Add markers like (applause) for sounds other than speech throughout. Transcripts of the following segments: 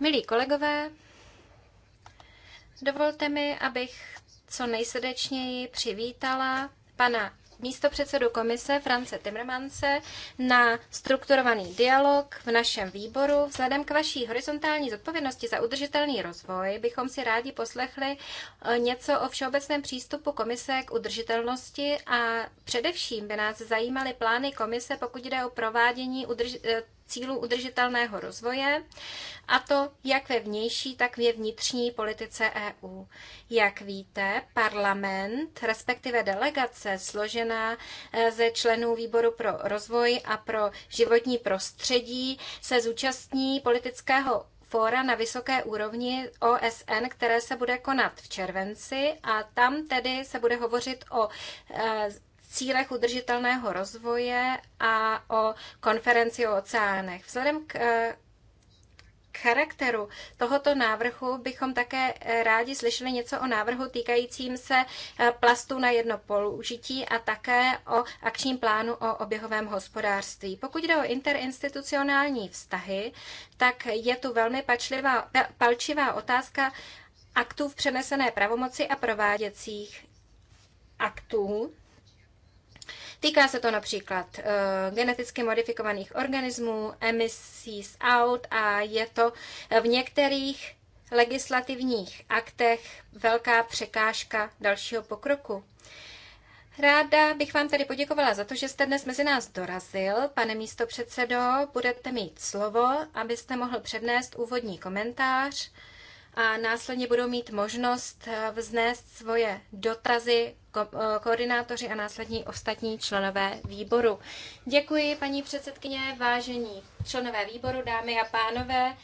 Milí kolegové, dovolte mi, abych co nejsrdečněji přivítala pana místopředsedu komise France Timmermanse na strukturovaný dialog v našem výboru. Vzhledem k vaší horizontální zodpovědnosti za udržitelný rozvoj bychom si rádi poslechli eh, něco o všeobecném přístupu komise k udržitelnosti a především by nás zajímaly plány komise, pokud jde o provádění udrž- eh, cílů udržitelného rozvoje, a to jak ve vnější, tak ve vnitřní politice EU. Jak víte, parlament, respektive delegace složená eh, ze členů výboru pro rozvoj a pro životní prostředí, se zúčastní politického fóra na vysoké úrovni OSN, které se bude konat v červenci a tam tedy se bude hovořit o eh, cílech udržitelného rozvoje a o konferenci o oceánech. Vzhledem eh, k charakteru tohoto návrhu bychom také rádi slyšeli něco o návrhu týkajícím se eh, plastu na jedno použití a také o akčním plánu o oběhovém hospodářství. Pokud jde o interinstitucionální vztahy, tak je tu velmi pačlivá, palčivá otázka aktů v přenesené pravomoci a prováděcích aktů. Týká se to například uh, geneticky modifikovaných organismů, emisí z aut a je to eh, v některých legislativních aktech velká překážka dalšího pokroku. Ráda bych vám tady poděkovala za to, že jste dnes mezi nás dorazil. Pane místopředsedo, budete mít slovo, abyste mohl přednést úvodní komentář a následně budou mít možnost eh, vznést svoje dotazy ko eh, koordinátoři a následní ostatní členové výboru. Děkuji, paní předsedkyně, vážení členové výboru, dámy a pánové.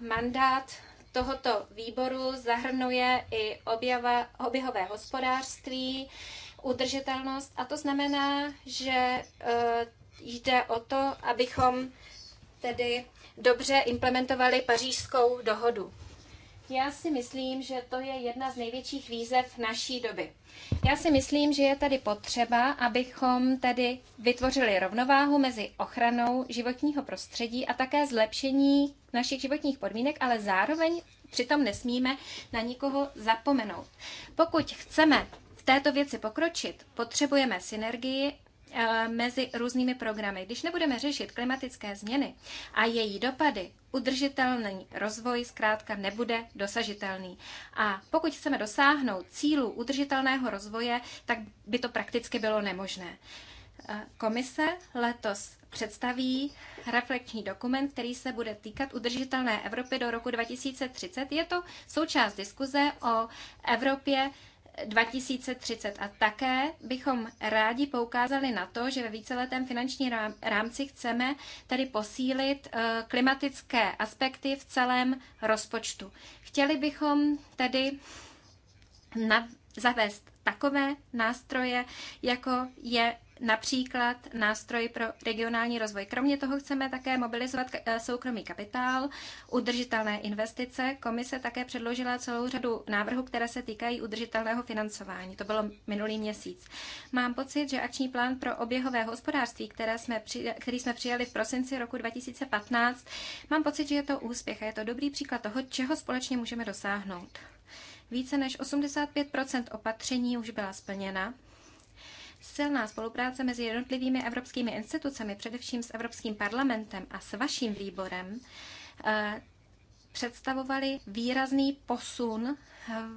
Mandát tohoto výboru zahrnuje i objava, oběhové hospodářství, udržitelnost a to znamená, že eh, jde o to, abychom tedy dobře implementovali pařížskou dohodu. Já si myslím, že to je jedna z největších výzev naší doby. Já si myslím, že je tady potřeba, abychom tedy vytvořili rovnováhu mezi ochranou životního prostředí a také zlepšení našich životních podmínek, ale zároveň přitom nesmíme na nikoho zapomenout. Pokud chceme v této věci pokročit, potřebujeme synergii Eh, mezi různými programy. Když nebudeme řešit klimatické změny a její dopady, udržitelný rozvoj zkrátka nebude dosažitelný. A pokud chceme dosáhnout cílů udržitelného rozvoje, tak by to prakticky bylo nemožné. Eh, komise letos představí reflektní dokument, který se bude týkat udržitelné Evropy do roku 2030. Je to součást diskuze o Evropě 2030. A také bychom rádi poukázali na to, že ve víceletém finančním rámci chceme tady posílit eh, klimatické aspekty v celém rozpočtu. Chtěli bychom tedy zavést takové nástroje, jako je například nástroj pro regionální rozvoj. Kromě toho chceme také mobilizovat eh, soukromý kapitál, udržitelné investice. Komise také předložila celou řadu návrhů, které se týkají udržitelného financování. To bylo minulý měsíc. Mám pocit, že akční plán pro oběhové hospodářství, které jsme při, který jsme přijali v prosinci roku 2015, mám pocit, že je to úspěch a je to dobrý příklad toho, čeho společně můžeme dosáhnout. Více než 85 opatření už byla splněna Silná spolupráce mezi jednotlivými evropskými institucemi, především s Evropským parlamentem a s vaším výborem, eh, představovaly výrazný posun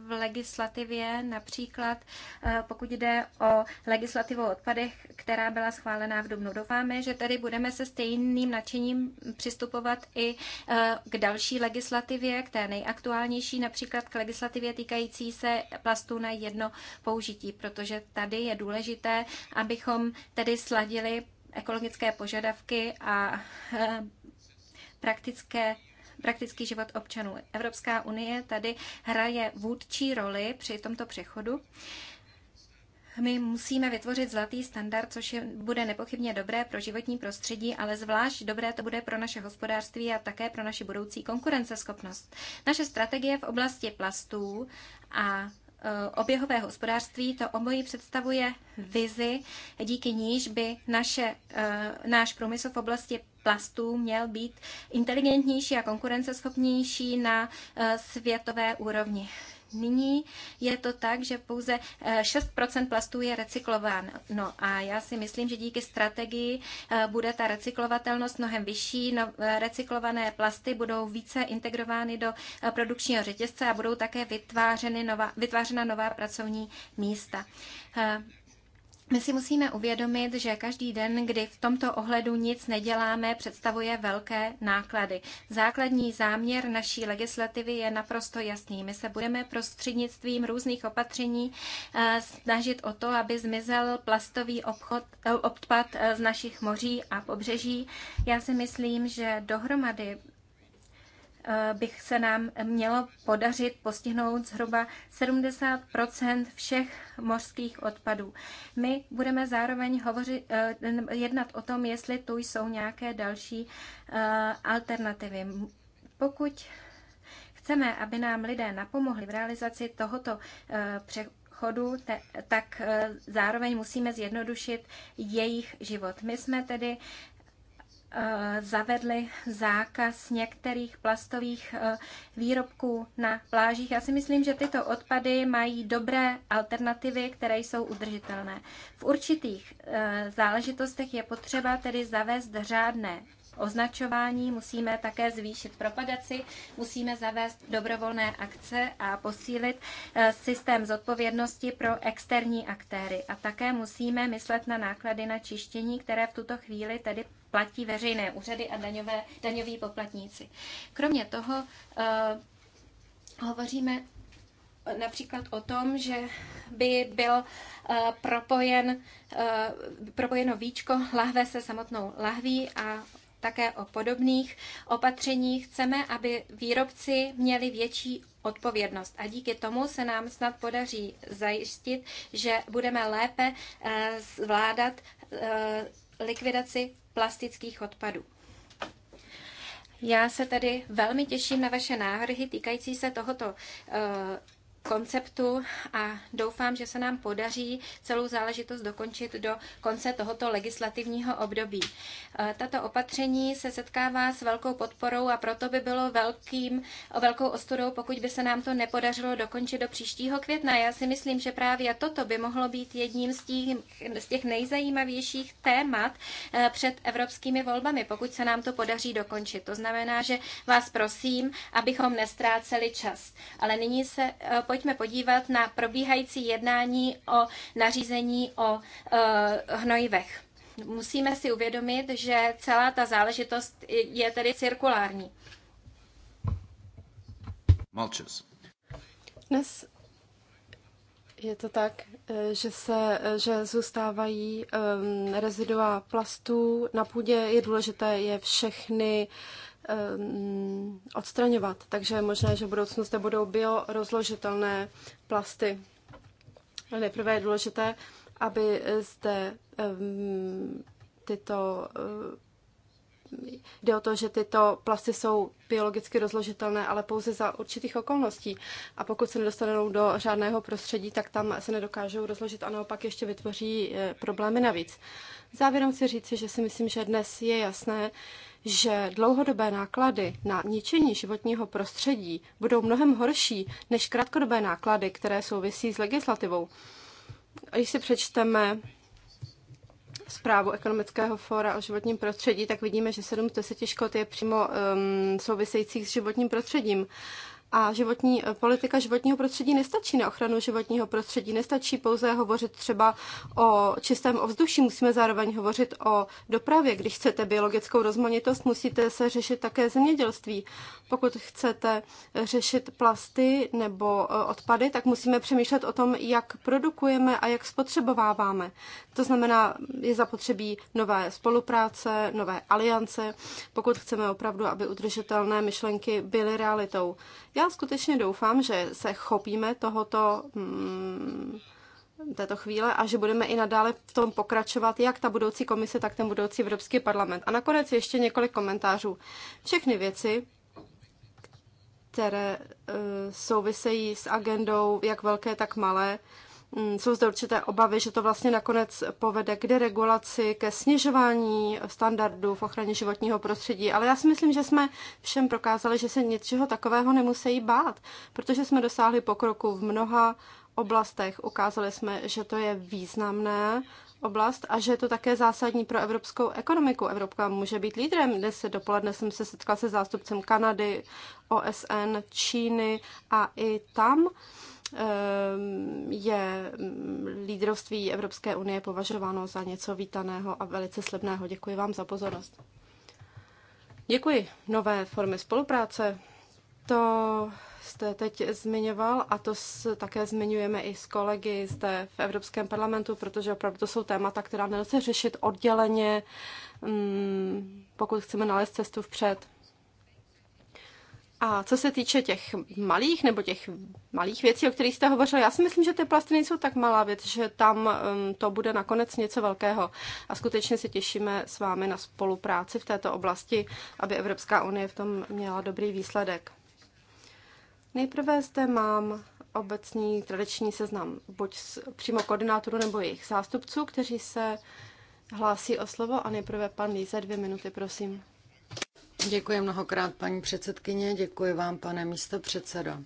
v legislativě, například eh, pokud jde o legislativu o odpadech, která byla schválená v Dubnu. Doufáme, že tedy budeme se stejným nadšením přistupovat i eh, k další legislativě, k té nejaktuálnější, například k legislativě týkající se plastů na jedno použití, protože tady je důležité, abychom tedy sladili ekologické požadavky a eh, praktické praktický život občanů. Evropská unie tady hraje vůdčí roli při tomto přechodu. My musíme vytvořit zlatý standard, což je, bude nepochybně dobré pro životní prostředí, ale zvlášť dobré to bude pro naše hospodářství a také pro naši budoucí konkurenceschopnost. Naše strategie v oblasti plastů a e, oběhové hospodářství, to obojí představuje vizi, díky níž by naše, e, náš průmysl v oblasti plastů měl být inteligentnější a konkurenceschopnější na eh, světové úrovni. Nyní je to tak, že pouze 6 eh, plastů je recyklován. No a já si myslím, že díky strategii eh, bude ta recyklovatelnost mnohem vyšší. No, recyklované plasty budou více integrovány do produkčního řetězce a budou také vytvářeny nová, vytvářena nová pracovní místa. My si musíme uvědomit, že každý den, kdy v tomto ohledu nic neděláme, představuje velké náklady. Základní záměr naší legislativy je naprosto jasný. My se budeme prostřednictvím různých opatření eh, snažit o to, aby zmizel plastový obchod, eh, obpad z našich moří a pobřeží. Já si myslím, že dohromady Eh, bych se nám mělo podařit postihnout zhruba 70 všech mořských odpadů. My budeme zároveň hovořit, eh, jednat o tom, jestli tu jsou nějaké další eh, alternativy. Pokud chceme, aby nám lidé napomohli v realizaci tohoto chodu, te, tak zároveň musíme zjednodušit jejich život. My jsme tedy Eh, zavedli zákaz některých plastových eh, výrobků na plážích. Já si myslím, že tyto odpady mají dobré alternativy, které jsou udržitelné. V určitých eh, záležitostech je potřeba tedy zavést řádné označování, musíme také zvýšit propagaci, musíme zavést dobrovolné akce a posílit eh, systém zodpovědnosti pro externí aktéry. A také musíme myslet na náklady na čištění, které v tuto chvíli tedy platí veřejné úřady a daňové, daňoví poplatníci. Kromě toho uh, hovoříme například o tom, že by byl eh, propojen, propojeno víčko lahve se samotnou lahví a také o podobných opatřeních. Chceme, aby výrobci měli větší odpovědnost a díky tomu se nám snad podaří zajistit, že budeme lépe eh, zvládat eh, likvidaci plastických odpadů. Já se tedy velmi těším na vaše návrhy týkající se tohoto eh, konceptu a doufám, že se nám podaří celou záležitost dokončit do konce tohoto legislativního období. E, tato opatření se setkává s velkou podporou a proto by bylo velkým, velkou ostudou, pokud by se nám to nepodařilo dokončit do příštího května. Já si myslím, že právě toto by mohlo být jedním z těch, z těch nejzajímavějších témat e, před evropskými volbami, pokud se nám to podaří dokončit. To znamená, že vás prosím, abychom nestráceli čas. Ale nyní se e, pojďme pojďme podívat na probíhající jednání o nařízení o e, hnojivech. Musíme si uvědomit, že celá ta záležitost je tedy cirkulární. Malčes. Dnes je to tak, e, že, se, e, že zůstávají um, rezidua plastů na půdě. Je důležité je všechny uh, Ehm, odstraňovat. Takže je možné, že v budoucnu zde budou biorozložitelné plasty. Nejprve je důležité, aby zde ehm, tyto ehm, Jde o to, že tyto plasty jsou biologicky rozložitelné, ale pouze za určitých okolností. A pokud se nedostanou do žádného prostředí, tak tam se nedokážou rozložit a naopak ještě vytvoří eh, problémy navíc. Závěrem chci říci, že si myslím, že dnes je jasné, že dlouhodobé náklady na ničení životního prostředí budou mnohem horší než krátkodobé náklady, které souvisí s legislativou. A když si přečteme zprávu Ekonomického fóra o životním prostředí, tak vidíme, že 7 z 10 škod je přímo um, souvisejících s životním prostředím. A životní eh, politika životního prostředí nestačí na ochranu životního prostředí, nestačí pouze hovořit třeba o čistém ovzduší, musíme zároveň hovořit o dopravě. Když chcete biologickou rozmanitost, musíte se řešit také zemědělství. Pokud chcete eh, řešit plasty nebo eh, odpady, tak musíme přemýšlet o tom, jak produkujeme a jak spotřebováváme. To znamená, je zapotřebí nové spolupráce, nové aliance, pokud chceme opravdu, aby udržitelné myšlenky byly realitou. Já skutečně doufám, že se chopíme tohoto, mm, této chvíle a že budeme i nadále v tom pokračovat, jak ta budoucí komise, tak ten budoucí Evropský parlament. A nakonec ještě několik komentářů. Všechny věci, které eh, souvisejí s agendou, jak velké, tak malé, Mm, jsou zde určité obavy, že to vlastně nakonec povede k deregulaci, ke snižování standardů v ochraně životního prostředí. Ale já si myslím, že jsme všem prokázali, že se něčeho takového nemusí bát, protože jsme dosáhli pokroku v mnoha oblastech. Ukázali jsme, že to je významné oblast a že je to také zásadní pro evropskou ekonomiku. Evropa může být lídrem. Dnes dopoledne jsem se setkala se zástupcem Kanady, OSN, Číny a i tam Ehm, je mm, lídrovství Evropské unie považováno za něco vítaného a velice slibného. Děkuji vám za pozornost. Děkuji. Nové formy spolupráce. To jste teď zmiňoval a to také zmiňujeme i s kolegy zde v Evropském parlamentu, protože opravdu to jsou témata, která nelze řešit odděleně, mm, pokud chceme nalézt cestu vpřed. A co se týče těch malých nebo těch malých věcí, o kterých jste hovořil, já si myslím, že ty plasty nejsou tak malá věc, že tam um, to bude nakonec něco velkého. A skutečně se těšíme s vámi na spolupráci v této oblasti, aby Evropská unie v tom měla dobrý výsledek. Nejprve zde mám obecní tradiční seznam buď přímo koordinátorů nebo jejich zástupců, kteří se hlásí o slovo a nejprve pan Líze dvě minuty, prosím. Děkuji mnohokrát, paní předsedkyně, děkuji vám, pane místo předsedo.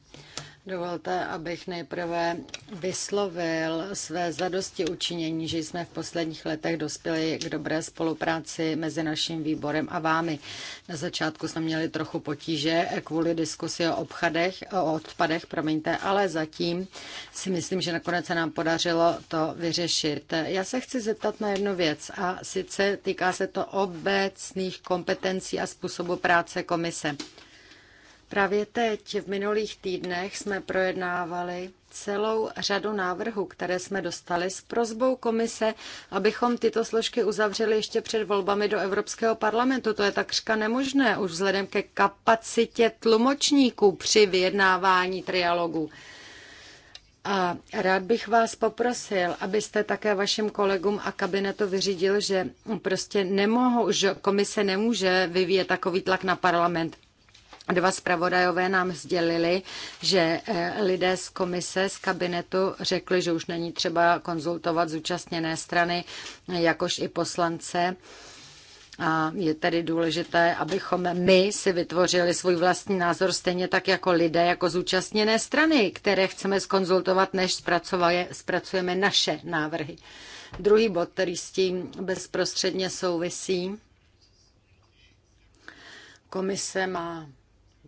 Dovolte, abych nejprve vyslovil své zadosti učinění, že jsme v posledních letech dospěli k dobré spolupráci mezi naším výborem a vámi. Na začátku jsme měli trochu potíže kvůli diskusi o, obchadech, o odpadech, promiňte, ale zatím si myslím, že nakonec se nám podařilo to vyřešit. Já se chci zeptat na jednu věc a sice týká se to obecných kompetencí a způsobu práce komise. Právě teď, v minulých týdnech, jsme projednávali celou řadu návrhů, které jsme dostali s prozbou komise, abychom tyto složky uzavřeli ještě před volbami do Evropského parlamentu. To je takřka nemožné už vzhledem ke kapacitě tlumočníků při vyjednávání trialogů. A rád bych vás poprosil, abyste také vašim kolegům a kabinetu vyřídil, že prostě nemohou, že komise nemůže vyvíjet takový tlak na parlament. Dva zpravodajové nám sdělili, že eh, lidé z komise, z kabinetu řekli, že už není třeba konzultovat zúčastněné strany, jakož i poslance. A je tedy důležité, abychom my si vytvořili svůj vlastní názor stejně tak jako lidé, jako zúčastněné strany, které chceme skonzultovat, než zpracujeme naše návrhy. Druhý bod, který s tím bezprostředně souvisí, komise má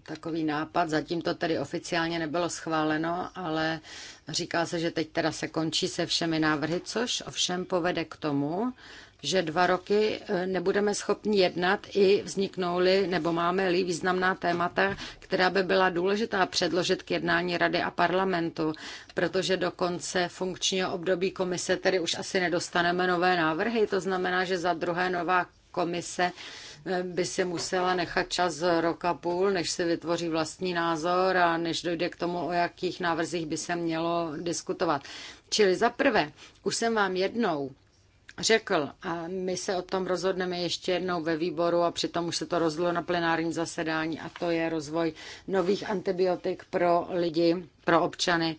takový nápad. Zatím to tedy oficiálně nebylo schváleno, ale říká se, že teď teda se končí se všemi návrhy, což ovšem povede k tomu, že dva roky e, nebudeme schopni jednat i vzniknou-li nebo máme-li významná témata, která by byla důležitá předložit k jednání Rady a parlamentu, protože do konce funkčního období komise tedy už asi nedostaneme nové návrhy. To znamená, že za druhé nová komise by si musela nechat čas roka půl, než se vytvoří vlastní názor a než dojde k tomu, o jakých návrzích by se mělo diskutovat. Čili za prvé, už jsem vám jednou řekl, a my se o tom rozhodneme ještě jednou ve výboru a přitom už se to rozhodlo na plenárním zasedání a to je rozvoj nových antibiotik pro lidi, pro občany.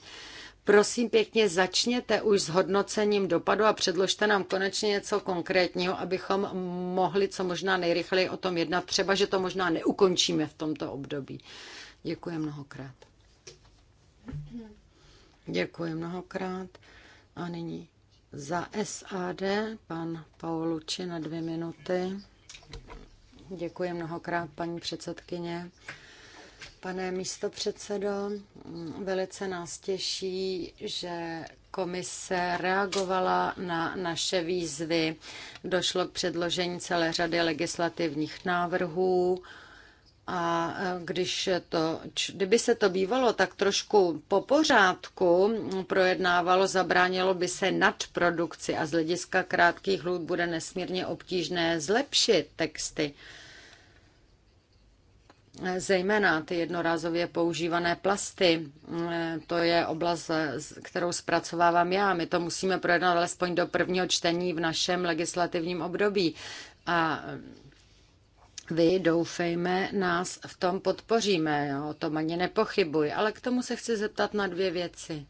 Prosím pěkně, začněte už s hodnocením dopadu a předložte nám konečně něco konkrétního, abychom mohli co možná nejrychleji o tom jednat. Třeba, že to možná neukončíme v tomto období. Děkuji mnohokrát. Děkuji mnohokrát. A nyní za SAD pan Pauluči na dvě minuty. Děkuji mnohokrát, paní předsedkyně. Pane místo předsedo, velice nás těší, že komise reagovala na naše výzvy. Došlo k předložení celé řady legislativních návrhů. A e, když to, kdyby se to bývalo tak trošku po pořádku projednávalo, zabránilo by se nadprodukci a z hlediska krátkých lhůt bude nesmírně obtížné zlepšit texty zejména ty jednorázově používané plasty, eh, to je oblast, eh, kterou zpracovávám já. My to musíme projednat alespoň do prvního čtení v našem legislativním období. A eh, vy, doufejme, nás v tom podpoříme, jo, o tom ani nepochybuji, ale k tomu se chci zeptat na dvě věci.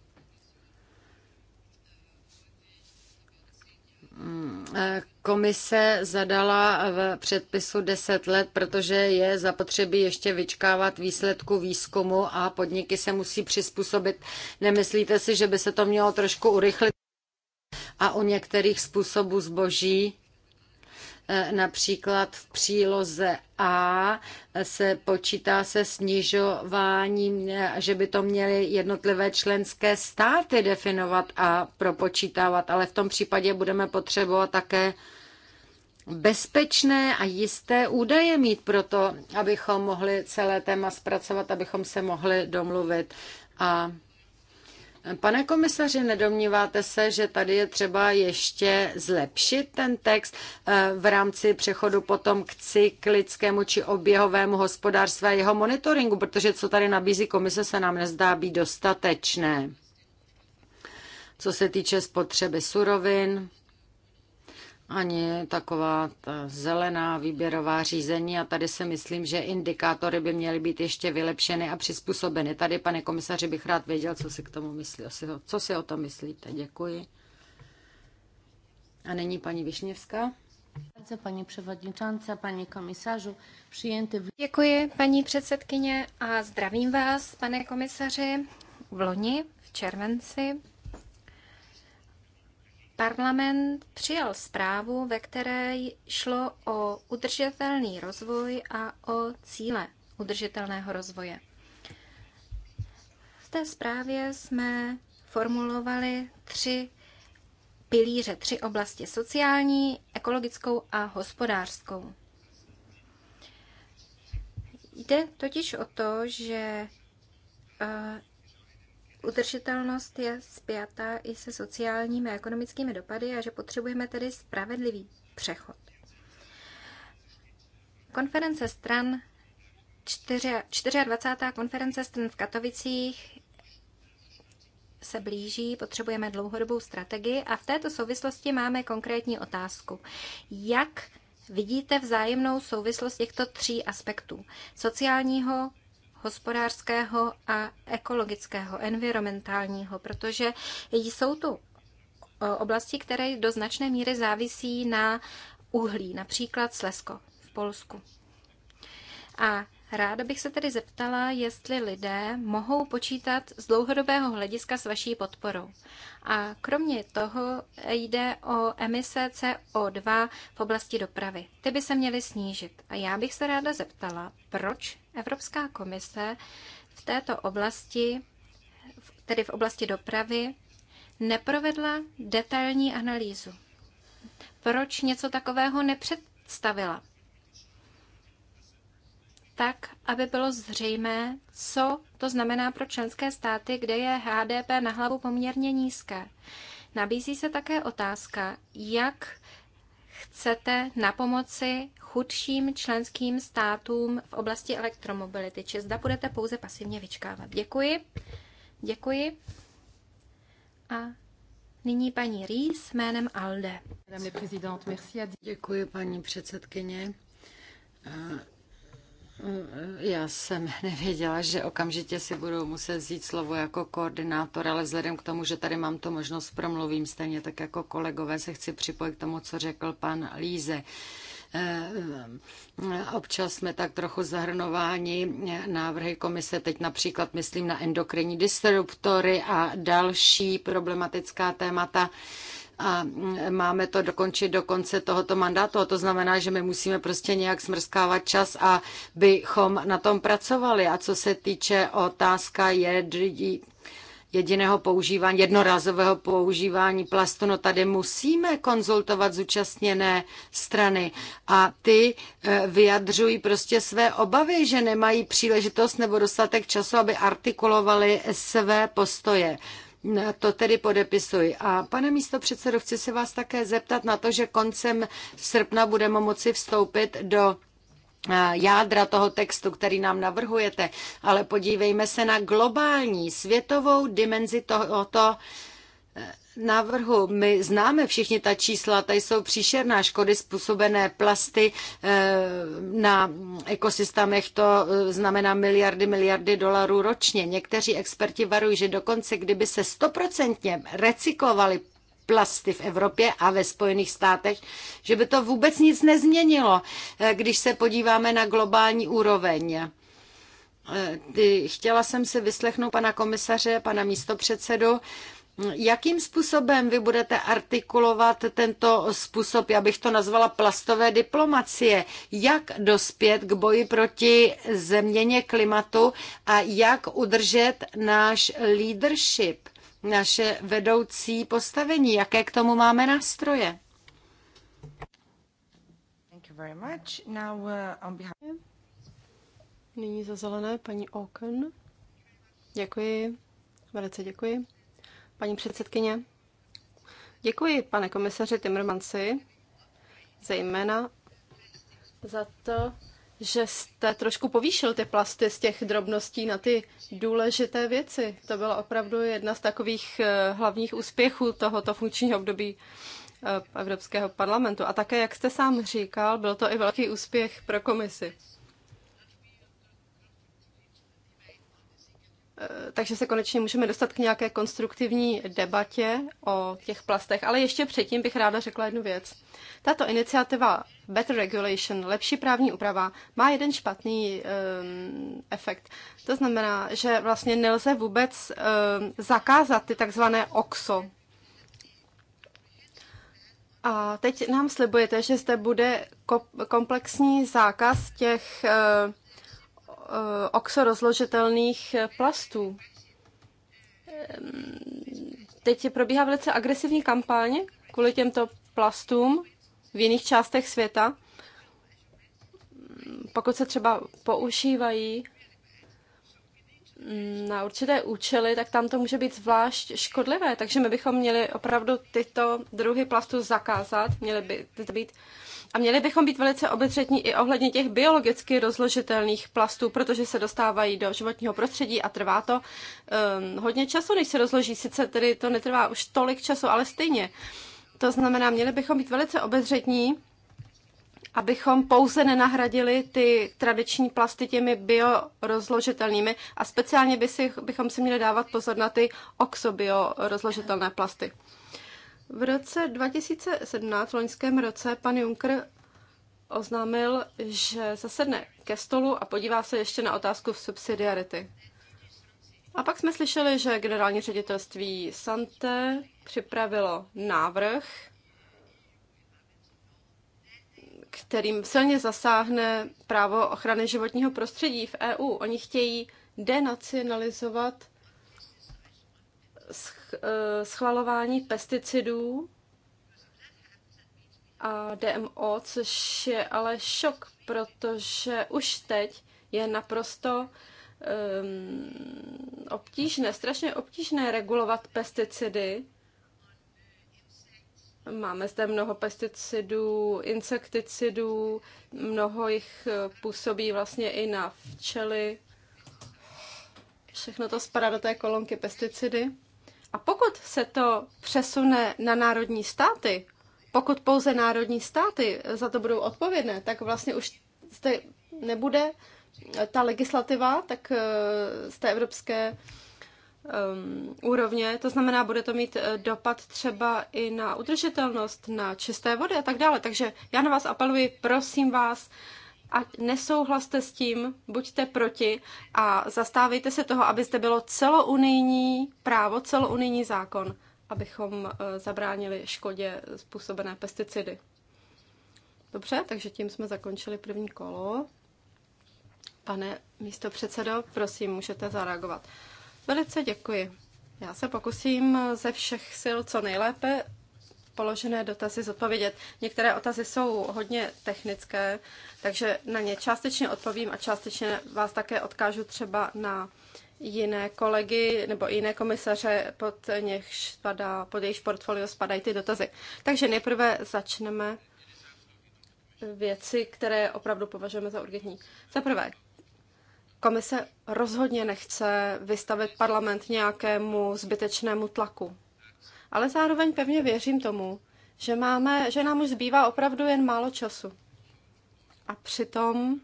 Komise zadala v předpisu 10 let, protože je zapotřebí ještě vyčkávat výsledku výzkumu a podniky se musí přizpůsobit. Nemyslíte si, že by se to mělo trošku urychlit? A u některých způsobů zboží E, například v příloze A se počítá se snižováním, e, že by to měly jednotlivé členské státy definovat a propočítávat, ale v tom případě budeme potřebovat také bezpečné a jisté údaje mít pro to, abychom mohli celé téma zpracovat, abychom se mohli domluvit. A Pane komisaři, nedomníváte se, že tady je třeba ještě zlepšit ten text eh, v rámci přechodu potom k cyklickému či oběhovému hospodářství a jeho monitoringu, protože co tady nabízí komise se nám nezdá být dostatečné. Co se týče spotřeby surovin, ani taková ta zelená výběrová řízení a tady si myslím, že indikátory by měly být ještě vylepšeny a přizpůsobeny. Tady, pane komisaři, bych rád věděl, co si k tomu myslí, co si o tom myslíte. Děkuji. A nyní paní Višněvská. Paní předsedající, paní komisařu, přijente... Děkuji, paní předsedkyně, a zdravím vás, pane komisaři. V loni, v červenci, Parlament přijal zprávu, ve které šlo o udržitelný rozvoj a o cíle udržitelného rozvoje. V té zprávě jsme formulovali tři pilíře, tři oblasti sociální, ekologickou a hospodářskou. Jde totiž o to, že eh, udržitelnost je spjatá i se sociálními a ekonomickými dopady a že potřebujeme tedy spravedlivý přechod. Konference stran 24. konference stran v Katovicích se blíží, potřebujeme dlouhodobou strategii a v této souvislosti máme konkrétní otázku. Jak vidíte vzájemnou souvislost těchto tří aspektů? Sociálního, hospodářského a ekologického, environmentálního, protože jsou tu e, oblasti, které do značné míry závisí na uhlí, například Slesko v Polsku. A Ráda bych se tedy zeptala, jestli lidé mohou počítat z dlouhodobého hlediska s vaší podporou. A kromě toho jde o emise CO2 v oblasti dopravy. Ty by se měly snížit. A já bych se ráda zeptala, proč Evropská komise v této oblasti, tedy v oblasti dopravy, neprovedla detailní analýzu. Proč něco takového nepředstavila? tak, aby bylo zřejmé, co to znamená pro členské státy, kde je HDP na hlavu poměrně nízké. Nabízí se také otázka, jak chcete na pomoci chudším členským státům v oblasti elektromobility, či zda budete pouze pasivně vyčkávat. Děkuji. Děkuji. A nyní paní Rýs jménem ALDE. Děkuji, paní předsedkyně. Já jsem (laughs) nevěděla, že okamžitě si budu muset vzít slovo jako koordinátor, ale vzhledem k tomu, že tady mám tu možnost, promluvím stejně tak jako kolegové, se chci připojit k tomu, co řekl pan Líze. Eh, eh, občas jsme tak trochu zahrnováni eh, návrhy komise, teď například myslím na endokrinní disruptory a další problematická témata a mm, máme to dokončit do konce tohoto mandátu. A to znamená, že my musíme prostě nějak smrskávat čas a bychom na tom pracovali. A co se týče otázka jedří, jediného používání, jednorázového používání plastu. No tady musíme konzultovat zúčastněné strany a ty e, vyjadřují prostě své obavy, že nemají příležitost nebo dostatek času, aby artikulovali své postoje. To tedy podepisuji. A pane místo předsedo, chci se vás také zeptat na to, že koncem srpna budeme moci vstoupit do eh, jádra toho textu, který nám navrhujete, ale podívejme se na globální světovou dimenzi tohoto návrhu. My známe všichni ta čísla, tady jsou příšerná škody způsobené plasty eh, na ekosystémech, to eh, znamená miliardy, miliardy dolarů ročně. Někteří experti varují, že dokonce kdyby se stoprocentně recyklovali plasty v Evropě a ve Spojených státech, že by to vůbec nic nezměnilo, eh, když se podíváme na globální úroveň. Chtěla jsem si vyslechnout pana komisaře, pana místopředsedu, Jakým způsobem vy budete artikulovat tento způsob, já bych to nazvala plastové diplomacie, jak dospět k boji proti změně klimatu a jak udržet náš leadership, naše vedoucí postavení, jaké k tomu máme nástroje? Thank you very much. Now uh, on behalf Nyní za zelené paní Oken. Děkuji, velice děkuji paní předsedkyně. Děkuji, pane komisaři Timmermansi, zejména za to, že jste trošku povýšil ty plasty z těch drobností na ty důležité věci. To byla opravdu jedna z takových eh, hlavních úspěchů tohoto funkčního období eh, Evropského parlamentu. A také, jak jste sám říkal, byl to i velký úspěch pro komisi. Eh, takže se konečně můžeme dostat k nějaké konstruktivní debatě o těch plastech. Ale ještě předtím bych ráda řekla jednu věc. Tato iniciativa Better Regulation, lepší právní úprava, má jeden špatný um, efekt. To znamená, že vlastně nelze vůbec um, zakázat ty takzvané OXO. A teď nám slibujete, že zde bude komplexní zákaz těch uh, Eh, oxorozložitelných eh, plastů. Teď probíhá velice agresivní kampaň kvůli těmto plastům v jiných částech světa. Pokud se třeba používají mm, na určité účely, tak tam to může být zvlášť škodlivé. Takže my bychom měli opravdu tyto druhy plastu zakázat, měly by to být a měli bychom být velice obezřetní i ohledně těch biologicky rozložitelných plastů, protože se dostávají do životního prostředí a trvá to um, hodně času, než se rozloží. Sice tedy to netrvá už tolik času, ale stejně. To znamená, měli bychom být velice obezřetní, abychom pouze nenahradili ty tradiční plasty těmi biorozložitelnými a speciálně by si, bychom si měli dávat pozor na ty oxobiorozložitelné plasty. V roce 2017, v loňském roce, pan Juncker oznámil, že zasedne ke stolu a podívá se ještě na otázku v subsidiarity. A pak jsme slyšeli, že generální ředitelství Sante připravilo návrh, kterým silně zasáhne právo ochrany životního prostředí v EU. Oni chtějí denacionalizovat Eh, schvalování pesticidů a DMO, což je ale šok, protože už teď je naprosto um, obtížné, strašně obtížné regulovat pesticidy. Máme zde mnoho pesticidů, insekticidů, mnoho jich eh, působí vlastně i na včely. Všechno to spadá do té kolonky pesticidy. A pokud se to přesune na národní státy, pokud pouze národní státy za to budou odpovědné, tak vlastně už zde nebude ta legislativa tak eh, z té evropské um, úrovně. To znamená, bude to mít eh, dopad třeba i na udržitelnost, na čisté vody a tak dále. Takže já na vás apeluji, prosím vás, a nesouhlaste s tím, buďte proti a zastávejte se toho, aby zde bylo celounijní právo, celounijní zákon, abychom eh, zabránili škodě způsobené pesticidy. Dobře, takže tím jsme zakončili první kolo. Pane místo předsedo, prosím, můžete zareagovat. Velice děkuji. Já se pokusím ze všech sil co nejlépe položené dotazy zodpovědět. Některé otazy jsou hodně technické, takže na ně částečně odpovím a částečně vás také odkážu třeba na jiné kolegy nebo jiné komisaře, pod, něch spadá, pod jejich portfolio spadají ty dotazy. Takže nejprve začneme věci, které opravdu považujeme za urgentní. Za prvé, komise rozhodně nechce vystavit parlament nějakému zbytečnému tlaku ale zároveň pevně věřím tomu, že, máme, že nám už zbývá opravdu jen málo času. A přitom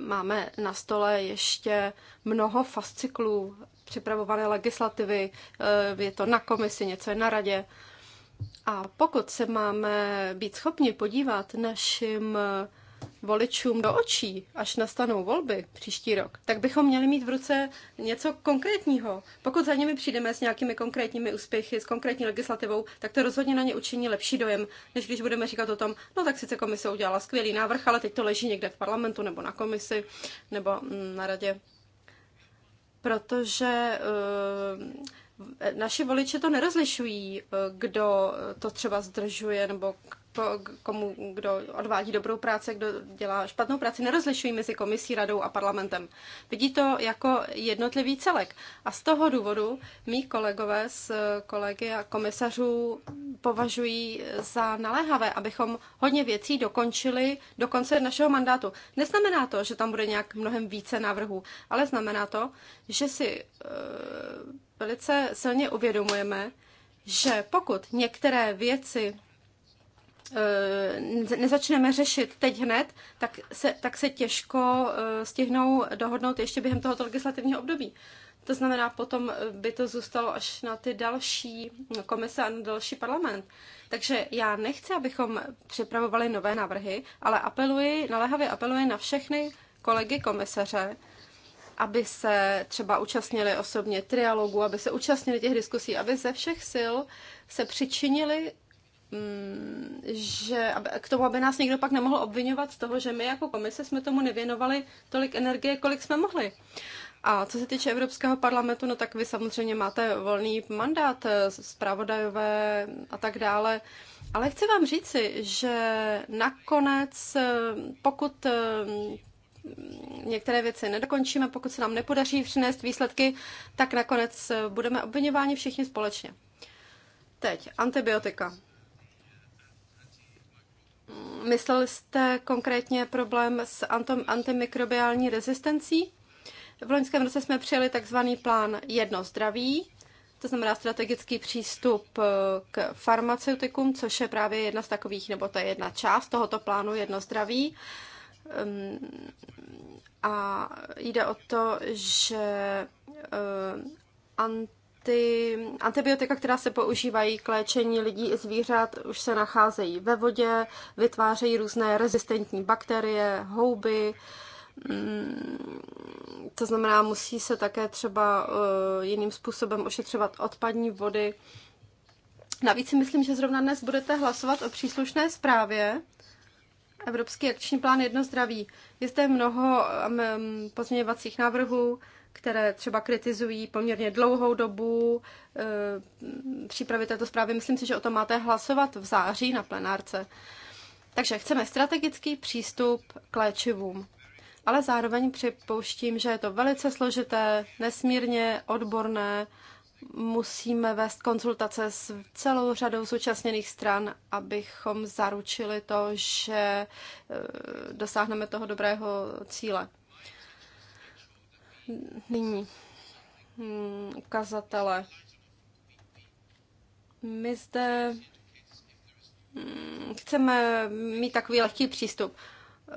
máme na stole ještě mnoho fasciklů připravované legislativy, eh, je to na komisi, něco je na radě. A pokud se máme být schopni podívat našim voličům do očí, až nastanou volby příští rok, tak bychom měli mít v ruce něco konkrétního. Pokud za nimi přijdeme s nějakými konkrétními úspěchy, s konkrétní legislativou, tak to rozhodně na ně učiní lepší dojem, než když budeme říkat o tom, no tak sice komise udělala skvělý návrh, ale teď to leží někde v parlamentu nebo na komisi nebo mm, na radě. Protože eh, naši voliče to nerozlišují, eh, kdo to třeba zdržuje nebo kdo, komu, kdo odvádí dobrou práci, kdo dělá špatnou práci, nerozlišují mezi komisí, radou a parlamentem. Vidí to jako jednotlivý celek. A z toho důvodu mý kolegové s kolegy a komisařů považují za naléhavé, abychom hodně věcí dokončili do konce našeho mandátu. Neznamená to, že tam bude nějak mnohem více návrhů, ale znamená to, že si eh, velice silně uvědomujeme, že pokud některé věci Eh, nezačneme řešit teď hned, tak se, tak se těžko eh, stihnou dohodnout ještě během tohoto legislativního období. To znamená, potom eh, by to zůstalo až na ty další komise a na další parlament. Takže já nechci, abychom připravovali nové návrhy, ale apeluji, naléhavě apeluji na všechny kolegy komisaře, aby se třeba účastnili osobně trialogu, aby se účastnili těch diskusí, aby ze všech sil se přičinili Mm, že k tomu, aby nás někdo pak nemohl obvinovat z toho, že my jako komise jsme tomu nevěnovali tolik energie, kolik jsme mohli. A co se týče Evropského parlamentu, no tak vy samozřejmě máte volný mandát, eh, zpravodajové a tak dále. Ale chci vám říci, že nakonec, eh, pokud eh, některé věci nedokončíme, pokud se nám nepodaří přinést výsledky, tak nakonec budeme obvinováni všichni společně. Teď antibiotika. Mysleli jste konkrétně problém s antimikrobiální rezistencí? V loňském roce jsme přijeli takzvaný plán Jedno zdraví, to znamená strategický přístup eh, k farmaceutikům, což je právě jedna z takových, nebo to je jedna část tohoto plánu Jedno zdraví. Ehm, a jde o to, že eh, ty antibiotika, která se používají k léčení lidí i zvířat, už se nacházejí ve vodě, vytvářejí různé rezistentní bakterie, houby. Mm, to znamená, musí se také třeba eh, jiným způsobem ošetřovat odpadní vody. Navíc si myslím, že zrovna dnes budete hlasovat o příslušné zprávě. Evropský akční plán jedno zdraví. Je zde mnoho eh, pozměňovacích návrhů, které třeba kritizují poměrně dlouhou dobu eh, přípravy této zprávy. Myslím si, že o tom máte hlasovat v září na plenárce. Takže chceme strategický přístup k léčivům, ale zároveň připouštím, že je to velice složité, nesmírně odborné, musíme vést konzultace s celou řadou zúčastněných stran, abychom zaručili to, že eh, dosáhneme toho dobrého cíle. Nyní hm, ukazatele. My zde hm, chceme mít takový lehký přístup. Eh,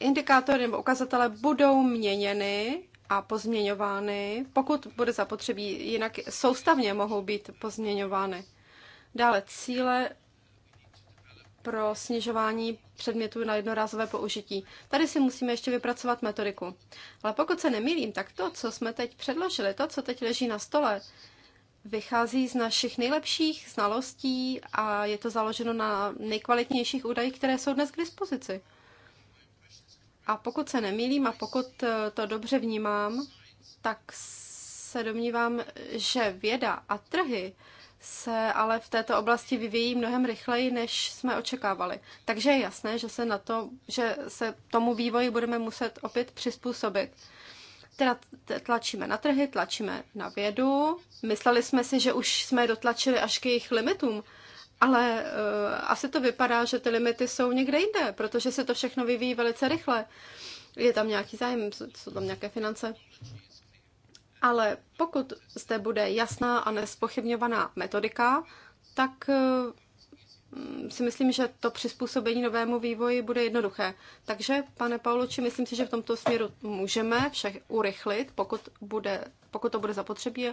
indikátory nebo ukazatele budou měněny a pozměňovány, pokud bude zapotřebí, jinak soustavně mohou být pozměňovány. Dále cíle pro snižování předmětů na jednorázové použití. Tady si musíme ještě vypracovat metodiku. Ale pokud se nemýlím, tak to, co jsme teď předložili, to, co teď leží na stole, vychází z našich nejlepších znalostí a je to založeno na nejkvalitnějších údajích, které jsou dnes k dispozici. A pokud se nemýlím a pokud eh, to dobře vnímám, tak se domnívám, že věda a trhy se ale v této oblasti vyvíjí mnohem rychleji, než jsme očekávali. Takže je jasné, že se, na to, že se tomu vývoji budeme muset opět přizpůsobit. Teda tlačíme na trhy, tlačíme na vědu. Mysleli jsme si, že už jsme dotlačili až k jejich limitům, ale uh, asi to vypadá, že ty limity jsou někde jinde, protože se to všechno vyvíjí velice rychle. Je tam nějaký zájem, jsou tam nějaké finance. Ale pokud zde bude jasná a nespochybňovaná metodika, tak mm, si myslím, že to přizpůsobení novému vývoji bude jednoduché. Takže, pane Pauloči, myslím si, že v tomto směru můžeme všech urychlit, pokud, bude, pokud to bude zapotřebí.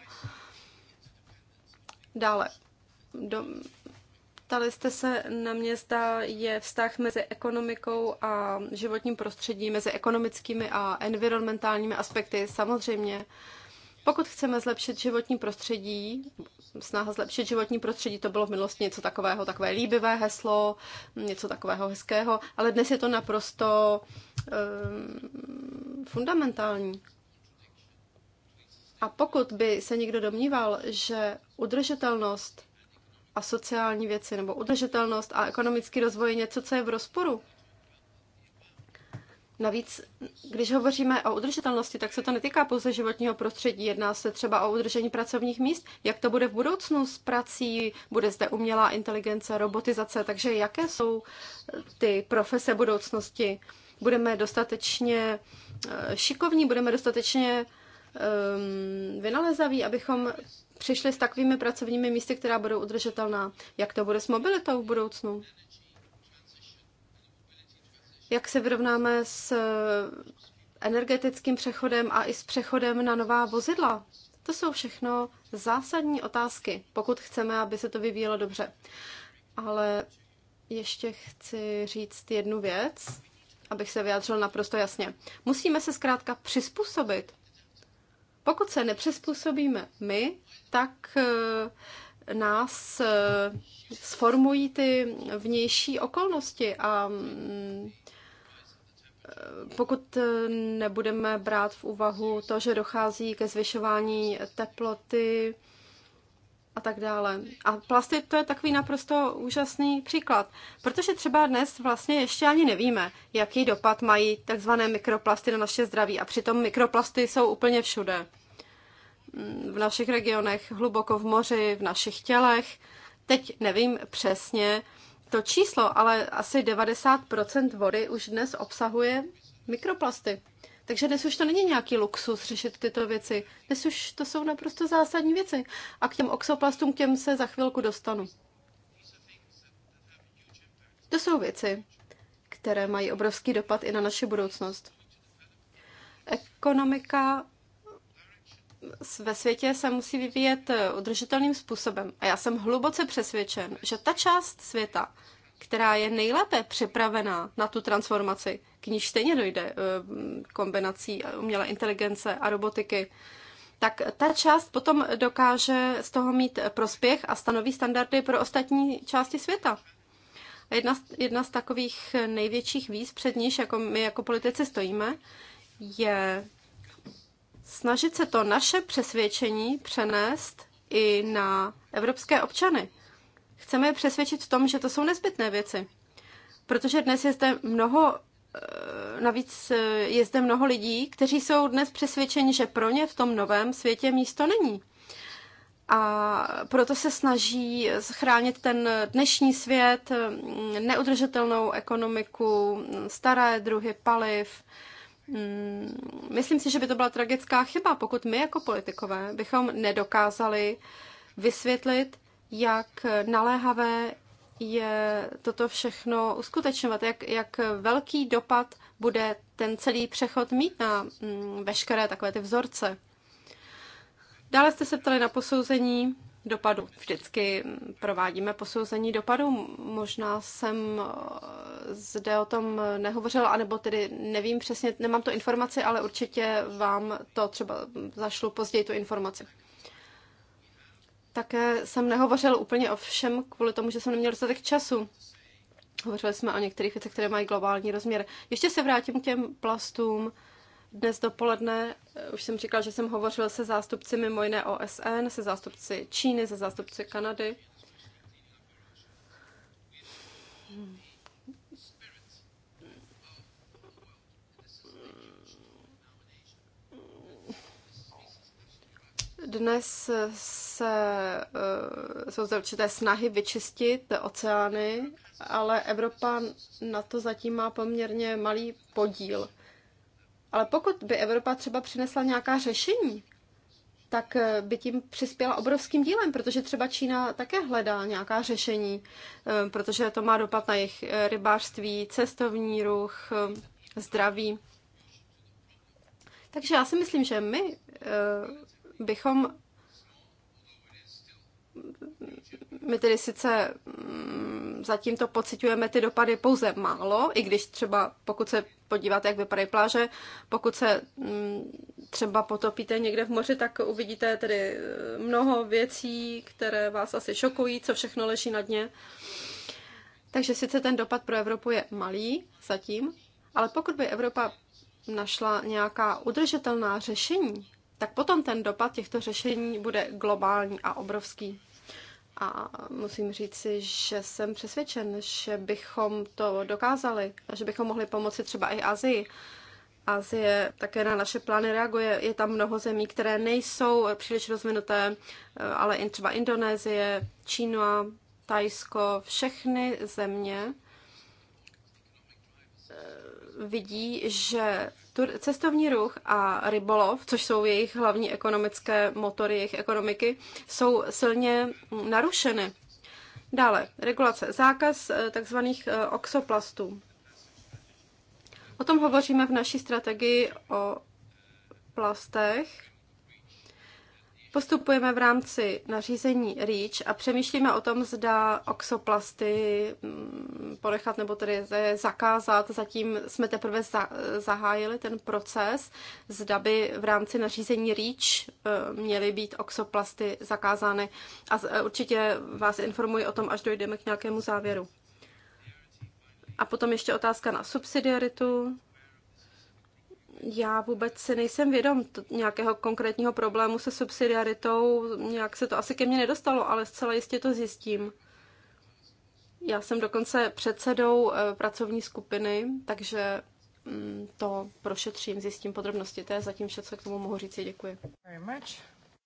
Dále, do, ptali jste se na mě, zda je vztah mezi ekonomikou a životním prostředím, mezi ekonomickými a environmentálními aspekty. Samozřejmě, uh, pokud chceme zlepšit životní prostředí, snaha zlepšit životní prostředí, to bylo v minulosti něco takového, takové líbivé heslo, něco takového hezkého, ale dnes je to naprosto um, fundamentální. A pokud by se někdo domníval, že udržitelnost a sociální věci nebo udržitelnost a ekonomický rozvoj je něco, co je v rozporu, Navíc, když hovoříme o udržitelnosti, tak se to netýká pouze životního prostředí, jedná se třeba o udržení pracovních míst. Jak to bude v budoucnu s prací? Bude zde umělá inteligence, robotizace, takže jaké jsou eh, ty profese budoucnosti? Budeme dostatečně eh, šikovní, budeme dostatečně um, vynalezaví, abychom přišli s takovými pracovními místy, která budou udržitelná. Jak to bude s mobilitou v budoucnu? jak se vyrovnáme s eh, energetickým přechodem a i s přechodem na nová vozidla. To jsou všechno zásadní otázky, pokud chceme, aby se to vyvíjelo dobře. Ale ještě chci říct jednu věc, abych se vyjádřil naprosto jasně. Musíme se zkrátka přizpůsobit. Pokud se nepřizpůsobíme my, tak eh, nás eh, sformují ty vnější okolnosti a mm, pokud eh, nebudeme brát v úvahu to, že dochází ke zvyšování teploty a tak dále. A plasty to je takový naprosto úžasný příklad, protože třeba dnes vlastně ještě ani nevíme, jaký dopad mají takzvané mikroplasty na naše zdraví a přitom mikroplasty jsou úplně všude. V našich regionech, hluboko v moři, v našich tělech. Teď nevím přesně, to číslo, ale asi 90% vody už dnes obsahuje mikroplasty. Takže dnes už to není nějaký luxus řešit tyto věci. Dnes už to jsou naprosto zásadní věci. A k těm oxoplastům, k těm se za chvilku dostanu. To jsou věci, které mají obrovský dopad i na naši budoucnost. Ekonomika ve světě se musí vyvíjet eh, udržitelným způsobem. A já jsem hluboce přesvědčen, že ta část světa, která je nejlépe připravená na tu transformaci, k níž stejně dojde eh, kombinací umělé inteligence a robotiky, tak ta část potom dokáže z toho mít prospěch a stanoví standardy pro ostatní části světa. A jedna, z, jedna z takových největších výz před níž, jako my jako politici stojíme, je snažit se to naše přesvědčení přenést i na evropské občany. Chceme je přesvědčit v tom, že to jsou nezbytné věci. Protože dnes je zde mnoho, eh, navíc eh, je zde mnoho lidí, kteří jsou dnes přesvědčeni, že pro ně v tom novém světě místo není. A proto se snaží zachránit ten dnešní svět, mm, neudržitelnou ekonomiku, staré druhy paliv, Hmm, myslím si, že by to byla tragická chyba, pokud my jako politikové bychom nedokázali vysvětlit, jak naléhavé je toto všechno uskutečňovat, jak, jak velký dopad bude ten celý přechod mít na hmm, veškeré takové ty vzorce. Dále jste se ptali na posouzení dopadu. Vždycky provádíme posouzení dopadu. Možná jsem eh, zde o tom nehovořila, anebo tedy nevím přesně, nemám tu informaci, ale určitě vám to třeba zašlu později tu informaci. Také jsem nehovořil úplně o všem kvůli tomu, že jsem neměl dostatek času. Hovořili jsme o některých věcech, které mají globální rozměr. Ještě se vrátím k těm plastům. Dnes dopoledne eh, už jsem říkal, že jsem hovořil se zástupci mimo jiné OSN, se zástupci Číny, se zástupci Kanady. Dnes se, eh, jsou zde určité snahy vyčistit oceány, ale Evropa na to zatím má poměrně malý podíl. Ale pokud by Evropa třeba přinesla nějaká řešení, tak eh, by tím přispěla obrovským dílem, protože třeba Čína také hledá nějaká řešení, eh, protože to má dopad na jejich eh, rybářství, cestovní ruch, zdraví. Takže já si myslím, že my bychom my tedy sice mm, zatím to pocitujeme ty dopady pouze málo, i když třeba pokud se podíváte, jak vypadají pláže, pokud se mm, třeba potopíte někde v moři, tak uvidíte tedy eh, mnoho věcí, které vás asi šokují, co všechno leží na dně. Takže sice ten dopad pro Evropu je malý zatím, ale pokud by Evropa našla nějaká udržitelná řešení, tak potom ten dopad těchto řešení bude globální a obrovský. A musím říci, že jsem přesvědčen, že bychom to dokázali a že bychom mohli pomoci třeba i Azii. Azie také na naše plány reaguje. Je tam mnoho zemí, které nejsou příliš rozvinuté, eh, ale i třeba Indonésie, Čína, Tajsko, všechny země eh, vidí, že Cestovní ruch a rybolov, což jsou jejich hlavní ekonomické motory, jejich ekonomiky, jsou silně narušeny. Dále, regulace, zákaz eh, tzv. Eh, oxoplastů. O tom hovoříme v naší strategii o plastech. Postupujeme v rámci nařízení REACH a přemýšlíme o tom, zda oxoplasty mm, ponechat nebo tedy zakázat. Zatím jsme teprve zahájili ten proces, zda by v rámci nařízení REACH eh, měly být oxoplasty zakázány. A eh, určitě vás informuji o tom, až dojdeme k nějakému závěru. A potom ještě otázka na subsidiaritu já vůbec si nejsem vědom nějakého konkrétního problému se subsidiaritou, nějak se to asi ke mně nedostalo, ale zcela jistě to zjistím. Já jsem dokonce předsedou eh, pracovní skupiny, takže mm, to prošetřím, zjistím podrobnosti. To je zatím vše, co k tomu mohu říct. Děkuji.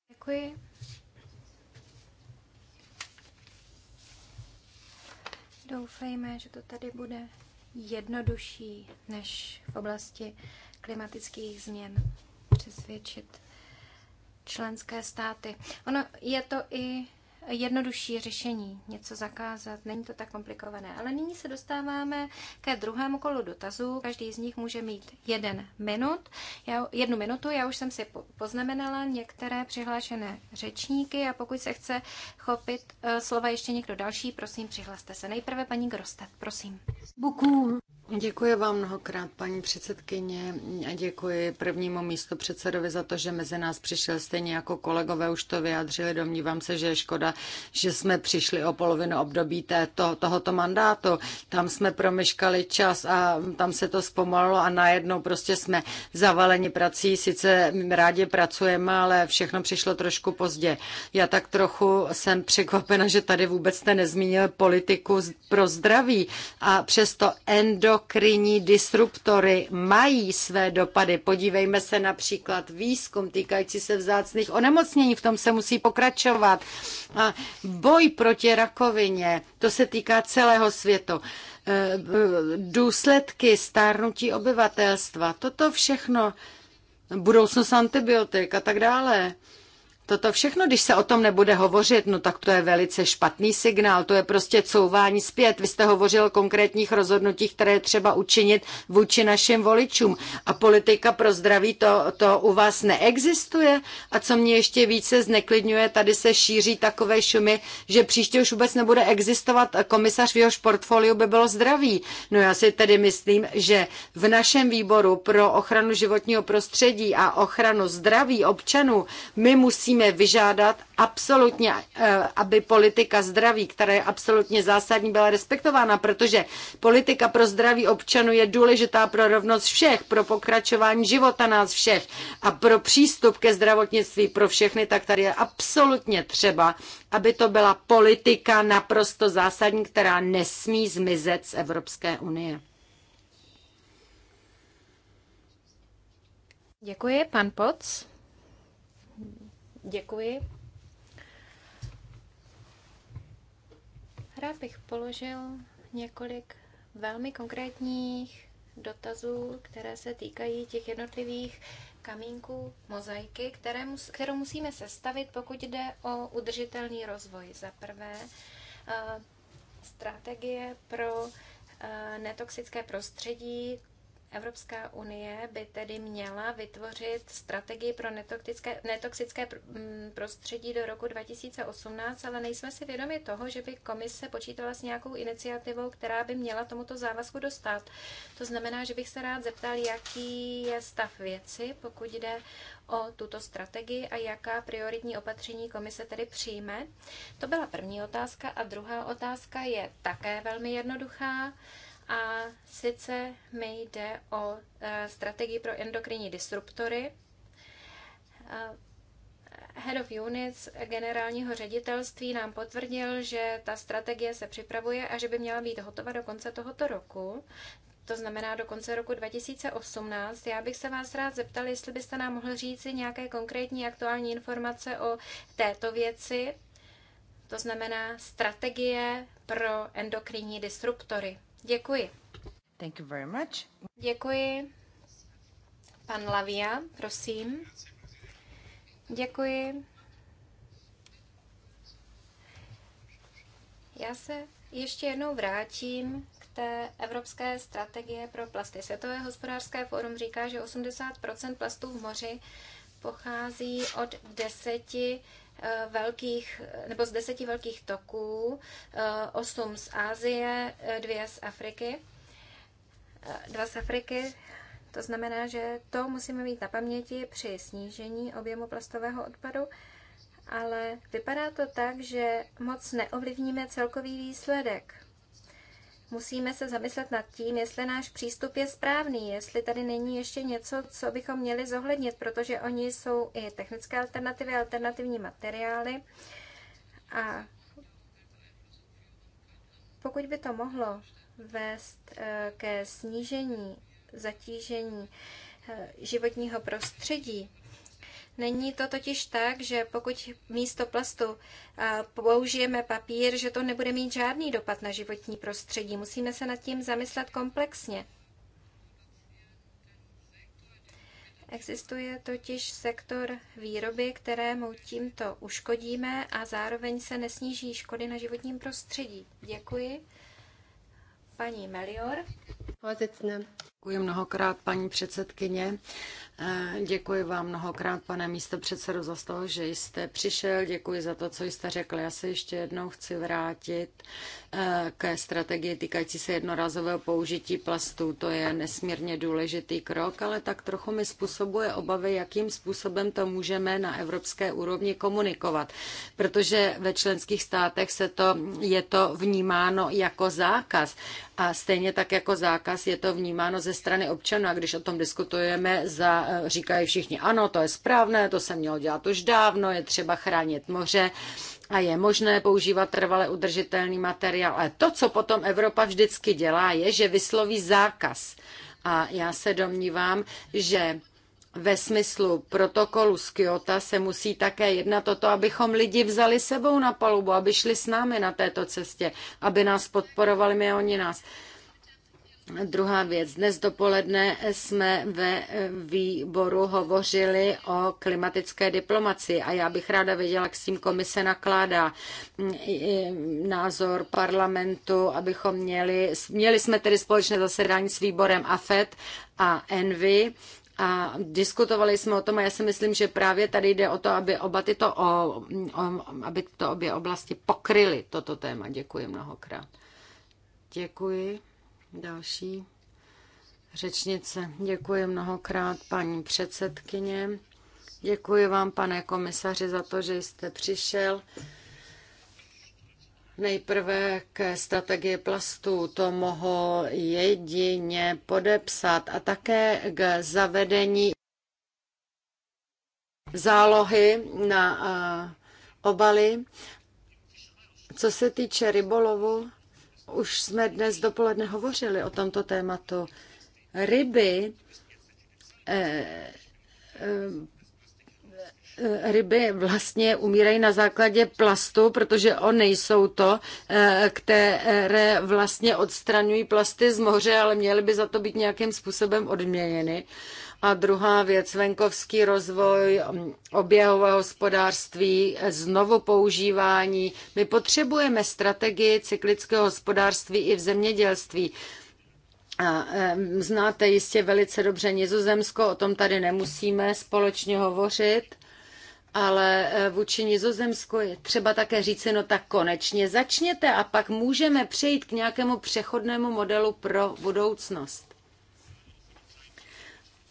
Děkuji. Doufejme, že to tady bude jednodušší než v oblasti klimatických změn přesvědčit členské státy. Ono je to i jednodušší řešení, něco zakázat, není to tak komplikované. Ale nyní se dostáváme ke druhému kolu dotazů. Každý z nich může mít jeden minut, já, jednu minutu. Já už jsem si poznamenala některé přihlášené řečníky a pokud se chce chopit eh, slova ještě někdo další, prosím, přihlaste se. Nejprve paní Grostet, prosím. Bukům. Děkuji vám mnohokrát, paní předsedkyně, a děkuji prvnímu místo předsedovi za to, že mezi nás přišel stejně jako kolegové už to vyjádřili. Domnívám se, že je škoda, že jsme přišli o polovinu období této, tohoto mandátu. Tam jsme promeškali čas a tam se to zpomalilo a najednou prostě jsme zavaleni prací. Sice rádi pracujeme, ale všechno přišlo trošku pozdě. Já tak trochu jsem překvapena, že tady vůbec jste nezmínil politiku pro zdraví a přesto endo endokrinní disruptory mají své dopady. Podívejme se například výzkum týkající se vzácných onemocnění, v tom se musí pokračovat. A boj proti rakovině, to se týká celého světu. E, e, důsledky stárnutí obyvatelstva, toto všechno, budoucnost antibiotik a tak dále. Toto všechno, když se o tom nebude hovořit, no tak to je velice špatný signál, to je prostě couvání zpět. Vy jste hovořil o konkrétních rozhodnutích, které je třeba učinit vůči našim voličům. A politika pro zdraví to, to u vás neexistuje. A co mě ještě více zneklidňuje, tady se šíří takové šumy, že příště už vůbec nebude existovat komisař, v jehož portfoliu by bylo zdraví. No já si tedy myslím, že v našem výboru pro ochranu životního prostředí a ochranu zdraví občanů my musíme musíme vyžádat absolutně, eh, aby politika zdraví, která je absolutně zásadní, byla respektována, protože politika pro zdraví občanů je důležitá pro rovnost všech, pro pokračování života nás všech a pro přístup ke zdravotnictví pro všechny, tak tady je absolutně třeba, aby to byla politika naprosto zásadní, která nesmí zmizet z Evropské unie. Děkuji, pan Poc. Děkuji. Rád bych položil několik velmi konkrétních dotazů, které se týkají těch jednotlivých kamínků mozaiky, které mus, kterou musíme sestavit, pokud jde o udržitelný rozvoj. Za prvé, eh, strategie pro eh, netoxické prostředí, Evropská unie by tedy měla vytvořit strategii pro netoxické, netoxické mm, prostředí do roku 2018, ale nejsme si vědomi toho, že by komise počítala s nějakou iniciativou, která by měla tomuto závazku dostat. To znamená, že bych se rád zeptal, jaký je stav věci, pokud jde o tuto strategii a jaká prioritní opatření komise tedy přijme. To byla první otázka a druhá otázka je také velmi jednoduchá. A sice mi jde o e, strategii pro endokrinní disruptory. E, Head of Units generálního ředitelství nám potvrdil, že ta strategie se připravuje a že by měla být hotova do konce tohoto roku to znamená do konce roku 2018. Já bych se vás rád zeptal, jestli byste nám mohl říci nějaké konkrétní aktuální informace o této věci, to znamená strategie pro endokrinní disruptory. Děkuji. Thank you very much. Děkuji. Pan Lavia, prosím. Děkuji. Já se ještě jednou vrátím k té evropské strategie pro plasty. Světové hospodářské fórum říká, že 80 plastů v moři pochází od deseti Eh, velkých, eh, nebo z deseti velkých toků, eh, osm z Ázie, dvě z Afriky, dva z Afriky, to znamená, že to musíme mít na paměti při snížení objemu plastového odpadu, ale vypadá to tak, že moc neovlivníme celkový výsledek musíme se zamyslet nad tím, jestli náš přístup je správný, jestli tady není ještě něco, co bychom měli zohlednit, protože oni jsou i technické alternativy, alternativní materiály. A pokud by to mohlo vést eh, ke snížení zatížení eh, životního prostředí, Není to totiž tak, že pokud místo plastu použijeme papír, že to nebude mít žádný dopad na životní prostředí. Musíme se nad tím zamyslet komplexně. Existuje totiž sektor výroby, kterému tímto uškodíme a zároveň se nesníží škody na životním prostředí. Děkuji. Paní Melior. Děkuji mnohokrát, paní předsedkyně. Eh, děkuji vám mnohokrát, pane předsedu, za to, že jste přišel. Děkuji za to, co jste řekl. Já se ještě jednou chci vrátit eh, ke strategii týkající se jednorázového použití plastů. To je nesmírně důležitý krok, ale tak trochu mi způsobuje obavy, jakým způsobem to můžeme na evropské úrovni komunikovat. Protože ve členských státech se to, je to vnímáno jako zákaz. A stejně tak jako zákaz je to vnímáno ze strany A Když o tom diskutujeme, za, eh, říkají všichni, ano, to je správné, to se mělo dělat už dávno, je třeba chránit moře a je možné používat trvale udržitelný materiál. Ale to, co potom Evropa vždycky dělá, je, že vysloví zákaz. A já se domnívám, že ve smyslu protokolu z Kyoto se musí také jednat o to, abychom lidi vzali sebou na palubu, aby šli s námi na této cestě, aby nás podporovali my oni nás. Druhá věc. Dnes dopoledne jsme ve výboru hovořili o klimatické diplomaci a já bych ráda věděla, jak s tím komise nakládá mm, názor parlamentu, abychom měli, měli jsme tedy společné zasedání s výborem AFET a ENVY a diskutovali jsme o tom a já si myslím, že právě tady jde o to, aby oba tyto, o, o, aby to obě oblasti pokryly toto téma. Děkuji mnohokrát. Děkuji. Další řečnice. Děkuji mnohokrát, paní předsedkyně. Děkuji vám, pane komisaři, za to, že jste přišel. Nejprve k strategii plastů to mohu jedině podepsat a také k zavedení zálohy na obaly. Co se týče rybolovu, už jsme dnes dopoledne hovořili o tomto tématu. Ryby e, e, Eh, ryby vlastně umírají na základě plastu, protože oni nejsou to, eh, které vlastně odstraňují plasty z moře, ale měly by za to být nějakým způsobem odměněny. A druhá věc, venkovský rozvoj, mm, oběhové hospodářství, eh, znovu používání. My potřebujeme strategii cyklického hospodářství i v zemědělství. A znáte jistě velice dobře Nizozemsko, o tom tady nemusíme společně hovořit ale eh, vůči Nizozemsku je třeba také říci, no tak konečně začněte a pak můžeme přejít k nějakému přechodnému modelu pro budoucnost.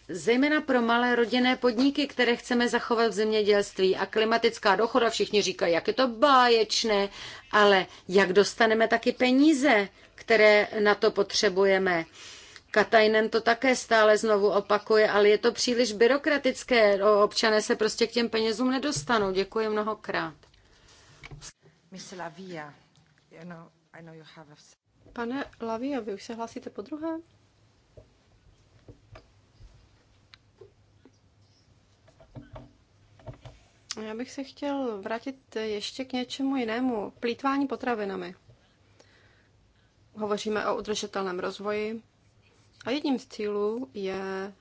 Zejména pro malé rodinné podniky, které chceme zachovat v zemědělství a klimatická dochoda, všichni říkají, jak je to báječné, ale jak dostaneme taky peníze, které na to potřebujeme Katajnen to také stále znovu opakuje, ale je to příliš byrokratické. Občané se prostě k těm penězům nedostanou. Děkuji mnohokrát. Pane Lavia, vy už se hlásíte po druhé? Já bych se chtěl vrátit ještě k něčemu jinému. Plítvání potravinami. Hovoříme o udržitelném rozvoji, a jedním z cílů je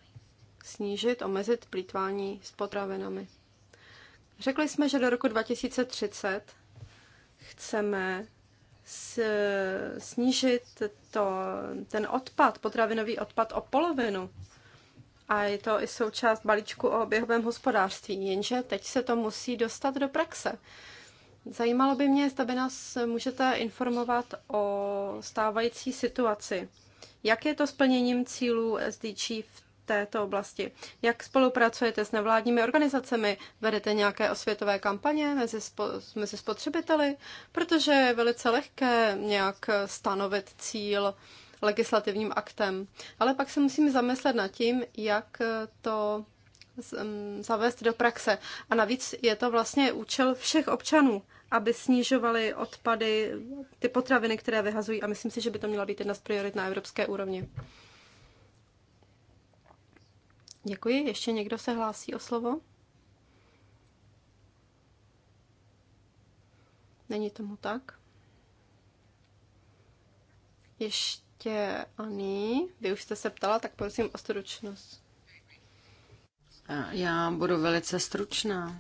snížit, omezit plítvání s potravinami. Řekli jsme, že do roku 2030 chceme snížit to, ten odpad, potravinový odpad o polovinu. A je to i součást balíčku o oběhovém hospodářství, jenže teď se to musí dostat do praxe. Zajímalo by mě, jestli by nás můžete informovat o stávající situaci. Jak je to s plněním cílů SDG v této oblasti? Jak spolupracujete s nevládními organizacemi? Vedete nějaké osvětové kampaně mezi, spo, mezi spotřebiteli? Protože je velice lehké nějak stanovit cíl legislativním aktem. Ale pak se musíme zamyslet nad tím, jak to zavést do praxe. A navíc je to vlastně účel všech občanů aby snižovaly odpady, ty potraviny, které vyhazují a myslím si, že by to měla být jedna z priorit na evropské úrovni. Děkuji. Ještě někdo se hlásí o slovo? Není tomu tak? Ještě Ani, vy už jste se ptala, tak prosím o stručnost. Já budu velice stručná.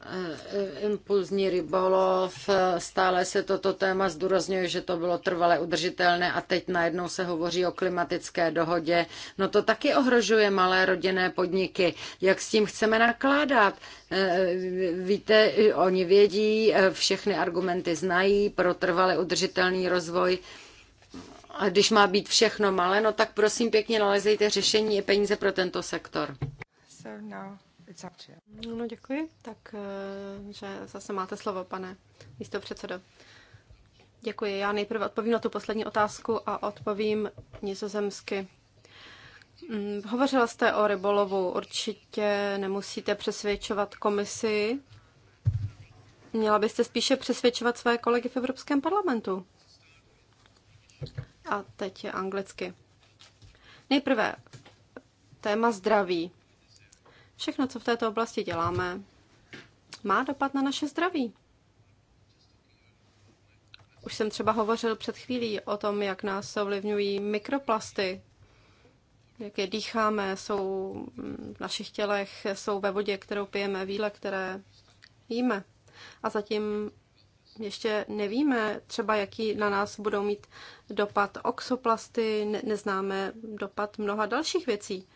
Eh, impulzní rybolov, eh, stále se toto téma zdůrazňuje, že to bylo trvale udržitelné a teď najednou se hovoří o klimatické dohodě. No to taky ohrožuje malé rodinné podniky. Jak s tím chceme nakládat? Eh, víte, oni vědí, všechny argumenty znají pro trvale udržitelný rozvoj. A když má být všechno malé, no tak prosím pěkně nalezejte řešení i peníze pro tento sektor. So now. No děkuji, tak eh, že zase máte slovo, pane místo předsedo. Děkuji. Já nejprve odpovím na tu poslední otázku a odpovím nizozemsky. Mm, hovořila jste o rybolovu. Určitě nemusíte přesvědčovat komisi. Měla byste spíše přesvědčovat své kolegy v Evropském parlamentu. A teď je anglicky. Nejprve téma zdraví. Všechno, co v této oblasti děláme, má dopad na naše zdraví. Už jsem třeba hovořil před chvílí o tom, jak nás ovlivňují mikroplasty, jak je dýcháme, jsou v našich tělech, jsou ve vodě, kterou pijeme, víle, které jíme. A zatím ještě nevíme třeba, jaký na nás budou mít dopad oxoplasty, ne- neznáme dopad mnoha dalších věcí.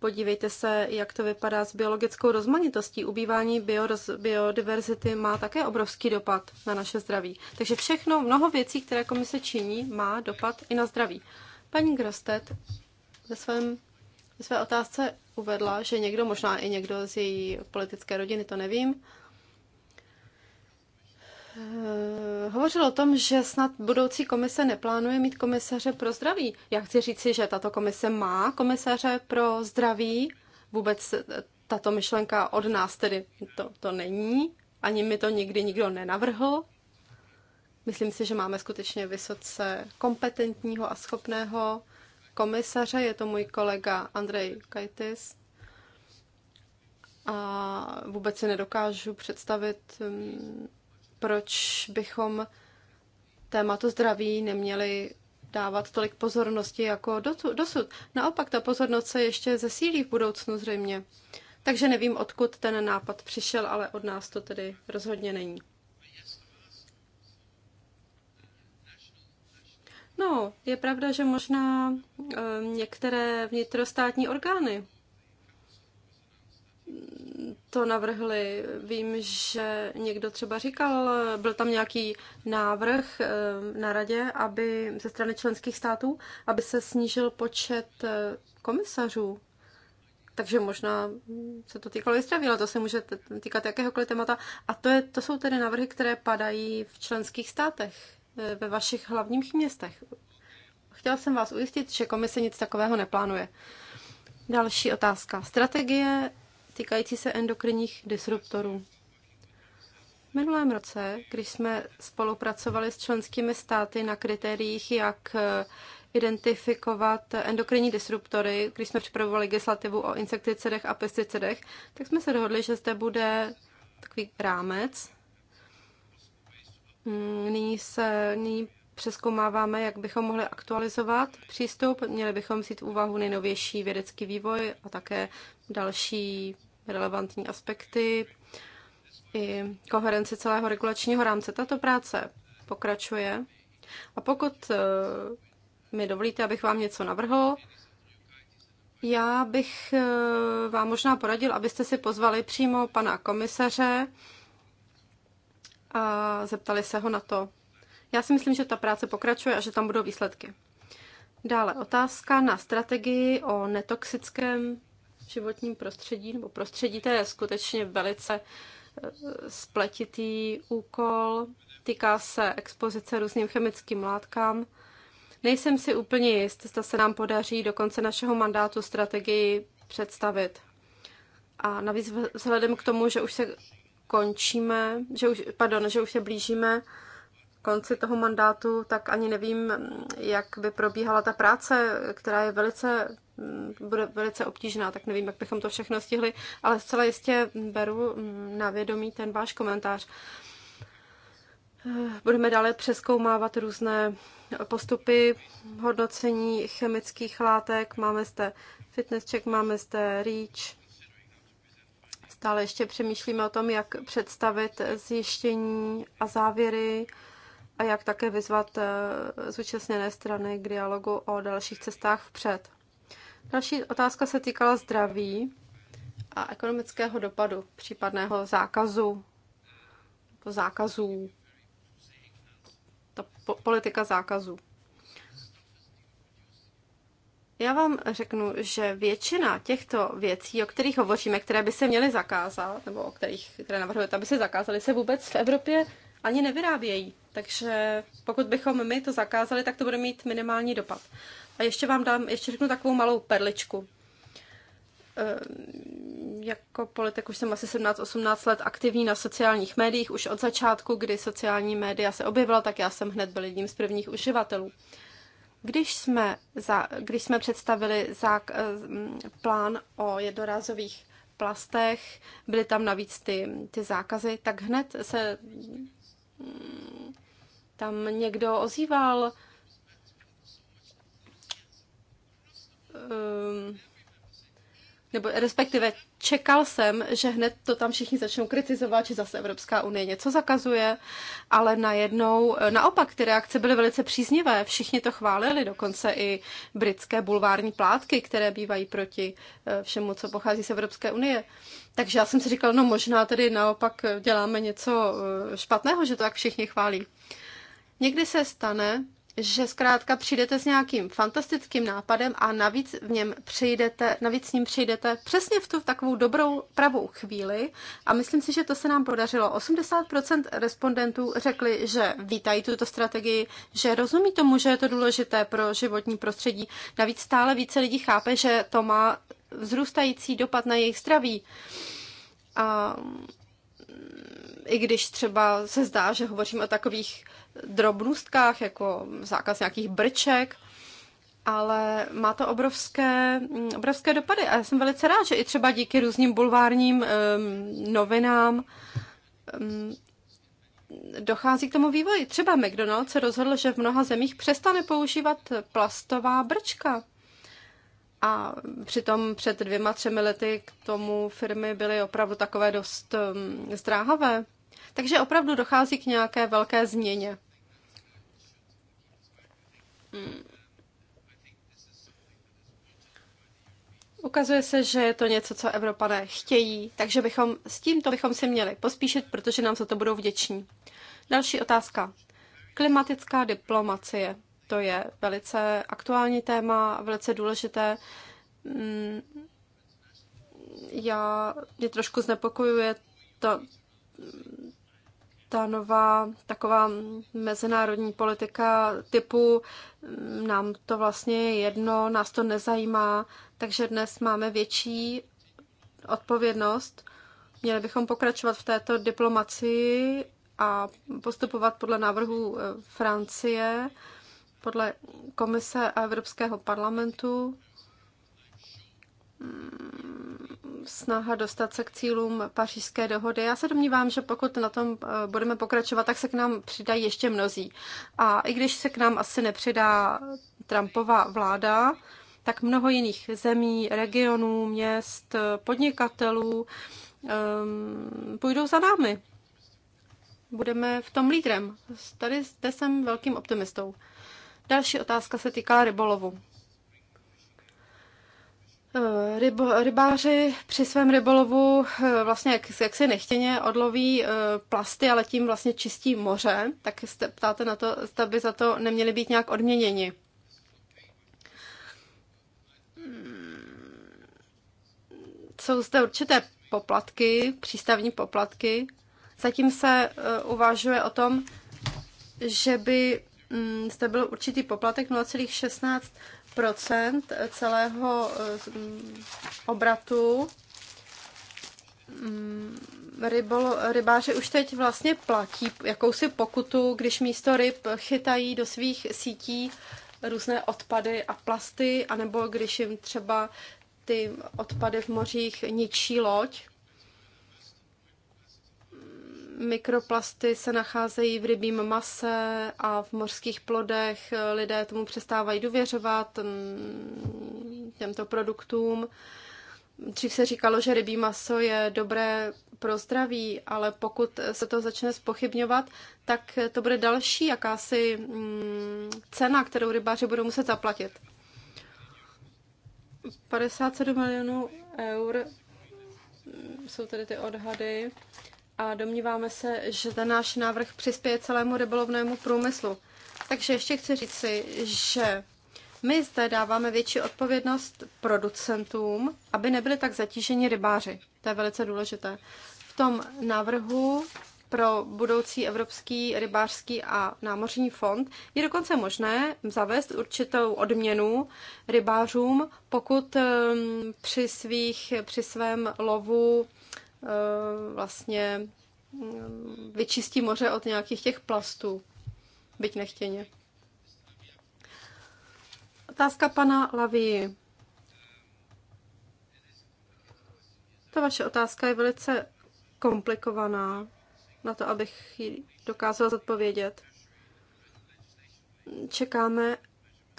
Podívejte se, jak to vypadá s biologickou rozmanitostí. Ubývání bioroz, biodiverzity má také obrovský dopad na naše zdraví. Takže všechno, mnoho věcí, které komise činí, má dopad i na zdraví. Paní Grostet ve, svém, ve své otázce uvedla, že někdo, možná i někdo z její politické rodiny, to nevím, Eh, hovořil o tom, že snad budoucí komise neplánuje mít komisaře pro zdraví. Já chci říci, že tato komise má komisaře pro zdraví. Vůbec eh, tato myšlenka od nás tedy to, to není. Ani mi to nikdy nikdo nenavrhl. Myslím si, že máme skutečně vysoce kompetentního a schopného komisaře. Je to můj kolega Andrej Kajtis. A vůbec si nedokážu představit hm, proč bychom tématu zdraví neměli dávat tolik pozornosti jako dosud. Naopak ta pozornost se ještě zesílí v budoucnu zřejmě. Takže nevím, odkud ten nápad přišel, ale od nás to tedy rozhodně není. No, je pravda, že možná e, některé vnitrostátní orgány to navrhli. Vím, že někdo třeba říkal, byl tam nějaký návrh eh, na radě, aby ze strany členských států, aby se snížil počet eh, komisařů. Takže možná se to týkalo i zdraví, ale to se může týkat jakéhokoliv témata. A to, je, to jsou tedy návrhy, které padají v členských státech, eh, ve vašich hlavních městech. Chtěla jsem vás ujistit, že komise nic takového neplánuje. Další otázka. Strategie týkající se endokrinních disruptorů. V minulém roce, když jsme spolupracovali s členskými státy na kritériích, jak eh, identifikovat endokrinní disruptory, když jsme připravovali legislativu o insekticidech a pesticidech, tak jsme se dohodli, že zde bude takový rámec. Hmm, nyní se nyní přeskoumáváme, jak bychom mohli aktualizovat přístup. Měli bychom vzít úvahu nejnovější vědecký vývoj a také další relevantní aspekty i koherenci celého regulačního rámce. Tato práce pokračuje a pokud eh, mi dovolíte, abych vám něco navrhl, já bych eh, vám možná poradil, abyste si pozvali přímo pana komisaře a zeptali se ho na to, já si myslím, že ta práce pokračuje a že tam budou výsledky. Dále otázka na strategii o netoxickém životním prostředí nebo prostředí. To je skutečně velice eh, spletitý úkol. Týká se expozice různým chemickým látkám. Nejsem si úplně jist, zda se nám podaří do konce našeho mandátu strategii představit. A navíc vzhledem k tomu, že už se končíme, že už, pardon, že už se blížíme konci toho mandátu, tak ani nevím, jak by probíhala ta práce, která je velice, bude velice obtížná, tak nevím, jak bychom to všechno stihli, ale zcela jistě beru na vědomí ten váš komentář. Budeme dále přeskoumávat různé postupy hodnocení chemických látek. Máme zde fitness check, máme zde REACH. Stále ještě přemýšlíme o tom, jak představit zjištění a závěry a jak také vyzvat eh, zúčastněné strany k dialogu o dalších cestách vpřed. Další otázka se týkala zdraví a ekonomického dopadu případného zákazu nebo zákazů. To po- politika zákazů. Já vám řeknu, že většina těchto věcí, o kterých hovoříme, které by se měly zakázat, nebo o kterých, které navrhujete, aby se zakázaly, se vůbec v Evropě ani nevyrábějí. Takže pokud bychom my to zakázali, tak to bude mít minimální dopad. A ještě vám dám, ještě řeknu takovou malou perličku. Eh, jako politik už jsem asi 17-18 let aktivní na sociálních médiích. Už od začátku, kdy sociální média se objevila, tak já jsem hned byl jedním z prvních uživatelů. Když jsme, za, když jsme představili zák, eh, plán o jednorázových plastech, byly tam navíc ty, ty zákazy, tak hned se tam někdo ozýval. Um, nebo respektive čekal jsem, že hned to tam všichni začnou kritizovat, že zase Evropská unie něco zakazuje, ale najednou, naopak, ty reakce byly velice příznivé, všichni to chválili, dokonce i britské bulvární plátky, které bývají proti eh, všemu, co pochází z Evropské unie. Takže já jsem si říkal, no možná tedy naopak děláme něco eh, špatného, že to tak všichni chválí. Někdy se stane, že zkrátka přijdete s nějakým fantastickým nápadem a navíc, v něm přijdete, navíc s ním přijdete přesně v tu takovou dobrou pravou chvíli a myslím si, že to se nám podařilo. 80% respondentů řekli, že vítají tuto strategii, že rozumí tomu, že je to důležité pro životní prostředí. Navíc stále více lidí chápe, že to má vzrůstající dopad na jejich zdraví. A i když třeba se zdá, že hovořím o takových drobnostkách, jako zákaz nějakých brček, ale má to obrovské, obrovské dopady. A já jsem velice rád, že i třeba díky různým bulvárním um, novinám um, dochází k tomu vývoji. Třeba McDonald's se rozhodl, že v mnoha zemích přestane používat plastová brčka. A přitom před dvěma, třemi lety k tomu firmy byly opravdu takové dost um, zdráhavé. Takže opravdu dochází k nějaké velké změně. Hmm. Ukazuje se, že je to něco, co Evropané chtějí, takže bychom s tímto bychom si měli pospíšit, protože nám za to budou vděční. Další otázka. Klimatická diplomacie. To je velice aktuální téma, velice důležité. Mm, já mě trošku znepokojuje to, ta nová taková mezinárodní politika typu mm, nám to vlastně je jedno, nás to nezajímá, takže dnes máme větší odpovědnost. Měli bychom pokračovat v této diplomacii a postupovat podle návrhu eh, Francie podle Komise a Evropského parlamentu mm, snaha dostat se k cílům pařížské dohody. Já se domnívám, že pokud na tom eh, budeme pokračovat, tak se k nám přidají ještě mnozí. A i když se k nám asi nepřidá Trumpova vláda, tak mnoho jiných zemí, regionů, měst, podnikatelů um, půjdou za námi. Budeme v tom lídrem. Tady zde jsem velkým optimistou. Další otázka se týkala rybolovu. Eh, rybo, rybáři při svém rybolovu eh, vlastně jak, jak si nechtěně odloví eh, plasty, ale tím vlastně čistí moře, tak jste ptáte na to, zda by za to neměli být nějak odměněni. Hmm, jsou zde určité poplatky, přístavní poplatky. Zatím se uvažuje o tom, že by Mm, zde byl určitý poplatek 0,16 celého eh, obratu. Mm, rybolo, rybáři už teď vlastně platí jakousi pokutu, když místo ryb chytají do svých sítí různé odpady a plasty, anebo když jim třeba ty odpady v mořích ničí loď. Mikroplasty se nacházejí v rybím mase a v mořských plodech. Lidé tomu přestávají důvěřovat, těmto produktům. Dřív se říkalo, že rybí maso je dobré pro zdraví, ale pokud se to začne spochybňovat, tak to bude další jakási mm, cena, kterou rybáři budou muset zaplatit. 57 milionů eur mm, jsou tedy ty odhady a domníváme se, že ten náš návrh přispěje celému rybolovnému průmyslu. Takže ještě chci říct si, že my zde dáváme větší odpovědnost producentům, aby nebyli tak zatíženi rybáři. To je velice důležité. V tom návrhu pro budoucí Evropský rybářský a námořní fond je dokonce možné zavést určitou odměnu rybářům, pokud ehm, při, svých, při svém lovu Eh, vlastně mm, vyčistí moře od nějakých těch plastů, byť nechtěně. Otázka pana Laví. Ta vaše otázka je velice komplikovaná na to, abych ji dokázala zodpovědět. Čekáme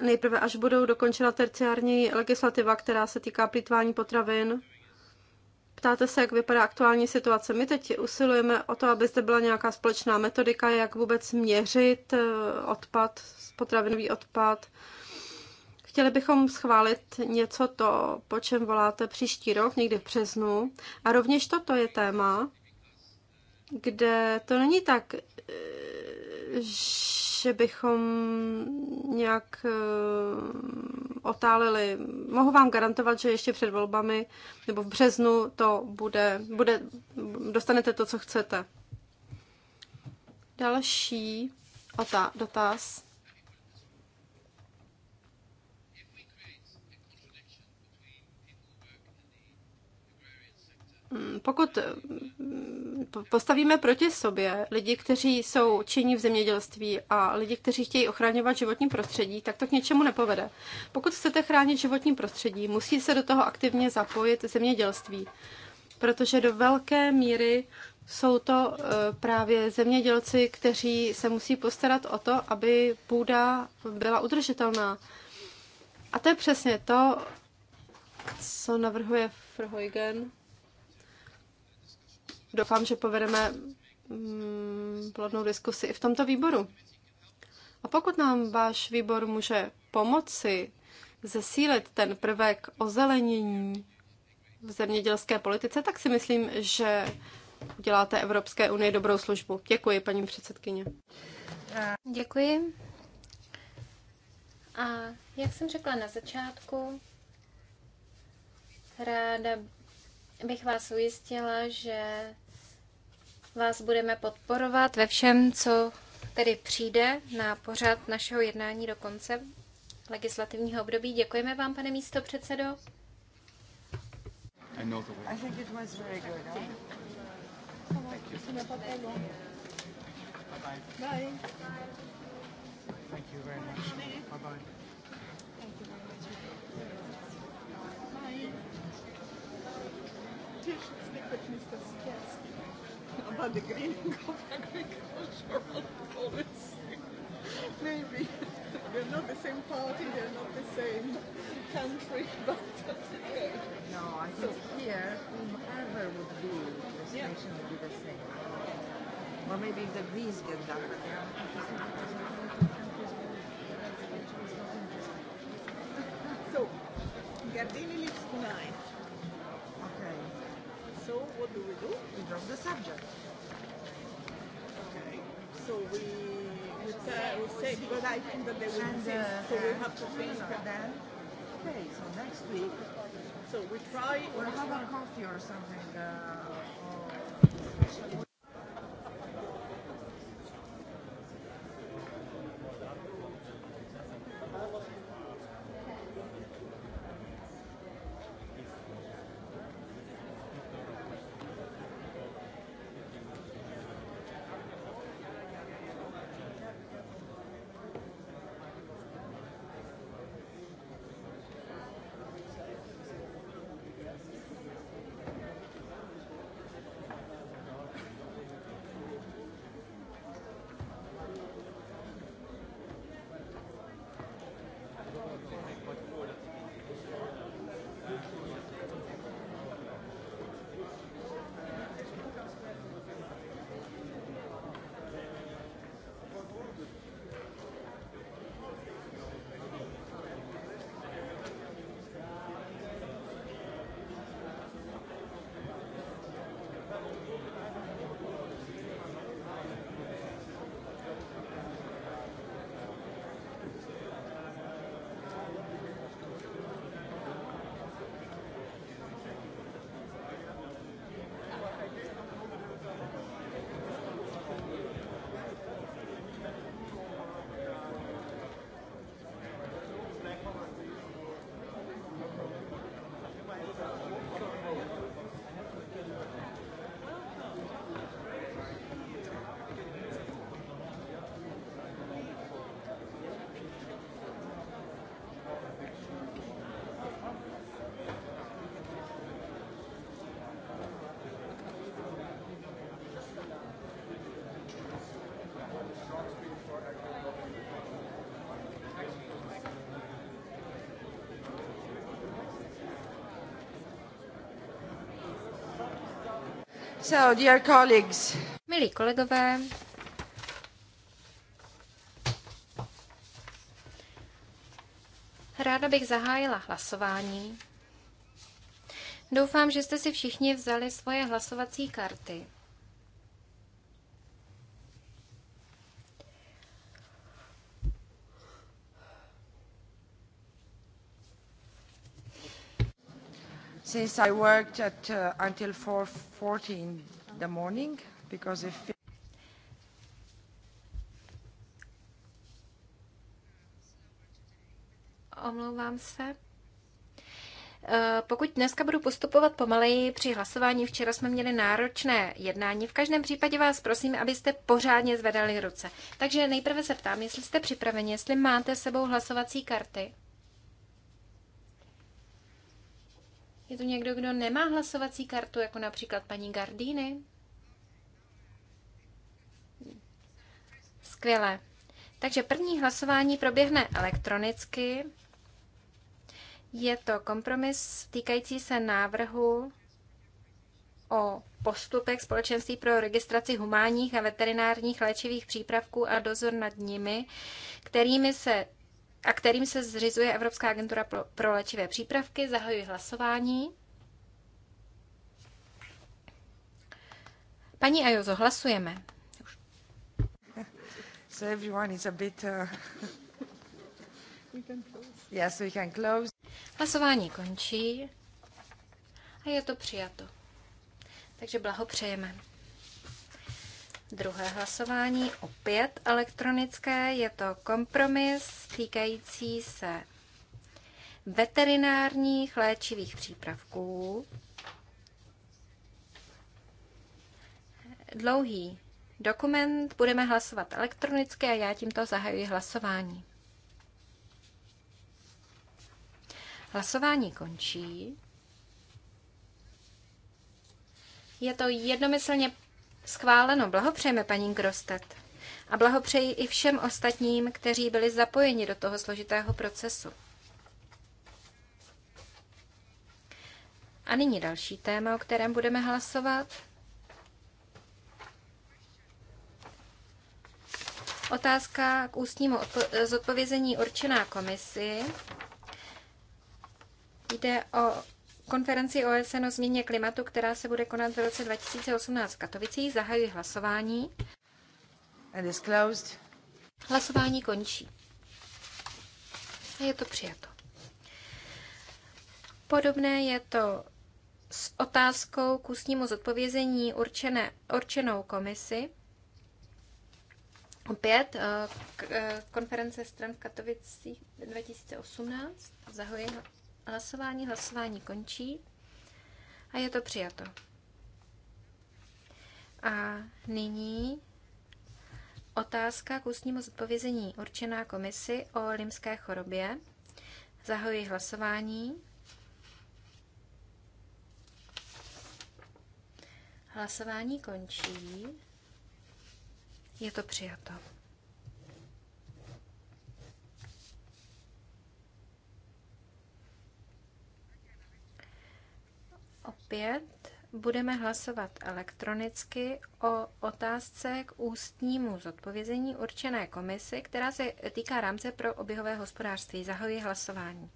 nejprve, až budou dokončena terciární legislativa, která se týká plýtvání potravin Ptáte se, jak vypadá aktuální situace. My teď usilujeme o to, aby zde byla nějaká společná metodika, jak vůbec měřit eh, odpad, potravinový odpad. Chtěli bychom schválit něco to, po čem voláte příští rok, někdy v březnu. A rovněž toto je téma, kde to není tak, eh, že bychom nějak eh, otálili. Mohu vám garantovat, že ještě před volbami nebo v březnu to bude, bude dostanete to, co chcete. Další otá- dotaz. Mm, pokud mm, postavíme proti sobě lidi, kteří jsou činní v zemědělství a lidi, kteří chtějí ochraňovat životní prostředí, tak to k něčemu nepovede. Pokud chcete chránit životní prostředí, musí se do toho aktivně zapojit zemědělství, protože do velké míry jsou to e, právě zemědělci, kteří se musí postarat o to, aby půda byla udržitelná. A to je přesně to, co navrhuje Verheugen doufám, že povedeme mm, plodnou diskusi i v tomto výboru. A pokud nám váš výbor může pomoci zesílit ten prvek ozelenění v zemědělské politice, tak si myslím, že děláte Evropské unii dobrou službu. Děkuji, paní předsedkyně. Děkuji. A jak jsem řekla na začátku, ráda bych vás ujistila, že vás budeme podporovat ve všem, co tedy přijde na pořad našeho jednání do konce legislativního období. Děkujeme vám, pane místo předsedo. Thank you very much. Bye bye. about the green of agricultural policy. Maybe we're not the same party, they're not the same country, but that's okay. No, I think so, here, whomever would be, the situation yeah. would be the same. Or maybe if the Greens get done. so, Gardini lives tonight what do we do? We drop the subject. Okay. So we we, say, we say because I think that they will and, uh, so we have to think then. Okay, so next week. So we try. Or have a coffee or something. Uh, or So, dear colleagues. Milí kolegové, ráda bych zahájila hlasování. Doufám, že jste si všichni vzali svoje hlasovací karty. Since I worked at uh, until 4:40 in the morning, because if Omlouvám se. Eh, pokud dneska budu postupovat pomaleji při hlasování, včera jsme měli náročné jednání. V každém případě vás prosím, abyste pořádně zvedali ruce. Takže nejprve se ptám, jestli jste připraveni, jestli máte sebou hlasovací karty. Je tu někdo, kdo nemá hlasovací kartu, jako například paní Gardíny? Skvělé. Takže první hlasování proběhne elektronicky. Je to kompromis týkající se návrhu o postupech Společenství pro registraci humánních a veterinárních léčivých přípravků a dozor nad nimi, kterými se a kterým se zřizuje Evropská agentura pro léčivé přípravky. Zahajuji hlasování. Paní Ajozo, hlasujeme. So everyone is a bit, uh... yes, we can close. Hlasování končí a je to přijato. Takže blahopřejeme. Druhé hlasování opět elektronické, je to kompromis týkající se veterinárních léčivých přípravků. Dlouhý dokument, budeme hlasovat elektronicky a já tímto zahajuji hlasování. Hlasování končí. Je to jednomyslně Schváleno. Blahopřejeme paní Grostet. A blahopřeji i všem ostatním, kteří byli zapojeni do toho složitého procesu. A nyní další téma, o kterém budeme hlasovat. Otázka k ústnímu zodpovězení určená komisi. Jde o konferenci OSN o změně klimatu, která se bude konat v roce 2018 v Katovicích, zahajuji hlasování. And is closed. Hlasování končí. A je to přijato. Podobné je to s otázkou k ústnímu zodpovězení určené, určenou komisi. Opět eh, eh, konference stran v Katovicích 2018. Zahoji hlasování. Hlasování končí a je to přijato. A nyní otázka k ústnímu zodpovězení určená komisi o limské chorobě. Zahoji hlasování. Hlasování končí. Je to přijato. 5 budeme hlasovat elektronicky o otázce k ústnímu zodpovězení určené komisi, která se týká rámce pro oběhové hospodářství. Zahoji hlasování.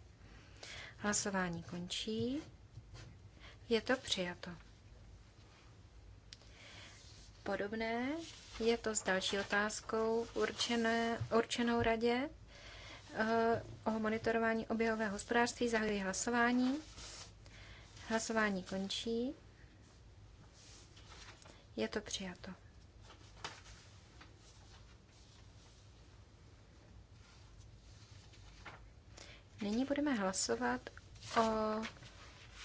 Hlasování končí. Je to přijato. Podobné je to s další otázkou určené, určenou radě eh, o monitorování oběhového hospodářství. Zahajuji hlasování. Hlasování končí. Je to přijato. Nyní budeme hlasovat o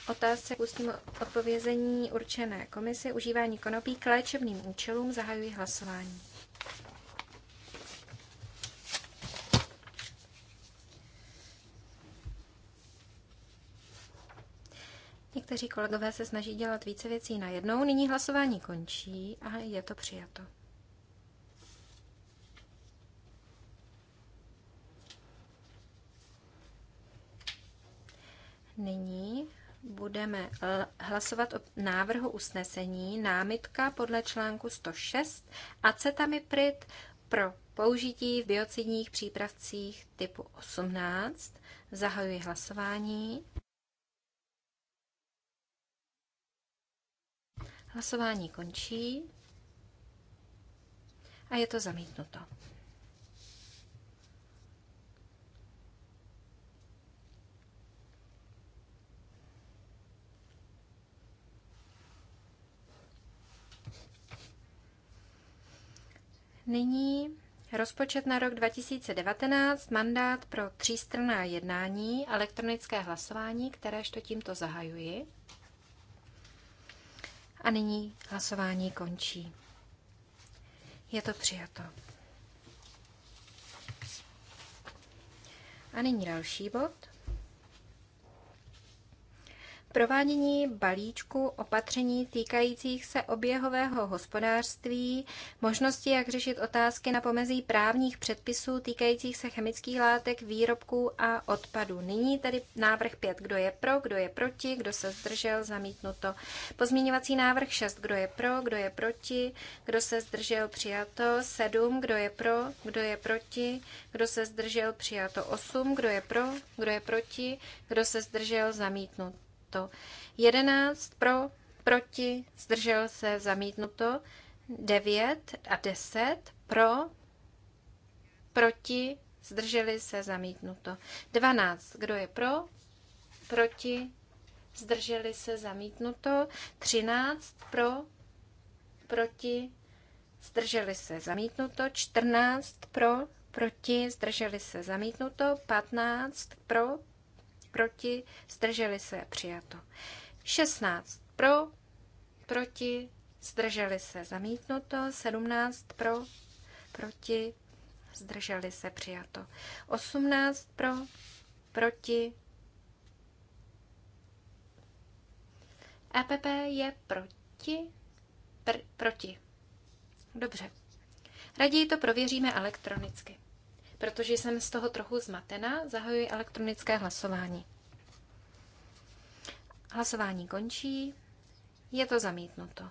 otázce k ústnímu odpovězení určené komisi užívání konopí k léčebným účelům. Zahajuji hlasování. Někteří kolegové se snaží dělat více věcí na najednou. Nyní hlasování končí a je to přijato. Nyní budeme eh, hlasovat o návrhu usnesení námitka podle článku 106 acetamiprid pro použití v biocidních přípravcích typu 18. Zahajuji hlasování. Hlasování končí a je to zamítnuto. Nyní rozpočet na rok 2019, mandát pro třístranná jednání, elektronické hlasování, kteréž to tímto zahajuji. A nyní hlasování končí. Je to přijato. A nyní další bod. Provádění balíčku opatření týkajících se oběhového hospodářství, možnosti, jak řešit otázky na pomezí právních předpisů týkajících se chemických látek, výrobků a odpadů. Nyní tedy návrh 5. Kdo je pro, kdo je proti, kdo se zdržel, zamítnuto. Pozměňovací návrh 6. Kdo je pro, kdo je proti, kdo se zdržel, přijato. 7. Kdo je pro, kdo je proti, kdo se zdržel, přijato. 8. Kdo je pro, kdo je proti, kdo se zdržel, zamítnuto zamítnuto. 11 pro, proti, zdržel se, zamítnuto. 9 a 10 pro, proti, zdrželi se, zamítnuto. 12, kdo je pro, proti, zdrželi se, zamítnuto. 13 pro, proti, zdrželi se, zamítnuto. 14 pro, proti, zdrželi se, zamítnuto. 15 pro, proti, zdrželi se, přijato. 16 pro, proti, zdrželi se, zamítnuto. 17 pro, proti, zdrželi se, přijato. 18 pro, proti, EPP je proti, pr, proti. Dobře. Raději to prověříme elektronicky protože jsem z toho trochu zmatená, zahajuji elektronické hlasování. Hlasování končí. Je to zamítnuto.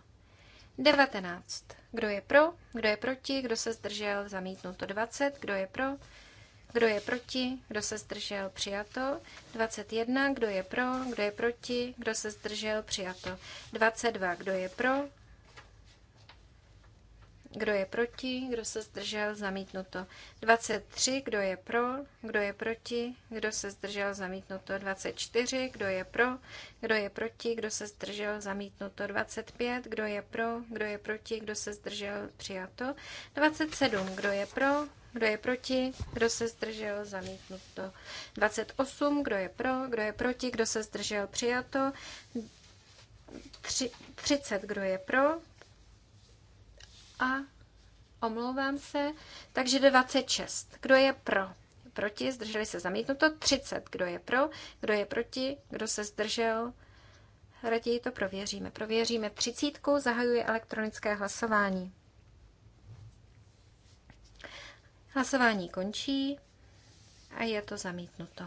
19. Kdo je pro? Kdo je proti? Kdo se zdržel? Zamítnuto. 20. Kdo je pro? Kdo je proti? Kdo se zdržel? Přijato. 21. Kdo je pro? Kdo je proti? Kdo se zdržel? Přijato. 22. Kdo je pro? Kdo je proti? Kdo se zdržel? Zamítnuto. 23. Kdo je pro? Kdo je proti? Kdo se zdržel? Zamítnuto. 24. Kdo je pro? Kdo je proti? Kdo se zdržel? Zamítnuto. 25. Kdo je pro? Kdo je proti? Kdo se zdržel? Přijato. 27. Kdo je pro? Kdo je proti? Kdo se zdržel? Zamítnuto. 28. Kdo je pro? Kdo je proti? Kdo se zdržel? Přijato. 30. Kdo je pro? a omlouvám se, takže 26. Kdo je pro? Proti, zdrželi se zamítnuto. 30. Kdo je pro? Kdo je proti? Kdo se zdržel? Raději to prověříme. Prověříme třicítku, zahajuje elektronické hlasování. Hlasování končí a je to zamítnuto.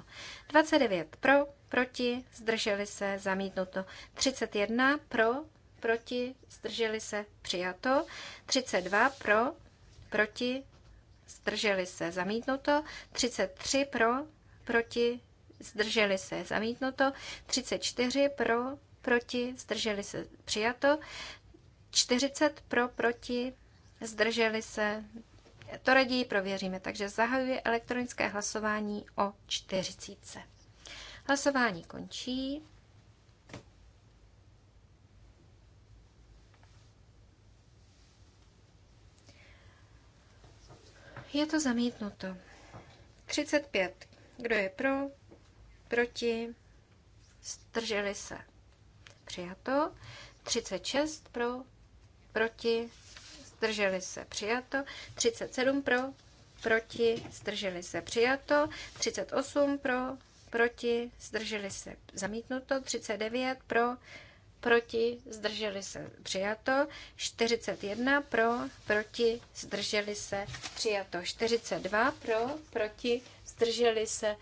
29 pro, proti, zdrželi se, zamítnuto. 31 pro, proti, zdrželi se, přijato. 32 pro, proti, zdrželi se, zamítnuto. 33 pro, proti, zdrželi se, zamítnuto. 34 pro, proti, zdrželi se, přijato. 40 pro, proti, zdrželi se, to raději prověříme, takže zahajuje elektronické hlasování o 40. Hlasování končí. Je to zamítnuto. 35. Kdo je pro? Proti? Strželi se. Přijato. 36 pro, proti, zdrželi se, přijato. 37 pro, proti, zdrželi se, přijato. 38 pro, proti, zdrželi se, zamítnuto. 39 pro, proti, zdrželi se, přijato. 41 pro, proti, zdrželi se, přijato. 42 pro, proti, zdrželi se,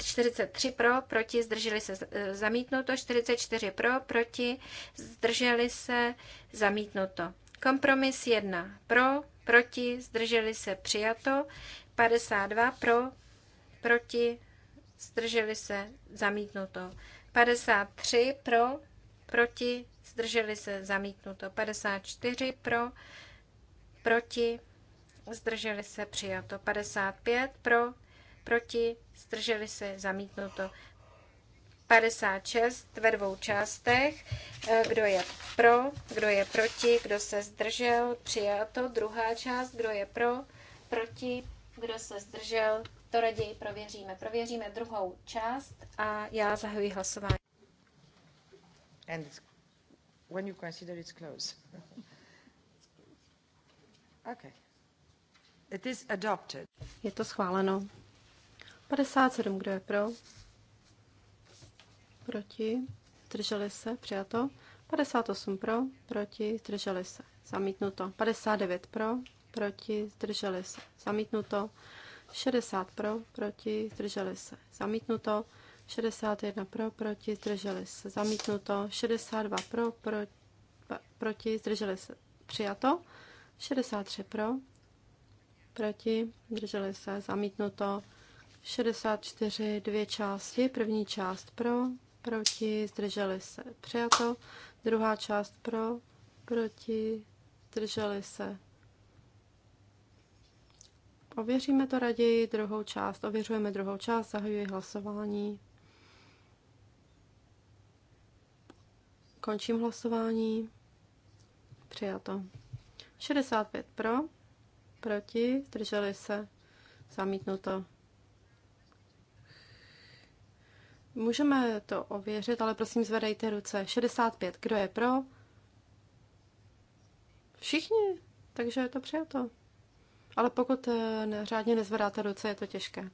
43 eh, pro, proti, zdrželi se, eh, zamítnuto. 44 pro, proti, zdrželi se, zamítnuto. Kompromis 1 pro, proti, zdrželi se, přijato. 52 pro, proti, zdrželi se, zamítnuto. 53 pro, proti, zdrželi se zamítnuto. 54 pro, proti, zdrželi se přijato. 55 pro, proti, zdrželi se zamítnuto. 56 ve dvou částech. Eh, kdo je pro, kdo je proti, kdo se zdržel, přijato. Druhá část, kdo je pro, proti, kdo se zdržel, to raději prověříme. Prověříme druhou část a já zahajuji hlasování. And when you consider it's close. (laughs) okay. It is adopted. Je to schváleno. 57, kdo je pro? Proti? Drželi se? Přijato. 58 pro, proti, zdrželi se, zamítnuto. 59 pro, proti, zdrželi se, zamítnuto. 60 pro, proti, zdrželi se, zamítnuto. 61 pro, proti, zdrželi se, zamítnuto. 62 pro, pro proti, zdrželi se, přijato. 63 pro, proti, zdrželi se, zamítnuto. 64, dvě části. První část pro, proti, zdrželi se, přijato. Druhá část pro, proti, zdrželi se, Ověříme to raději, druhou část. Ověřujeme druhou část, zahajuji hlasování. Končím hlasování. Přijato. 65 pro, proti, drželi se, zamítnuto. Můžeme to ověřit, ale prosím zvedejte ruce. 65, kdo je pro? Všichni, takže je to přijato ale pokud eh, řádně nezvedáte ruce, je to těžké.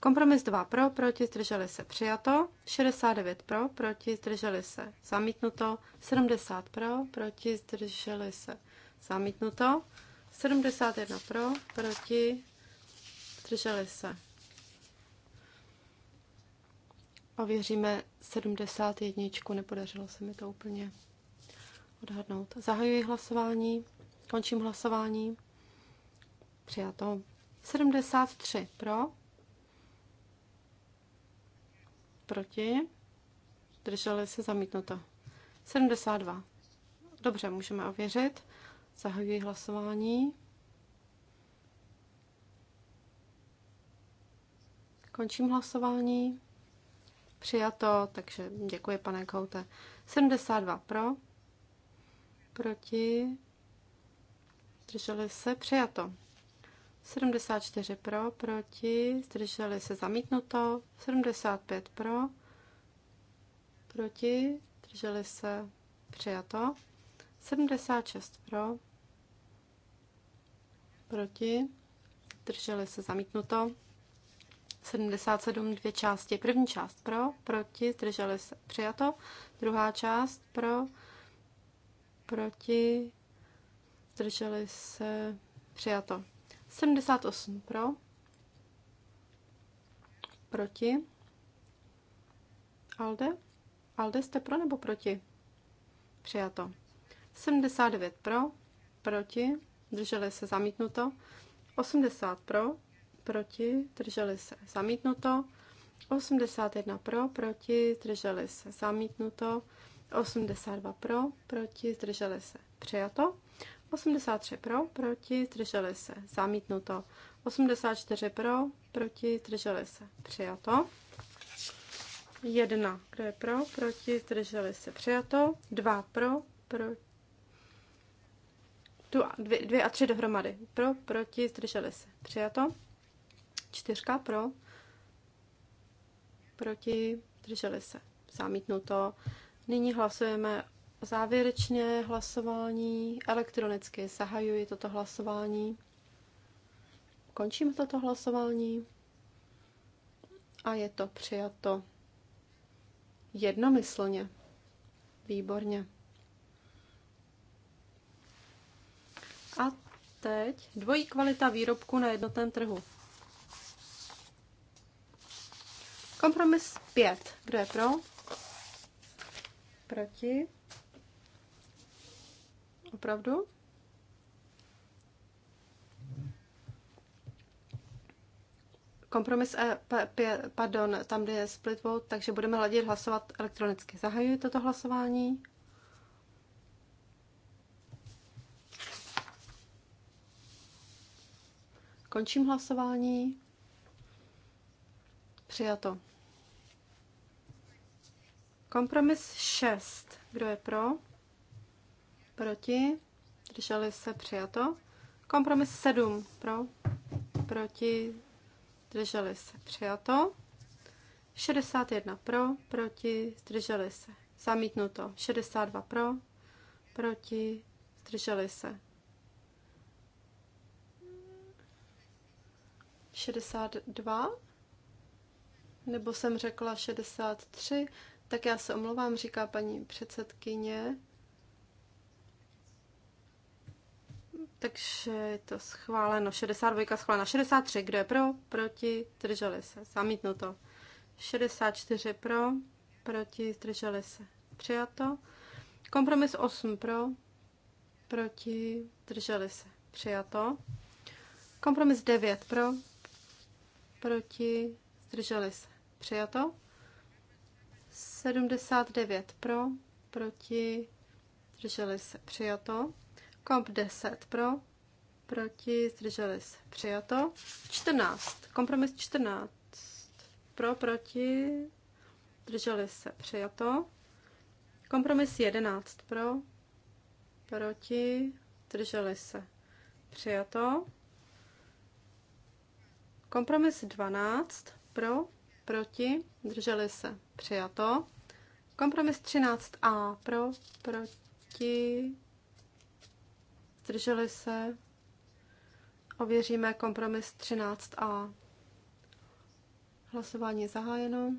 Kompromis 2 pro, proti, zdrželi se přijato, 69 pro, proti, zdrželi se zamítnuto, 70 pro, proti, zdrželi se zamítnuto, 71 pro, proti, zdrželi se. Ověříme 71, nepodařilo se mi to úplně odhadnout. Zahajuji hlasování, končím hlasování. Přijato. 73 pro. Proti. Drželi se zamítnuto. 72. Dobře, můžeme ověřit. Zahajuji hlasování. Končím hlasování. Přijato, takže děkuji, pane Koute. 72 pro, proti, drželi se, přijato. 74 pro, proti, zdrželi se zamítnuto, 75 pro, proti, zdrželi se přijato, 76 pro, proti, zdrželi se zamítnuto, 77 dvě části, první část pro, proti, zdrželi se přijato, druhá část pro, proti, zdrželi se přijato. 78 pro, proti. Alde? Alde jste pro nebo proti? Přijato. 79 pro, proti, drželi se zamítnuto. 80 pro, proti, drželi se zamítnuto. 81 pro, proti, drželi se zamítnuto. 82 pro, proti, zdrželi se přijato. 83 pro, proti, zdrželi se, zamítnuto. 84 pro, proti, zdrželi se, přijato. 1, kdo je pro, proti, zdrželi se, přijato. 2 pro, proti. Dvě, dvě a tři dohromady. Pro, proti, zdrželi se. Přijato. Čtyřka pro, proti, zdrželi se. Zamítnuto. Nyní hlasujeme Závěrečně hlasování elektronicky. Zahajuji toto hlasování. Končím toto hlasování. A je to přijato jednomyslně. Výborně. A teď dvojí kvalita výrobku na jednotném trhu. Kompromis 5. Kdo je pro? Proti? Opravdu? Kompromis E, p, p, pardon, tam, kde je split vote, takže budeme hladit hlasovat elektronicky. Zahajuji toto hlasování. Končím hlasování. Přijato. Kompromis 6. Kdo je pro? proti, drželi se přijato. Kompromis 7 pro, proti, drželi se přijato. 61 pro, proti, zdrželi se. Zamítnuto. 62 pro, proti, zdrželi se. 62? Nebo jsem řekla 63? Tak já se omlouvám, říká paní předsedkyně. Takže je to schváleno. 62 schválena. 63, kdo je pro? Proti? Zdrželi se. Zamítnuto. 64 pro? Proti? Zdrželi se. Přijato. Kompromis 8 pro? Proti? Zdrželi se. Přijato. Kompromis 9 pro? Proti? Zdrželi se. Přijato. 79 pro? Proti? Zdrželi se. Přijato. Komp 10 pro, proti, zdrželi se, přijato. 14, kompromis 14, pro, proti, zdrželi se, přijato. Kompromis 11 pro, proti, zdrželi se, přijato. Kompromis 12 pro, proti, zdrželi se, přijato. Kompromis 13a pro, proti, zdrželi se, ověříme kompromis 13a. Hlasování je zahájeno.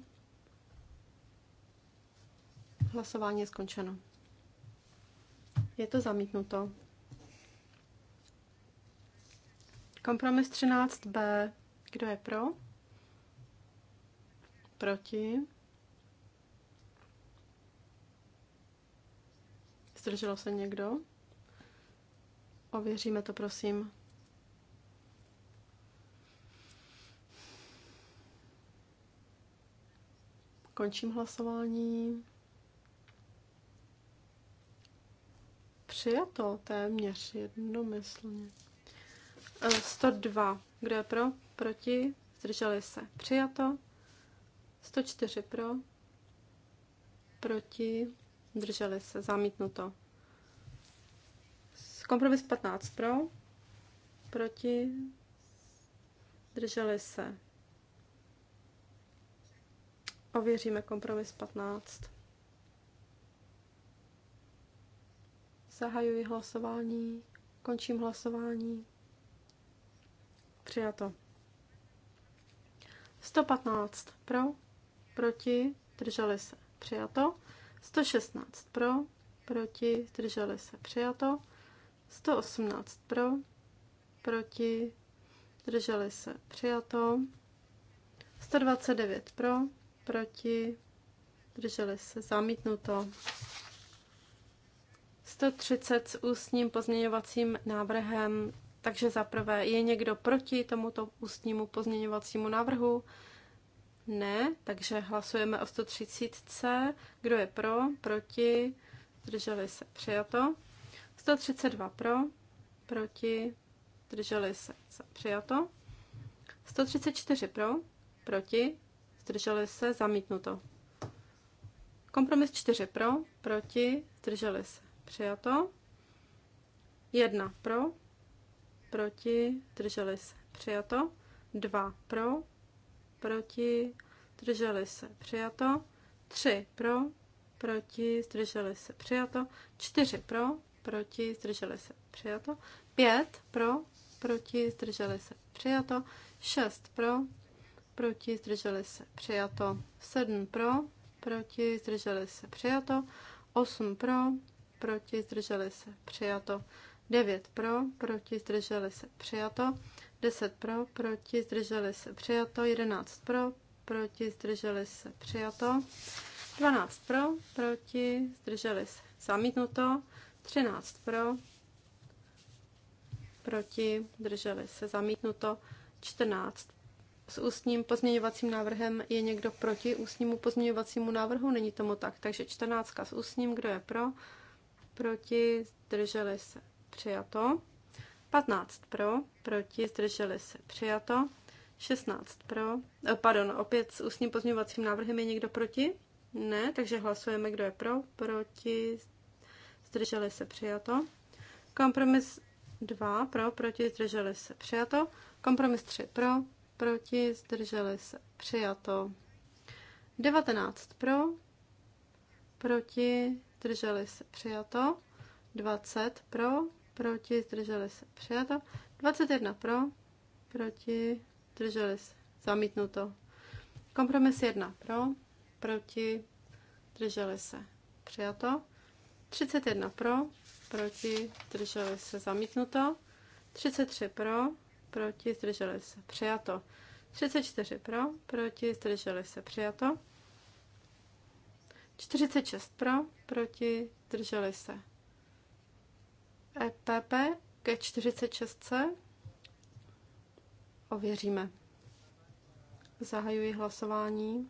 Hlasování je skončeno. Je to zamítnuto. Kompromis 13b. Kdo je pro? Proti? Zdrželo se někdo? Ověříme to, prosím. Končím hlasování. Přijato téměř jednomyslně. 102. E, Kdo je pro? Proti? Zdrželi se. Přijato. 104 pro. Proti? Zdrželi se. Zamítnuto. Kompromis 15 pro, proti, drželi se. Ověříme kompromis 15. Zahajuji hlasování, končím hlasování. Přijato. 115 pro, proti, drželi se. Přijato. 116 pro, proti, drželi se. Přijato. 118 pro, proti, drželi se, přijato. 129 pro, proti, drželi se, zamítnuto. 130 s ústním pozměňovacím návrhem. Takže za prvé, je někdo proti tomuto ústnímu pozměňovacímu návrhu? Ne, takže hlasujeme o 130. Kdo je pro, proti, drželi se, přijato. 132 pro, proti, zdrželi se, přijato. 134 pro, proti, zdrželi se, zamítnuto. Kompromis 4 pro, proti, zdrželi se, přijato. 1 pro, proti, zdrželi se, přijato. 2 pro, proti, zdrželi se, přijato. 3 pro, proti, zdrželi se, přijato. 4 pro, proti, zdrželi se, přijato. 5 pro, proti, zdrželi se, přijato. 6 pro, proti, zdrželi se, přijato. 7 pro, proti, zdrželi se, přijato. 8 pro, proti, zdrželi se, přijato. 9 pro, proti, zdrželi se, přijato. 10 pro, proti, zdrželi se, přijato. 11 pro, proti, zdrželi se, přijato. 12 pro, proti, zdrželi se, zamítnuto. 13 pro, proti, drželi se zamítnuto, 14 s ústním pozměňovacím návrhem je někdo proti ústnímu pozměňovacímu návrhu? Není tomu tak. Takže 14 s ústním, kdo je pro? Proti, zdrželi se, přijato. 15 pro, proti, zdrželi se, přijato. 16 pro, eh, pardon, opět s ústním pozměňovacím návrhem je někdo proti? Ne, takže hlasujeme, kdo je pro, proti, zdrželi se přijato. Kompromis 2 pro, proti, zdrželi se přijato. Kompromis 3 pro, proti, zdrželi se přijato. 19 pro, proti, zdrželi se přijato. 20 pro, proti, zdrželi se přijato. 21 pro, proti, zdrželi se zamítnuto. Kompromis 1 pro, proti, zdrželi se přijato. 31 pro, proti, zdrželi se zamítnuto. 33 pro, proti, zdrželi se přijato. 34 pro, proti, zdrželi se přijato. 46 pro, proti, zdrželi se. EPP ke 46 ověříme. Zahajuji hlasování.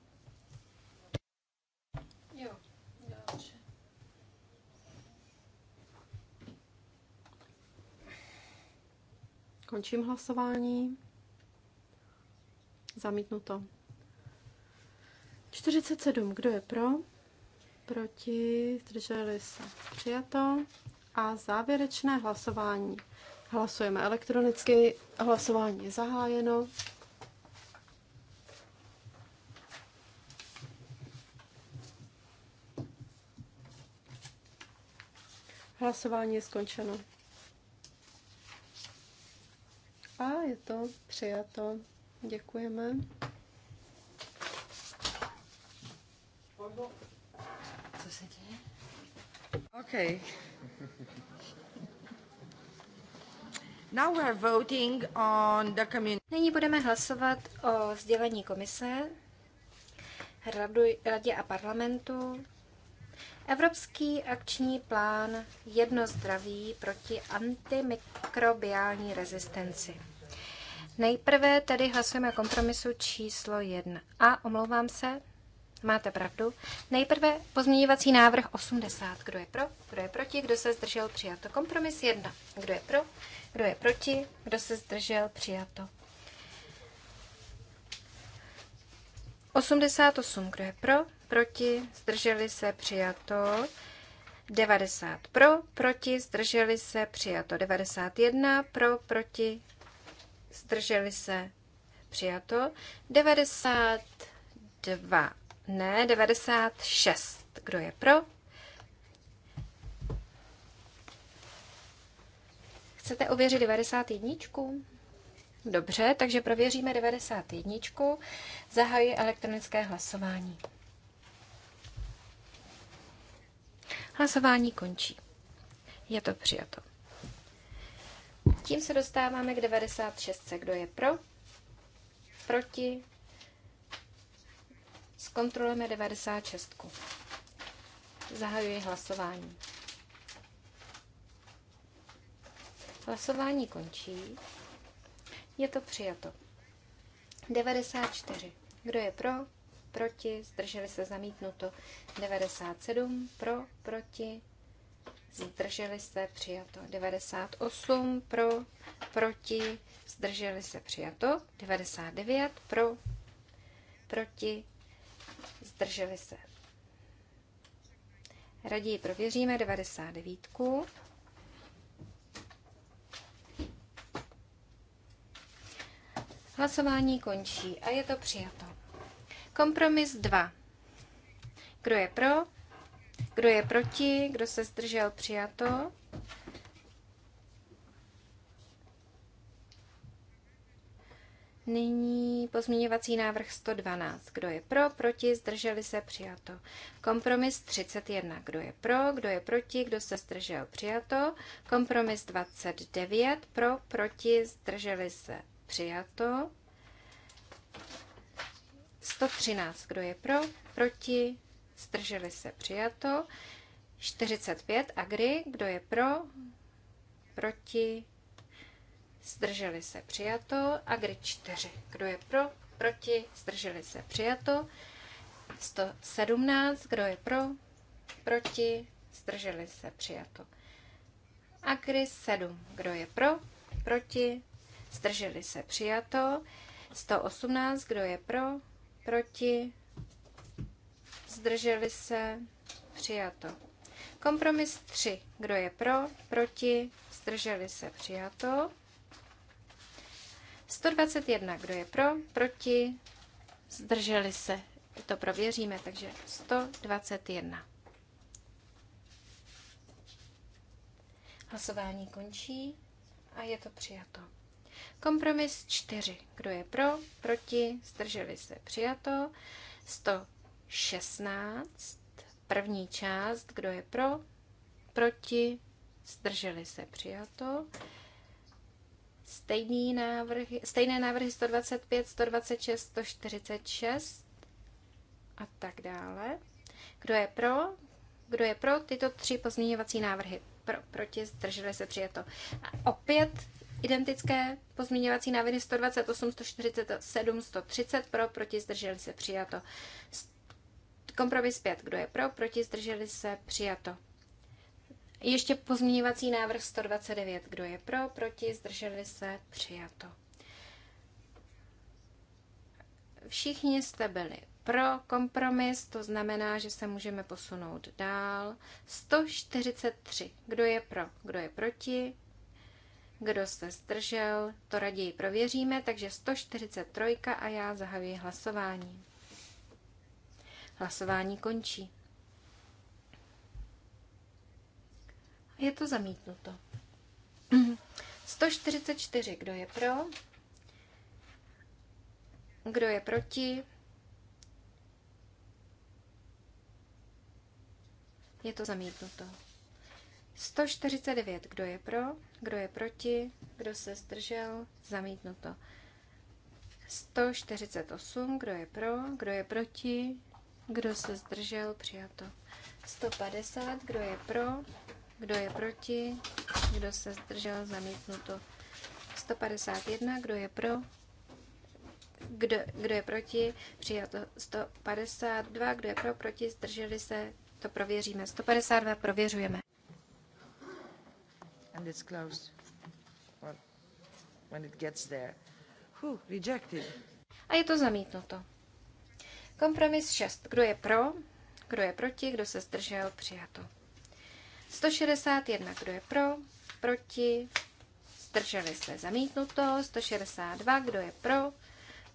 Končím hlasování. Zamítnuto. 47. Kdo je pro? Proti? Zdrželi se. Přijato. A závěrečné hlasování. Hlasujeme elektronicky. Hlasování je zahájeno. Hlasování je skončeno. A je to přijato. Děkujeme. Co se děje? OK. Now we are voting on the community. Nyní budeme hlasovat o sdělení komise, radu, radě a parlamentu. Evropský akční plán Jedno zdraví proti antimikrobiální rezistenci. Nejprve tedy hlasujeme o kompromisu číslo 1. A omlouvám se, máte pravdu. Nejprve pozměňovací návrh 80. Kdo je pro? Kdo je proti? Kdo se zdržel? Přijato. Kompromis 1. Kdo je pro? Kdo je proti? Kdo se zdržel? Přijato. 88. Kdo je pro? Proti? Zdrželi se? Přijato. 90 pro, proti, zdrželi se, přijato 91, pro, proti, zdrželi se, přijato. 92, ne, 96. Kdo je pro? Chcete ověřit 91? Dobře, takže prověříme 91. Zahajuji elektronické hlasování. Hlasování končí. Je to přijato. Tím se dostáváme k 96. Kdo je pro? Proti? Zkontrolujeme 96. Zahajuji hlasování. Hlasování končí. Je to přijato. 94. Kdo je pro? Proti? Zdrželi se zamítnuto. 97. Pro? Proti? zdrželi se přijato 98 pro, proti, zdrželi se přijato 99 pro, proti, zdrželi se. Raději prověříme 99. Hlasování končí a je to přijato. Kompromis 2. Kdo je pro? Kdo je proti? Kdo se zdržel? Přijato. Nyní pozměňovací návrh 112. Kdo je pro, proti, zdrželi se, přijato. Kompromis 31. Kdo je pro, kdo je proti, kdo se zdržel, přijato. Kompromis 29. Pro, proti, zdrželi se, přijato. 113. Kdo je pro, proti, zdrželi se přijato. 45 agri, kdo je pro, proti, zdrželi se přijato. Agri 4, kdo je pro, proti, zdrželi se přijato. 117, kdo je pro, proti, zdrželi se přijato. Agri 7, kdo je pro, proti, zdrželi se přijato. 118, kdo je pro, proti, zdrželi se, přijato. Kompromis 3. Kdo je pro, proti, zdrželi se, přijato. 121. Kdo je pro, proti, zdrželi se. To prověříme, takže 121. Hlasování končí a je to přijato. Kompromis 4. Kdo je pro, proti, zdrželi se, přijato. 100. 16, první část, kdo je pro, proti, zdrželi se přijato. Stejný návrh, stejné návrhy 125, 126, 146 a tak dále. Kdo je pro? Kdo je pro tyto tři pozměňovací návrhy? Pro, proti, zdrželi se přijato. A opět identické pozměňovací návrhy 128, 147, 130 pro, proti, zdrželi se přijato. Kompromis 5. Kdo je pro? Proti? Zdrželi se? Přijato. Ještě pozměňovací návrh 129. Kdo je pro? Proti? Zdrželi se? Přijato. Všichni jste byli pro kompromis, to znamená, že se můžeme posunout dál. 143. Kdo je pro? Kdo je proti? Kdo se zdržel? To raději prověříme, takže 143 a já zahajuji hlasování. Hlasování končí. Je to zamítnuto. 144. (clears throat) Kdo je pro? Kdo je proti? Je to zamítnuto. 149. Kdo je pro? Kdo je proti? Kdo se zdržel? Zamítnuto. 148. Kdo je pro? Kdo je proti? Kdo se zdržel? Přijato. 150. Kdo je pro? Kdo je proti? Kdo se zdržel? Zamítnuto. 151. Kdo je pro? Kdo, kdo je proti? Přijato 152. Kdo je pro? Proti? Zdrželi se? To prověříme. 152 prověřujeme. And it's closed. when it gets there. Whew, rejected. A je to zamítnuto. Kompromis 6. Kdo je pro? Kdo je proti? Kdo se zdržel? Přijato. 161. Kdo je pro? Proti? Zdrželi se. Zamítnuto. 162. Kdo je pro?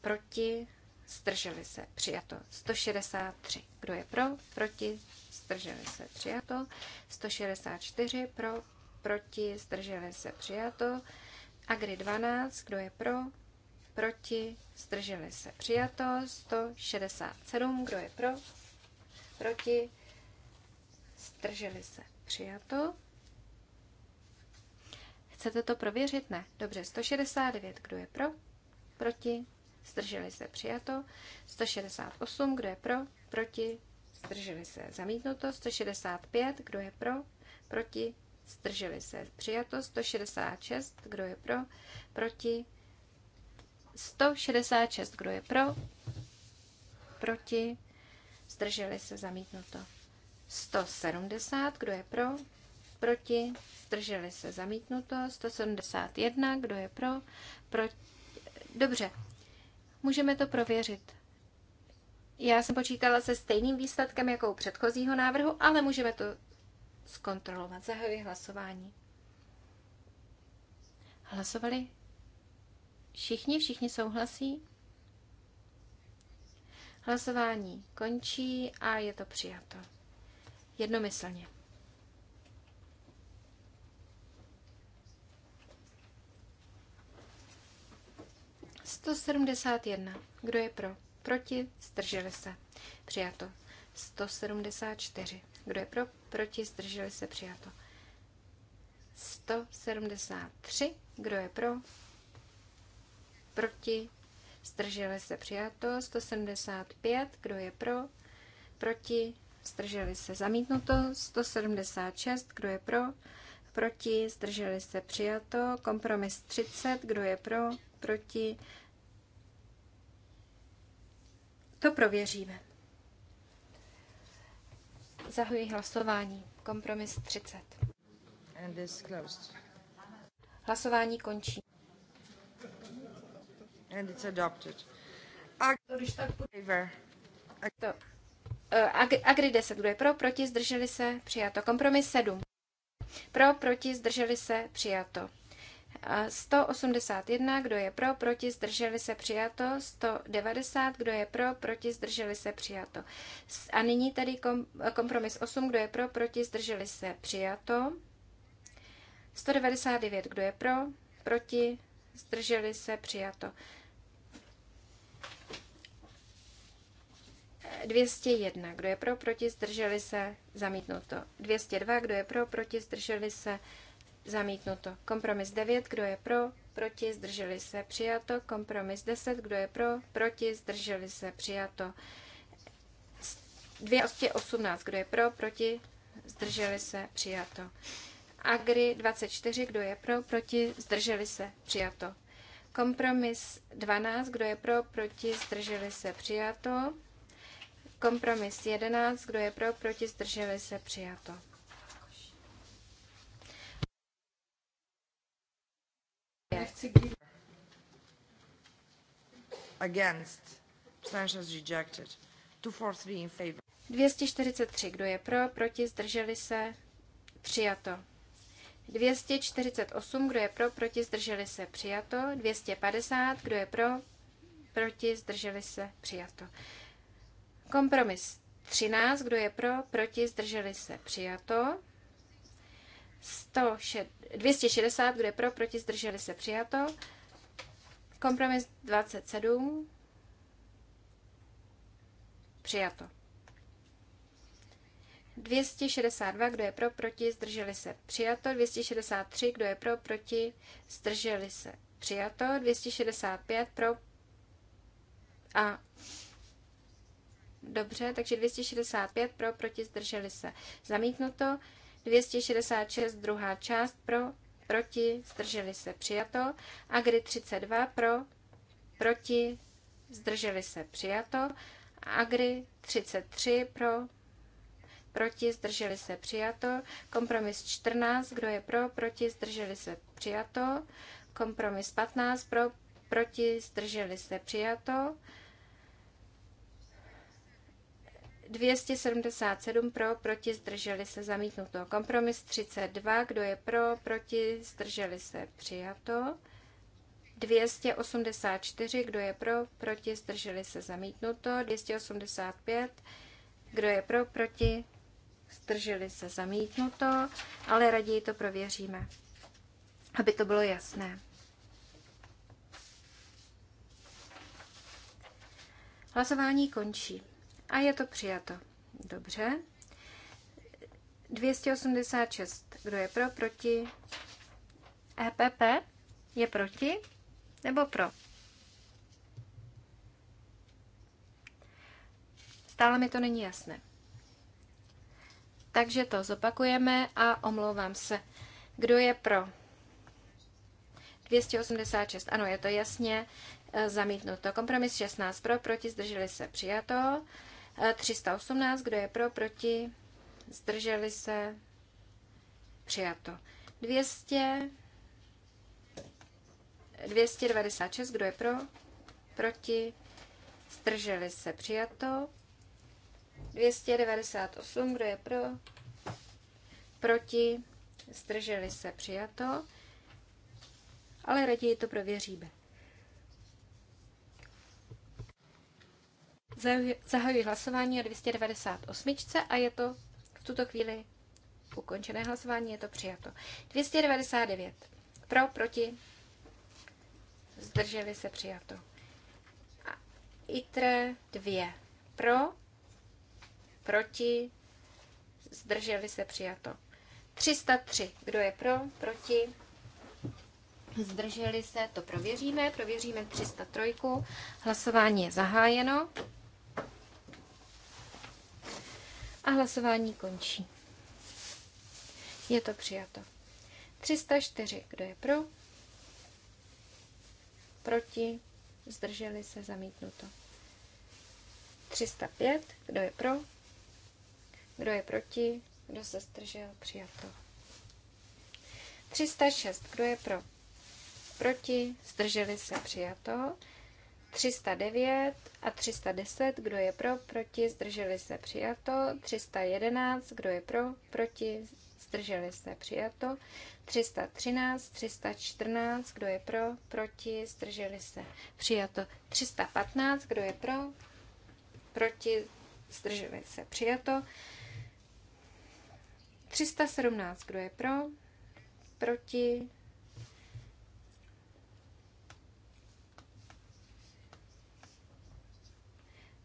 Proti? Zdrželi se. Přijato. 163. Kdo je pro? Proti? Zdrželi se. Přijato. 164. Pro? Proti? Zdrželi se. Přijato. Agri 12. Kdo je pro? proti, zdrželi se přijato, 167, kdo je pro, proti, zdrželi se přijato. Chcete to prověřit? Ne. Dobře, 169, kdo je pro, proti, zdrželi se přijato, 168, kdo je pro, proti, zdrželi se zamítnuto, 165, kdo je pro, proti, zdrželi se přijato, 166, kdo je pro, proti, 166. Kdo je pro? Proti? Zdrželi se zamítnuto. 170. Kdo je pro? Proti? Zdrželi se zamítnuto. 171. Kdo je pro? Proti? Dobře. Můžeme to prověřit. Já jsem počítala se stejným výsledkem jako u předchozího návrhu, ale můžeme to zkontrolovat. Zahajuji hlasování. Hlasovali Všichni, všichni souhlasí? Hlasování končí a je to přijato. Jednomyslně. Sto sedmdesát jedna. Kdo je pro? Proti? Zdrželi se. Přijato. 174. Kdo je pro? Proti? Zdrželi se. Přijato. 173. Kdo je pro? proti, zdrželi se přijato, 175, kdo je pro, proti, zdrželi se zamítnuto, 176, kdo je pro, proti, zdrželi se přijato, kompromis 30, kdo je pro, proti, to prověříme. Zahuji hlasování. Kompromis 30. And Hlasování končí. And it's adopted. Eh, Agri, 10, kdo je pro, proti, zdrželi se, přijato. Kompromis 7. Pro, proti, zdrželi se, přijato. 181, kdo je pro, proti, zdrželi se, přijato. 190, kdo je pro, proti, zdrželi se, přijato. A nyní tady kom, eh, kompromis 8, kdo je pro, proti, zdrželi se, přijato. 199, kdo je pro, proti, zdrželi se, přijato. 201, kdo je pro, proti, zdrželi se, zamítnuto. 202, kdo je pro, proti, zdrželi se, zamítnuto. Kompromis 9, kdo je pro, proti, zdrželi se, přijato. Kompromis 10, kdo je pro, proti, zdrželi se, přijato. 218, kdo je pro, proti, zdrželi se, přijato. Agri 24, kdo je pro, proti, zdrželi se, přijato. Kompromis 12, kdo je pro, proti, zdrželi se, přijato. Kompromis 11, kdo je pro, proti, zdrželi se, přijato. Against. Abstentions rejected. 243 in favor. 243, kdo je pro, proti, zdrželi se, přijato. 248, kdo je pro, proti, zdrželi se, přijato. 250, kdo je pro, proti, zdrželi se, přijato. Kompromis 13, kdo je pro, proti, zdrželi se, přijato. 260, kdo je pro, proti, zdrželi se, přijato. Kompromis 27, přijato. 262, kdo je pro, proti, zdrželi se, přijato. 263, kdo je pro, proti, zdrželi se, přijato. 265, pro a Dobře, takže 265 pro, proti, zdrželi se. Zamítnuto. 266, druhá část pro, proti, zdrželi se. Přijato. Agri 32 pro, proti, zdrželi se. Přijato. Agri 33 pro, proti, zdrželi se. Přijato. Kompromis 14, kdo je pro, proti, zdrželi se. Přijato. Kompromis 15 pro, proti, zdrželi se. Přijato. 277 pro, proti, zdrželi se zamítnuto. Kompromis 32, kdo je pro, proti, zdrželi se přijato. 284, kdo je pro, proti, zdrželi se zamítnuto. 285, kdo je pro, proti, zdrželi se zamítnuto, ale raději to prověříme, aby to bylo jasné. Hlasování končí. A je to přijato. Dobře. 286. Kdo je pro, proti? EPP je proti nebo pro? Stále mi to není jasné. Takže to zopakujeme a omlouvám se. Kdo je pro? 286, ano, je to jasně e, zamítnuto. Kompromis 16 pro, proti, zdrželi se, přijato. 318, kdo je pro, proti, zdrželi se, přijato. 200, 296, kdo je pro, proti, zdrželi se, přijato. 298, kdo je pro, proti, zdrželi se, přijato. Ale raději to prověříme. Zahajuji hlasování o 298 a je to v tuto chvíli ukončené hlasování, je to přijato. 299 pro, proti, zdrželi se přijato. A ITRE 2 pro, proti, zdrželi se přijato. 303, kdo je pro, proti, zdrželi se, to prověříme, prověříme 303, hlasování je zahájeno. A hlasování končí. Je to přijato. 304. Kdo je pro? Proti? Zdrželi se? Zamítnuto. 305. Kdo je pro? Kdo je proti? Kdo se zdržel? Přijato. 306. Kdo je pro? Proti? Zdrželi se? Přijato. 309 a 310, kdo je pro, proti, zdrželi se přijato. 311, kdo je pro, proti, zdrželi se přijato. 313, 314, kdo je pro, proti, zdrželi se přijato. 315, kdo je pro, proti, zdrželi se přijato. 317, kdo je pro, proti,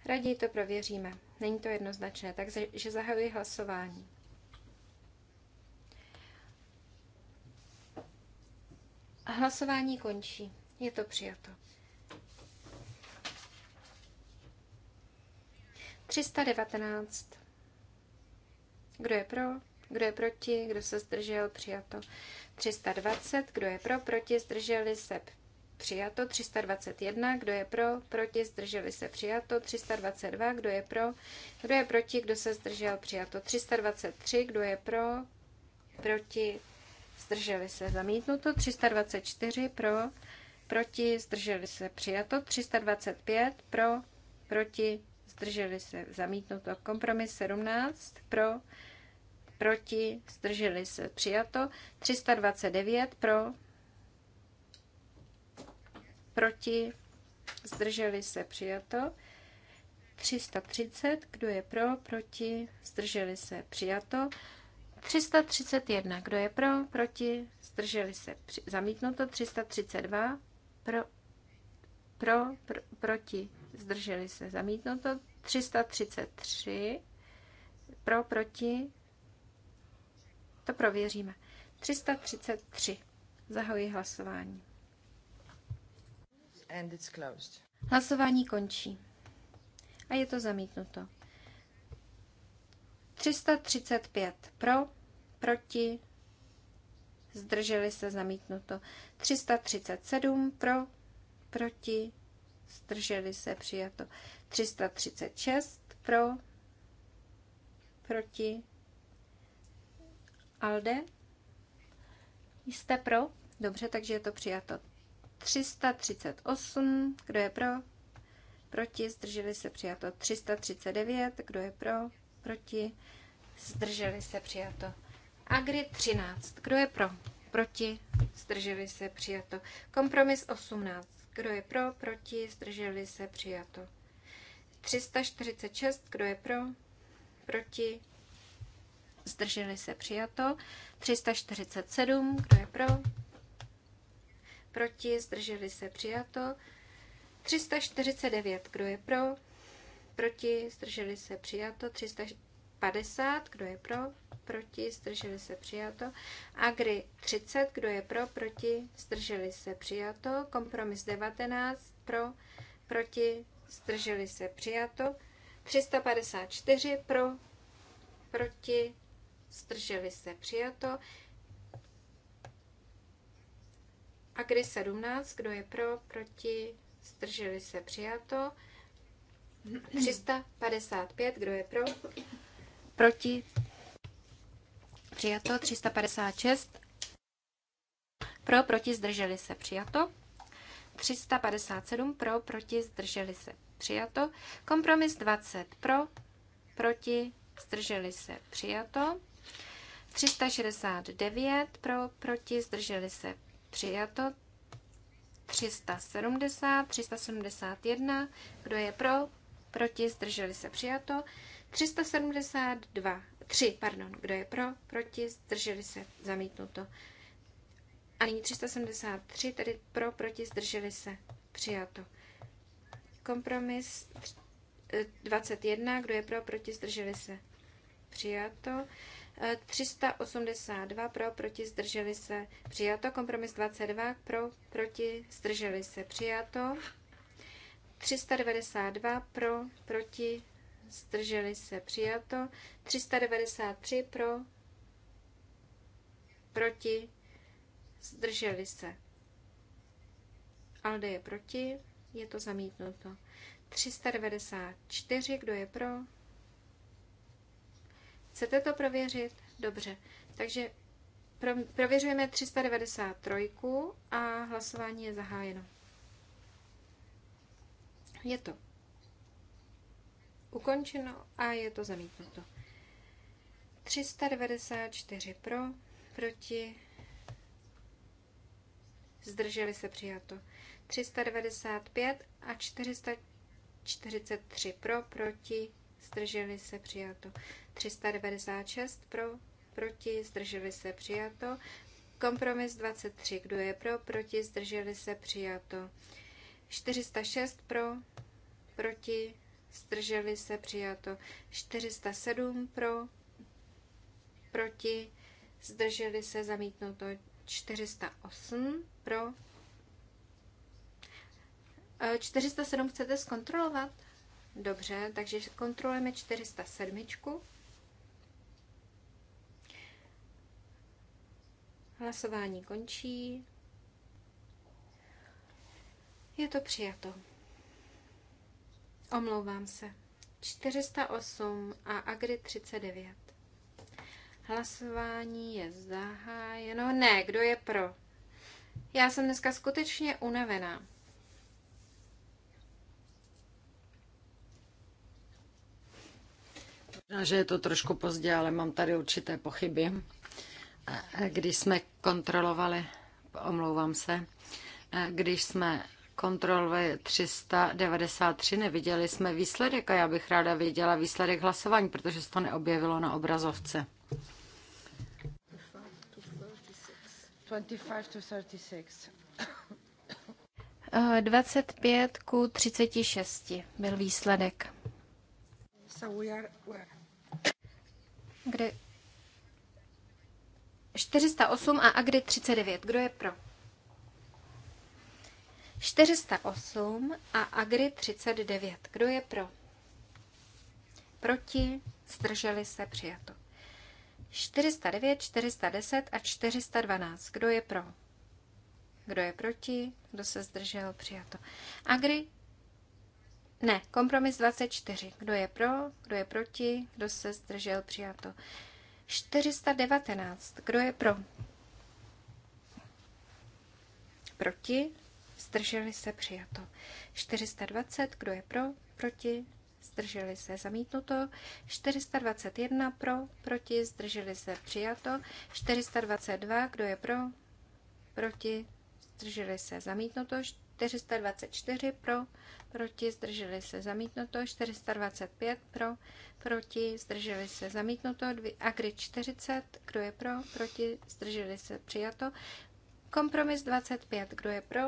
Raději to prověříme. Není to jednoznačné, takže zahajuji hlasování. A hlasování končí. Je to přijato. 319. Kdo je pro? Kdo je proti? Kdo se zdržel? Přijato. 320. Kdo je pro? Proti? Zdrželi se? přijato, 321, kdo je pro, proti, zdrželi se, přijato, 322, kdo je pro, kdo je proti, kdo se zdržel, přijato, 323, kdo je pro, proti, zdrželi se, zamítnuto, 324, pro, proti, zdrželi se, přijato, 325, pro, proti, zdrželi se, zamítnuto, kompromis 17, pro, proti, zdrželi se, přijato, 329, pro, proti, zdrželi se přijato. 330, kdo je pro, proti, zdrželi se přijato. 331, kdo je pro, proti, zdrželi se při, zamítnuto. 332, pro, pro, pr, proti, zdrželi se zamítnuto. 333, pro, proti, to prověříme. 333, zahoji hlasování and it's closed. Hlasování končí. A je to zamítnuto. 335 pro, proti, zdrželi se zamítnuto. 337 pro, proti, zdrželi se přijato. 336 pro, proti, Alde, jste pro? Dobře, takže je to přijato. 338, kdo je pro? Proti, zdrželi se přijato 339, kdo je pro? Proti, zdrželi se přijato. Agri 13, kdo je pro? Proti, zdrželi se přijato. Kompromis 18, kdo je pro? Proti, zdrželi se přijato. 346, kdo je pro? Proti, zdrželi se přijato. 347, kdo je pro? proti, zdrželi se přijato. 349, kdo je pro, proti, zdrželi se přijato. 350, kdo je pro, proti, zdrželi se přijato. Agri 30, kdo je pro, proti, zdrželi se přijato. Kompromis 19, pro, proti, zdrželi se přijato. 354 pro, proti, zdrželi se přijato. A kdy 17, kdo je pro, proti, zdrželi se přijato. 355, kdo je pro, proti, přijato. 356, pro, proti, zdrželi se přijato. 357 pro, proti, zdrželi se přijato. Kompromis 20 pro, proti, zdrželi se přijato. 369 pro, proti, zdrželi se Přijato. 370, 371. Kdo je pro? Proti? Zdrželi se? Přijato. 372, 3, pardon. Kdo je pro? Proti? Zdrželi se? Zamítnuto. A nyní 373, tedy pro, proti, zdrželi se. Přijato. Kompromis 21, eh, kdo je pro, proti, zdrželi se. Přijato. 382 pro, proti, zdrželi se, přijato. Kompromis 22 pro, proti, zdrželi se, přijato. 392 pro, proti, zdrželi se, přijato. 393 pro, proti, zdrželi se. Alde je proti, je to zamítnuto. 394, kdo je pro, Chcete to prověřit? Dobře. Takže pro, prověřujeme 393 a hlasování je zahájeno. Je to ukončeno a je to zamítnuto. 394 pro, proti, zdrželi se přijato. 395 a 443 pro, proti, zdrželi se přijato. 396 pro, proti, zdrželi se přijato. Kompromis 23, kdo je pro, proti, zdrželi se přijato. 406 pro, proti, zdrželi se přijato. 407 pro, proti, zdrželi se zamítnuto. 408 pro. 407 e, chcete zkontrolovat? Dobře, takže kontrolujeme 407. Hlasování končí. Je to přijato. Omlouvám se. 408 a Agri 39. Hlasování je zahájeno. Ne, kdo je pro? Já jsem dneska skutečně unavená. Možná, že je to trošku pozdě, ale mám tady určité pochyby. Když jsme kontrolovali, omlouvám se, když jsme kontrolovali 393, neviděli jsme výsledek a já bych ráda viděla výsledek hlasování, protože se to neobjevilo na obrazovce. 25 (coughs) ku 36 byl výsledek. So we are are kdy 408 a Agri 39. Kdo je pro? 408 a Agri 39. Kdo je pro? Proti? Zdrželi se přijato. 409, 410 a 412. Kdo je pro? Kdo je proti? Kdo se zdržel? Přijato. Agri ne, kompromis 24. Kdo je pro, kdo je proti, kdo se zdržel, přijato. 419. Kdo je pro? Proti, zdrželi se, přijato. 420. Kdo je pro, proti, zdrželi se, zamítnuto. 421. Pro, proti, zdrželi se, přijato. 422. Kdo je pro, proti, zdrželi se, zamítnuto. 424 pro, proti, zdrželi se zamítnuto, 425 pro, proti, zdrželi se zamítnuto, Agri 40, kdo je pro, proti, zdrželi se přijato, kompromis 25, kdo je pro,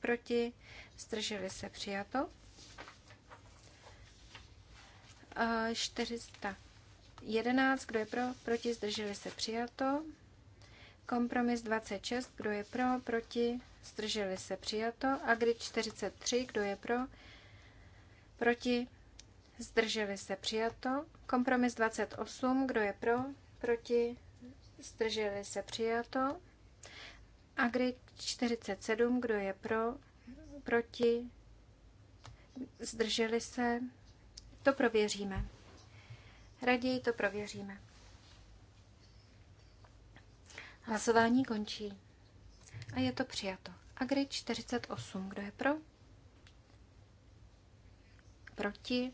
proti, zdrželi se přijato, 411, eh, kdo je pro, proti, zdrželi se přijato, kompromis 26, kdo je pro, proti, zdrželi se přijato. Agri 43, kdo je pro, proti, zdrželi se přijato. Kompromis 28, kdo je pro, proti, zdrželi se přijato. Agri 47, kdo je pro, proti, zdrželi se, to prověříme. Raději to prověříme. Hlasování končí a je to přijato. Agri 48, kdo je pro? Proti?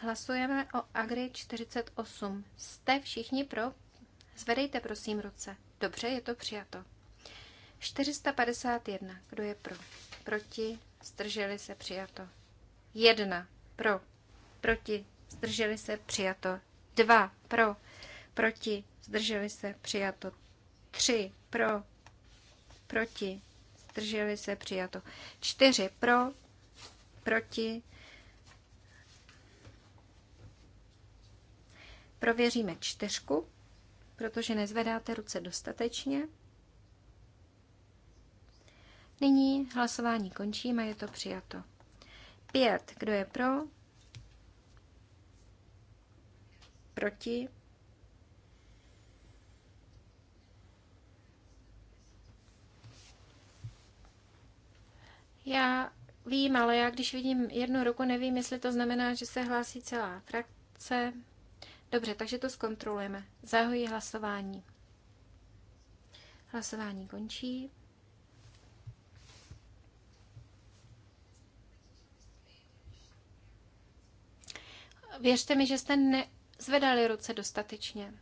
Hlasujeme o Agri 48. Jste všichni pro? Zvedejte prosím ruce. Dobře, je to přijato. 451. Kdo je pro? Proti? Zdrželi se přijato. 1. Pro. Proti? Zdrželi se přijato. 2. Pro. Proti? Zdrželi se přijato. 3 pro, proti, zdrželi se přijato. 4 pro, proti, prověříme čtyřku, protože nezvedáte ruce dostatečně. Nyní hlasování končím a je to přijato. 5. Kdo je pro? Proti? Já vím, ale já když vidím jednu ruku, nevím, jestli to znamená, že se hlásí celá frakce. Dobře, takže to zkontrolujeme. Zahojí hlasování. Hlasování končí. Věřte mi, že jste nezvedali ruce dostatečně.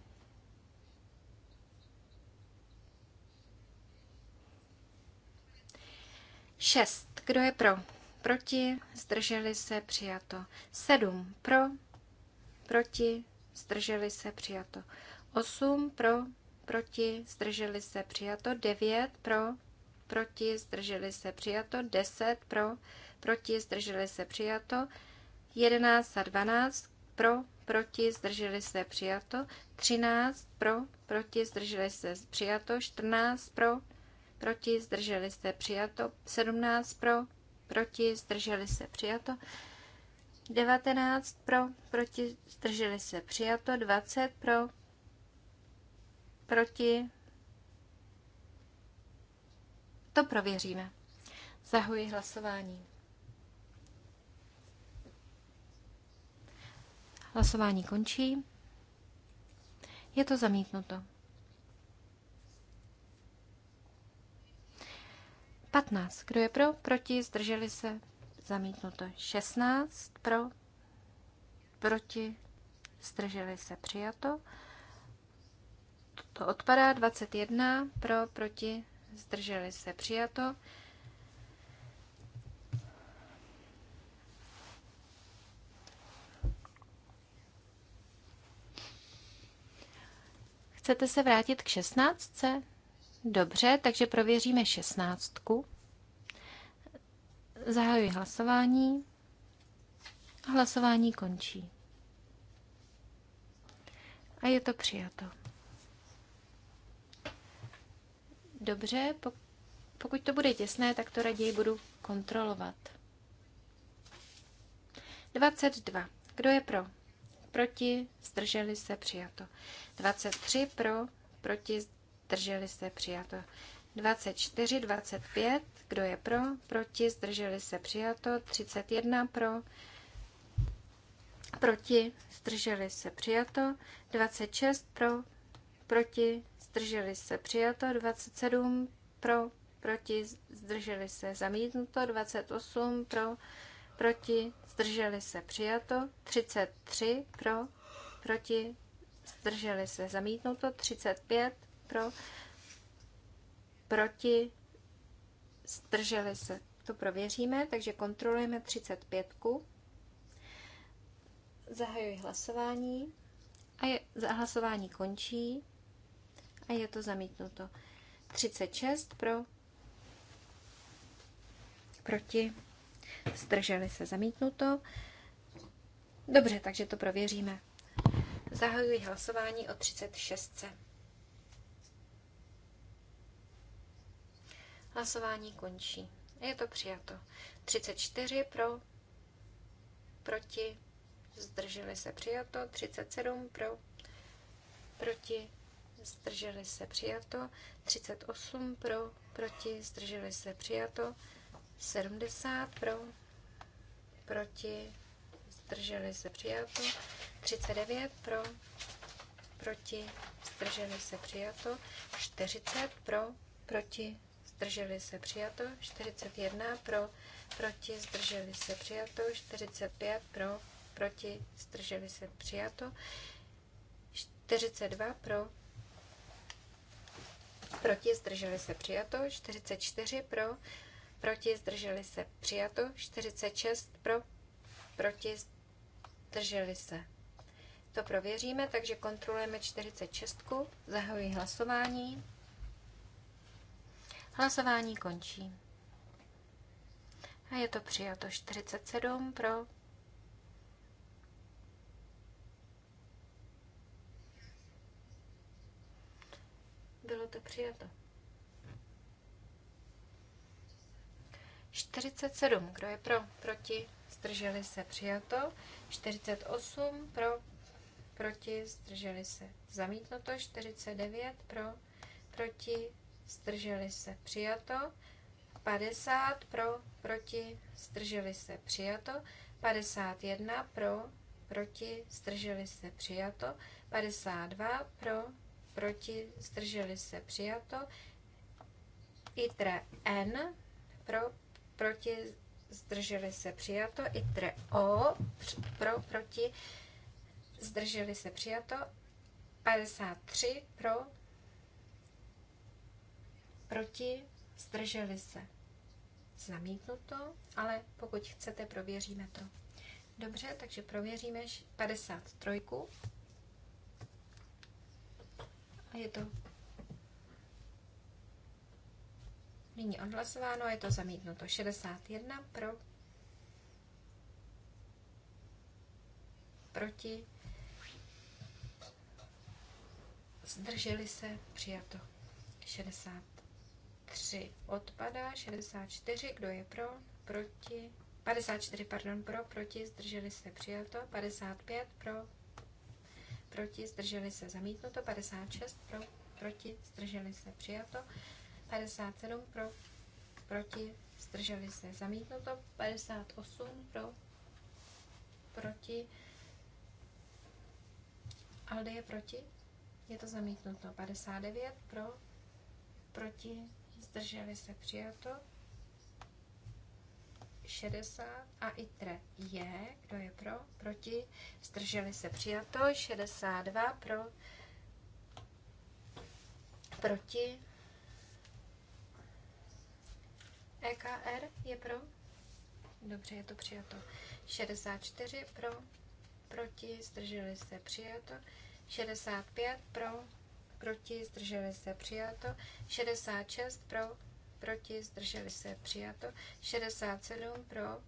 6. Kdo je pro? Proti? Zdrželi se? Přijato. 7. Pro? Proti? Zdrželi se? Přijato. 8. Pro? Proti? Zdrželi se? Přijato. 9. Pro? Proti? Zdrželi se? Přijato. 10. Pro? Proti? Zdrželi se? Přijato. 11 a 12. Pro? Proti? Zdrželi se? Přijato. 13. Pro? Proti? Zdrželi se? Přijato. 14. Pro? proti, zdrželi se přijato. 17 pro, proti, zdrželi se přijato. 19 pro, proti, zdrželi se přijato. 20 pro, proti. To prověříme. Zahuji hlasování. Hlasování končí. Je to zamítnuto. 15. Kdo je pro? Proti? Zdrželi se? Zamítnuto. 16. Pro? Proti? Zdrželi se? Přijato. To odpadá. 21. Pro? Proti? Zdrželi se? Přijato. Chcete se vrátit k 16? Dobře, takže prověříme šestnáctku. Zahajuji hlasování. Hlasování končí. A je to přijato. Dobře, pokud to bude těsné, tak to raději budu kontrolovat. 22. Kdo je pro? Proti, zdrželi se, přijato. 23 pro, proti, zdrželi se přijato. 24, 25, kdo je pro, proti, zdrželi se přijato. 31 pro, proti, zdrželi se přijato. 26 pro, proti, zdrželi se přijato. 27 pro, proti, zdrželi se zamítnuto. 28 pro, proti, zdrželi se přijato. 33 pro, proti, zdrželi se zamítnuto. 35 pro, proti, strželi se. To prověříme, takže kontrolujeme 35. Zahajuji hlasování a je, hlasování končí a je to zamítnuto. 36 pro, proti, strželi se zamítnuto. Dobře, takže to prověříme. Zahajuji hlasování o 36. Hlasování končí. Je to přijato. 34 pro, proti, zdrželi se přijato. 37 pro, proti, zdrželi se přijato. 38 pro, proti, zdrželi se přijato. 70 pro, proti, zdrželi se přijato. 39 pro, proti, zdrželi se přijato. 40 pro, proti, zdrželi se přijato, 41 pro, proti, zdrželi se přijato, 45 pro, proti, zdrželi se přijato, 42 pro, proti, zdrželi se přijato, 44 pro, proti, zdrželi se přijato, 46 pro, proti, zdrželi se. To prověříme, takže kontrolujeme 46. Zahajuji hlasování. Hlasování končí. A je to přijato 47 pro. Bylo to přijato. 47, kdo je pro, proti, zdrželi se, přijato. 48 pro, proti, zdrželi se, zamítnuto. 49 pro, proti, zdrželi se přijato, 50 pro, proti, zdrželi se přijato, 51 pro, proti, zdrželi se přijato, 52 pro, proti, zdrželi se přijato, ITRE N pro, proti, zdrželi se přijato, ITRE O pro, proti, zdrželi se přijato, 53 pro, proti, zdrželi se. Zamítnuto, ale pokud chcete, prověříme to. Dobře, takže prověříme 53. A je to nyní odhlasováno je to zamítnuto. 61 pro, proti, zdrželi se, přijato. 60. 3 odpadá, 64, kdo je pro, proti, 54, pardon, pro, proti, zdrželi se přijato, 55 pro, proti, zdrželi se zamítnuto, 56 pro, proti, zdrželi se přijato, 57 pro, proti, zdrželi se zamítnuto, 58 pro, proti, Aldy je proti, je to zamítnuto, 59 pro, proti, zdrželi se přijato. 60 a i ITRE je, kdo je pro, proti, zdrželi se přijato, 62 pro, proti, EKR je pro, dobře, je to přijato, 64 pro, proti, zdrželi se přijato, 65 pro, proti, zdrželi se přijato, 66 pro, proti, zdrželi se přijato, 67 pro,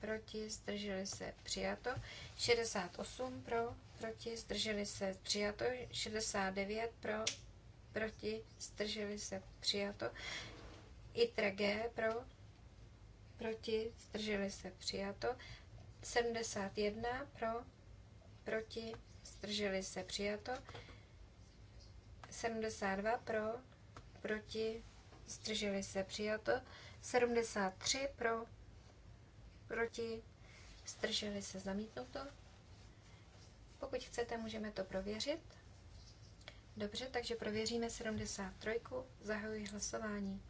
proti, zdrželi se přijato, 68 pro, proti, zdrželi se přijato, 69 pro, proti, zdrželi se přijato, ITRA G pro, proti, zdrželi se přijato, 71 pro, proti, zdrželi se přijato, 72 pro, proti, zdrželi se přijato. 73 pro, proti, zdrželi se zamítnuto. Pokud chcete, můžeme to prověřit. Dobře, takže prověříme 73. Zahajuji hlasování.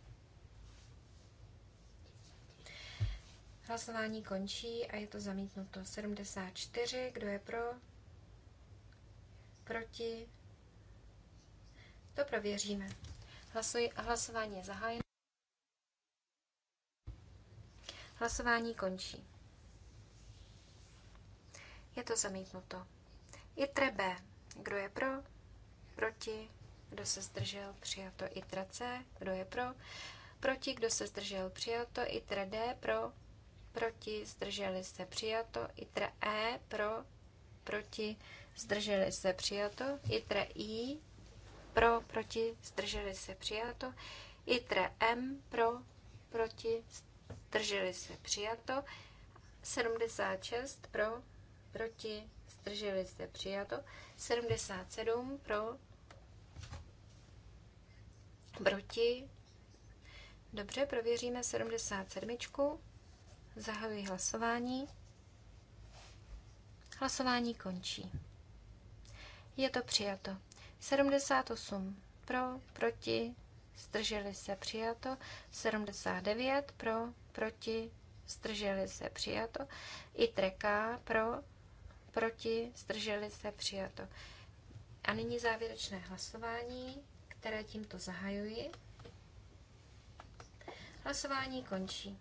Hlasování končí a je to zamítnuto. 74. Kdo je pro? Proti? To prověříme. Hlasuj, hlasování je zahájeno. Hlasování končí. Je to zamítnuto. ITRE B. Kdo je pro? Proti? Kdo se zdržel? Přijato. I C. Kdo je pro? Proti? Kdo se zdržel? Přijato. ITRE D. Pro? Proti? Zdrželi se? Přijato. ITRE E. Pro? Proti? Zdrželi se? Přijato. ITRE I pro, proti, zdrželi se přijato. ITRE M pro, proti, zdrželi se přijato. 76 pro, proti, zdrželi se přijato. 77 pro, proti. Dobře, prověříme 77. Zahajuji hlasování. Hlasování končí. Je to přijato. 78 pro, proti, zdrželi se přijato, 79 pro, proti, zdrželi se přijato, i treká pro, proti, zdrželi se přijato. A nyní závěrečné hlasování, které tímto zahajuji. Hlasování končí.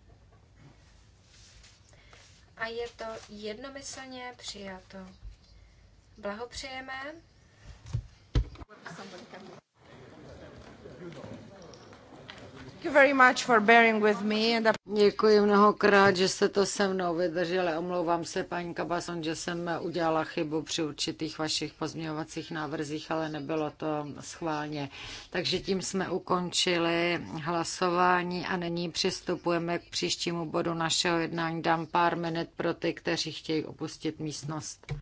A je to jednomyslně přijato. Blahopřejeme someone can be. Děkuji mnohokrát, že jste to se mnou vydrželi. Omlouvám se, paní Kabason, že jsem udělala chybu při určitých vašich pozměňovacích návrzích, ale nebylo to schválně. Takže tím jsme ukončili hlasování a nyní přistupujeme k příštímu bodu našeho jednání. Dám pár minut pro ty, kteří chtějí opustit místnost.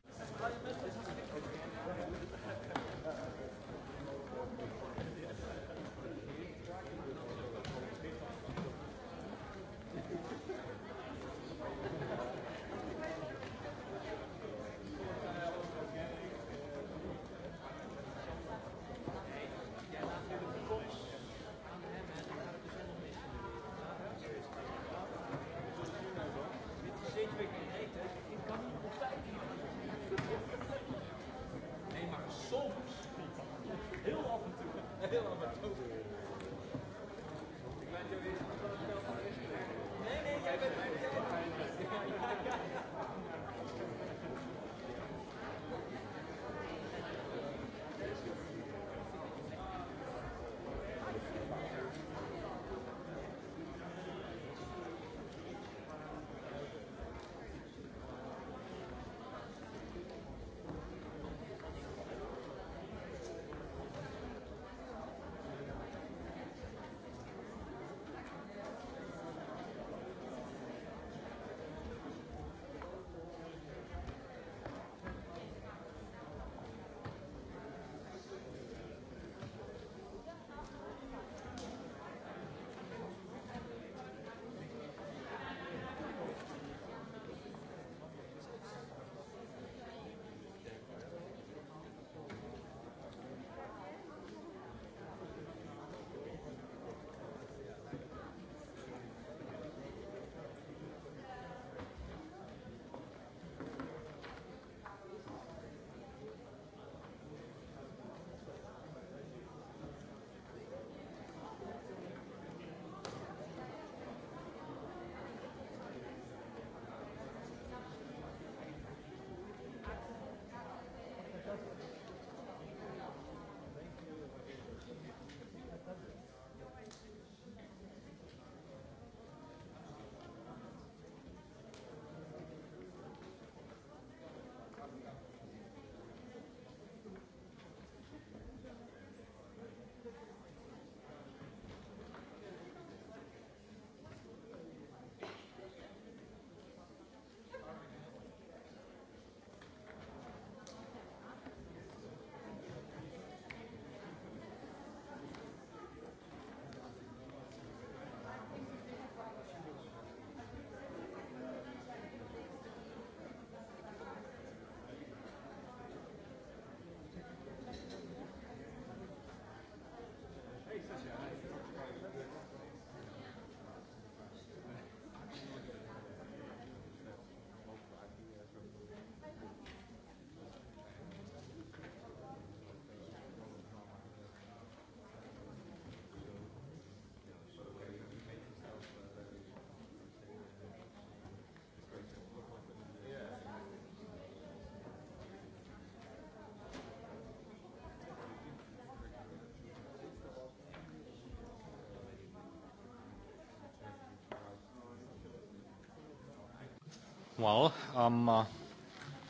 Well, um, uh,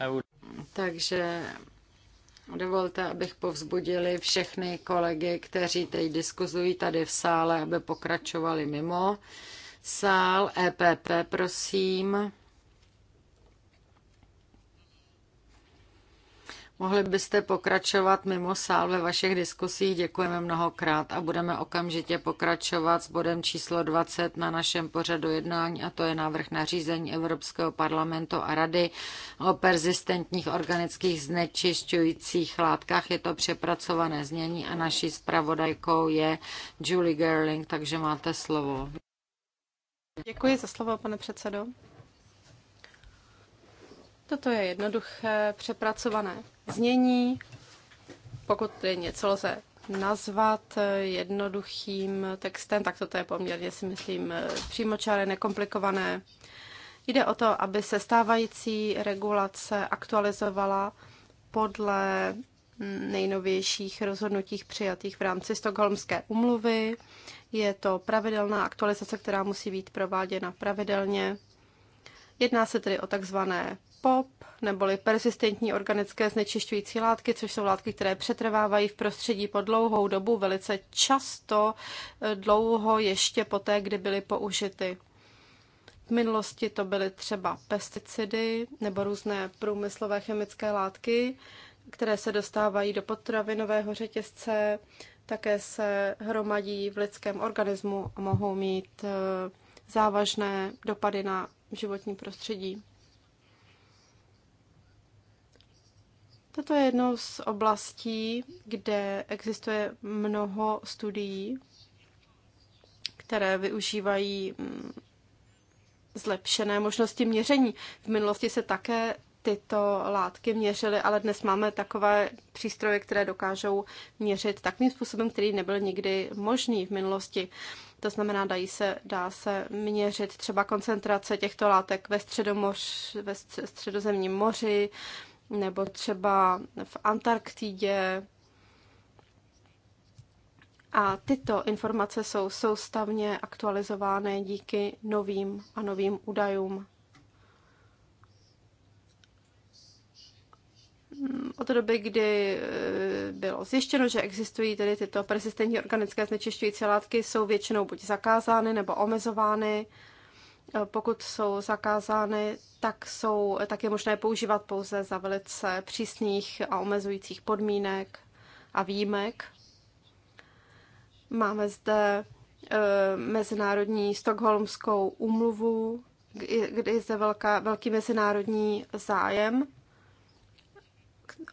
I would... Takže Dovolte, abych povzbudili všechny kolegy, kteří teď diskuzují tady v sále, aby pokračovali mimo sál. EPP, prosím. Mohli byste pokračovat mimo sál ve vašich diskusích. Děkujeme mnohokrát a budeme okamžitě pokračovat s bodem číslo 20 na našem pořadu jednání a to je návrh nařízení Evropského parlamentu a rady o persistentních organických znečišťujících látkách. Je to přepracované znění a naší zpravodajkou je Julie Gerling, takže máte slovo. Děkuji za slovo, pane předsedo. Toto je jednoduché, přepracované znění. Pokud je něco lze nazvat eh, jednoduchým textem, tak toto je poměrně, si myslím, eh, přímočaré, nekomplikované. Jde o to, aby se stávající regulace aktualizovala podle mm, nejnovějších rozhodnutích přijatých v rámci Stockholmské umluvy. Je to pravidelná aktualizace, která musí být prováděna pravidelně. Jedná se tedy o takzvané POP, neboli persistentní organické znečišťující látky, což jsou látky, které přetrvávají v prostředí po dlouhou dobu, velice často eh, dlouho ještě poté, kdy byly použity. V minulosti to byly třeba pesticidy nebo různé průmyslové chemické látky, které se dostávají do potravinového řetězce, také se hromadí v lidském organismu a mohou mít eh, závažné dopady na životní prostředí. Toto je jednou z oblastí, kde existuje mnoho studií, které využívají mm, zlepšené možnosti měření. V minulosti se také tyto látky měřily, ale dnes máme takové přístroje, které dokážou měřit takovým způsobem, který nebyl nikdy možný v minulosti. To znamená, dají se, dá se měřit třeba koncentrace těchto látek ve, středomoř, ve středozemním moři nebo třeba v Antarktidě. A tyto informace jsou soustavně aktualizovány díky novým a novým údajům. od doby, kdy eh, bylo zjištěno, že existují tedy tyto persistentní organické znečišťující látky, jsou většinou buď zakázány nebo omezovány. Eh, pokud jsou zakázány, tak, jsou, tak je možné používat pouze za velice přísných a omezujících podmínek a výjimek. Máme zde eh, Mezinárodní stokholmskou úmluvu, kde je zde velká, velký mezinárodní zájem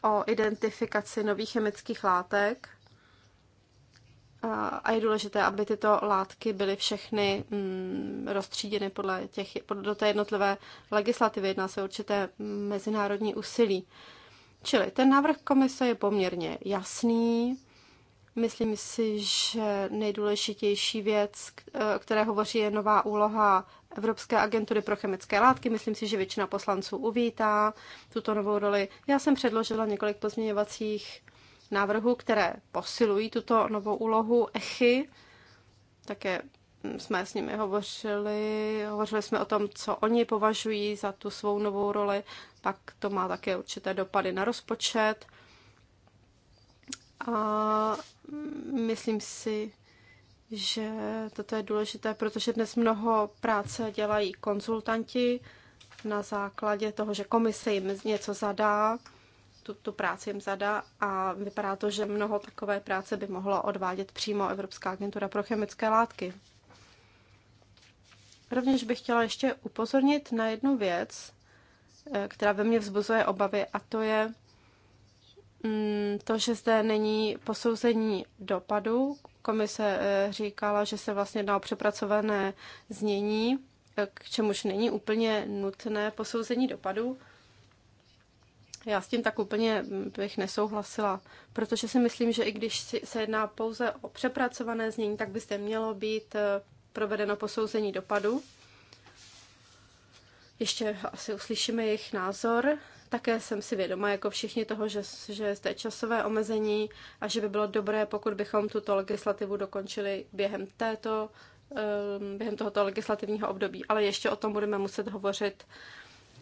o identifikaci nových chemických látek a je důležité, aby tyto látky byly všechny mm, rozstříděny podle těch, do té jednotlivé legislativy. Jedná se určité mezinárodní úsilí. Čili ten návrh komise je poměrně jasný. Myslím si, že nejdůležitější věc, o e, které hovoří, je nová úloha Evropské agentury pro chemické látky. Myslím si, že většina poslanců uvítá tuto novou roli. Já jsem předložila několik pozměňovacích návrhů, které posilují tuto novou úlohu ECHY. Také jsme s nimi hovořili, hovořili jsme o tom, co oni považují za tu svou novou roli, pak to má také určité dopady na rozpočet. A myslím si, že toto je důležité, protože dnes mnoho práce dělají konzultanti na základě toho, že komise jim něco zadá, tu, tu práci jim zadá a vypadá to, že mnoho takové práce by mohla odvádět přímo Evropská agentura pro chemické látky. Rovněž bych chtěla ještě upozornit na jednu věc, eh, která ve mně vzbuzuje obavy, a to je mm, to, že zde není posouzení dopadu Komise eh, říkala, že se vlastně jedná o přepracované znění, eh, k čemuž není úplně nutné posouzení dopadu. Já s tím tak úplně mm, bych nesouhlasila, protože si myslím, že i když se jedná pouze o přepracované znění, tak by zde mělo být eh, provedeno posouzení dopadu. Ještě asi uslyšíme jejich názor. Také jsem si vědoma, jako všichni toho, že, že zde časové omezení a že by bylo dobré, pokud bychom tuto legislativu dokončili během této, ehm, během tohoto legislativního období. Ale ještě o tom budeme muset hovořit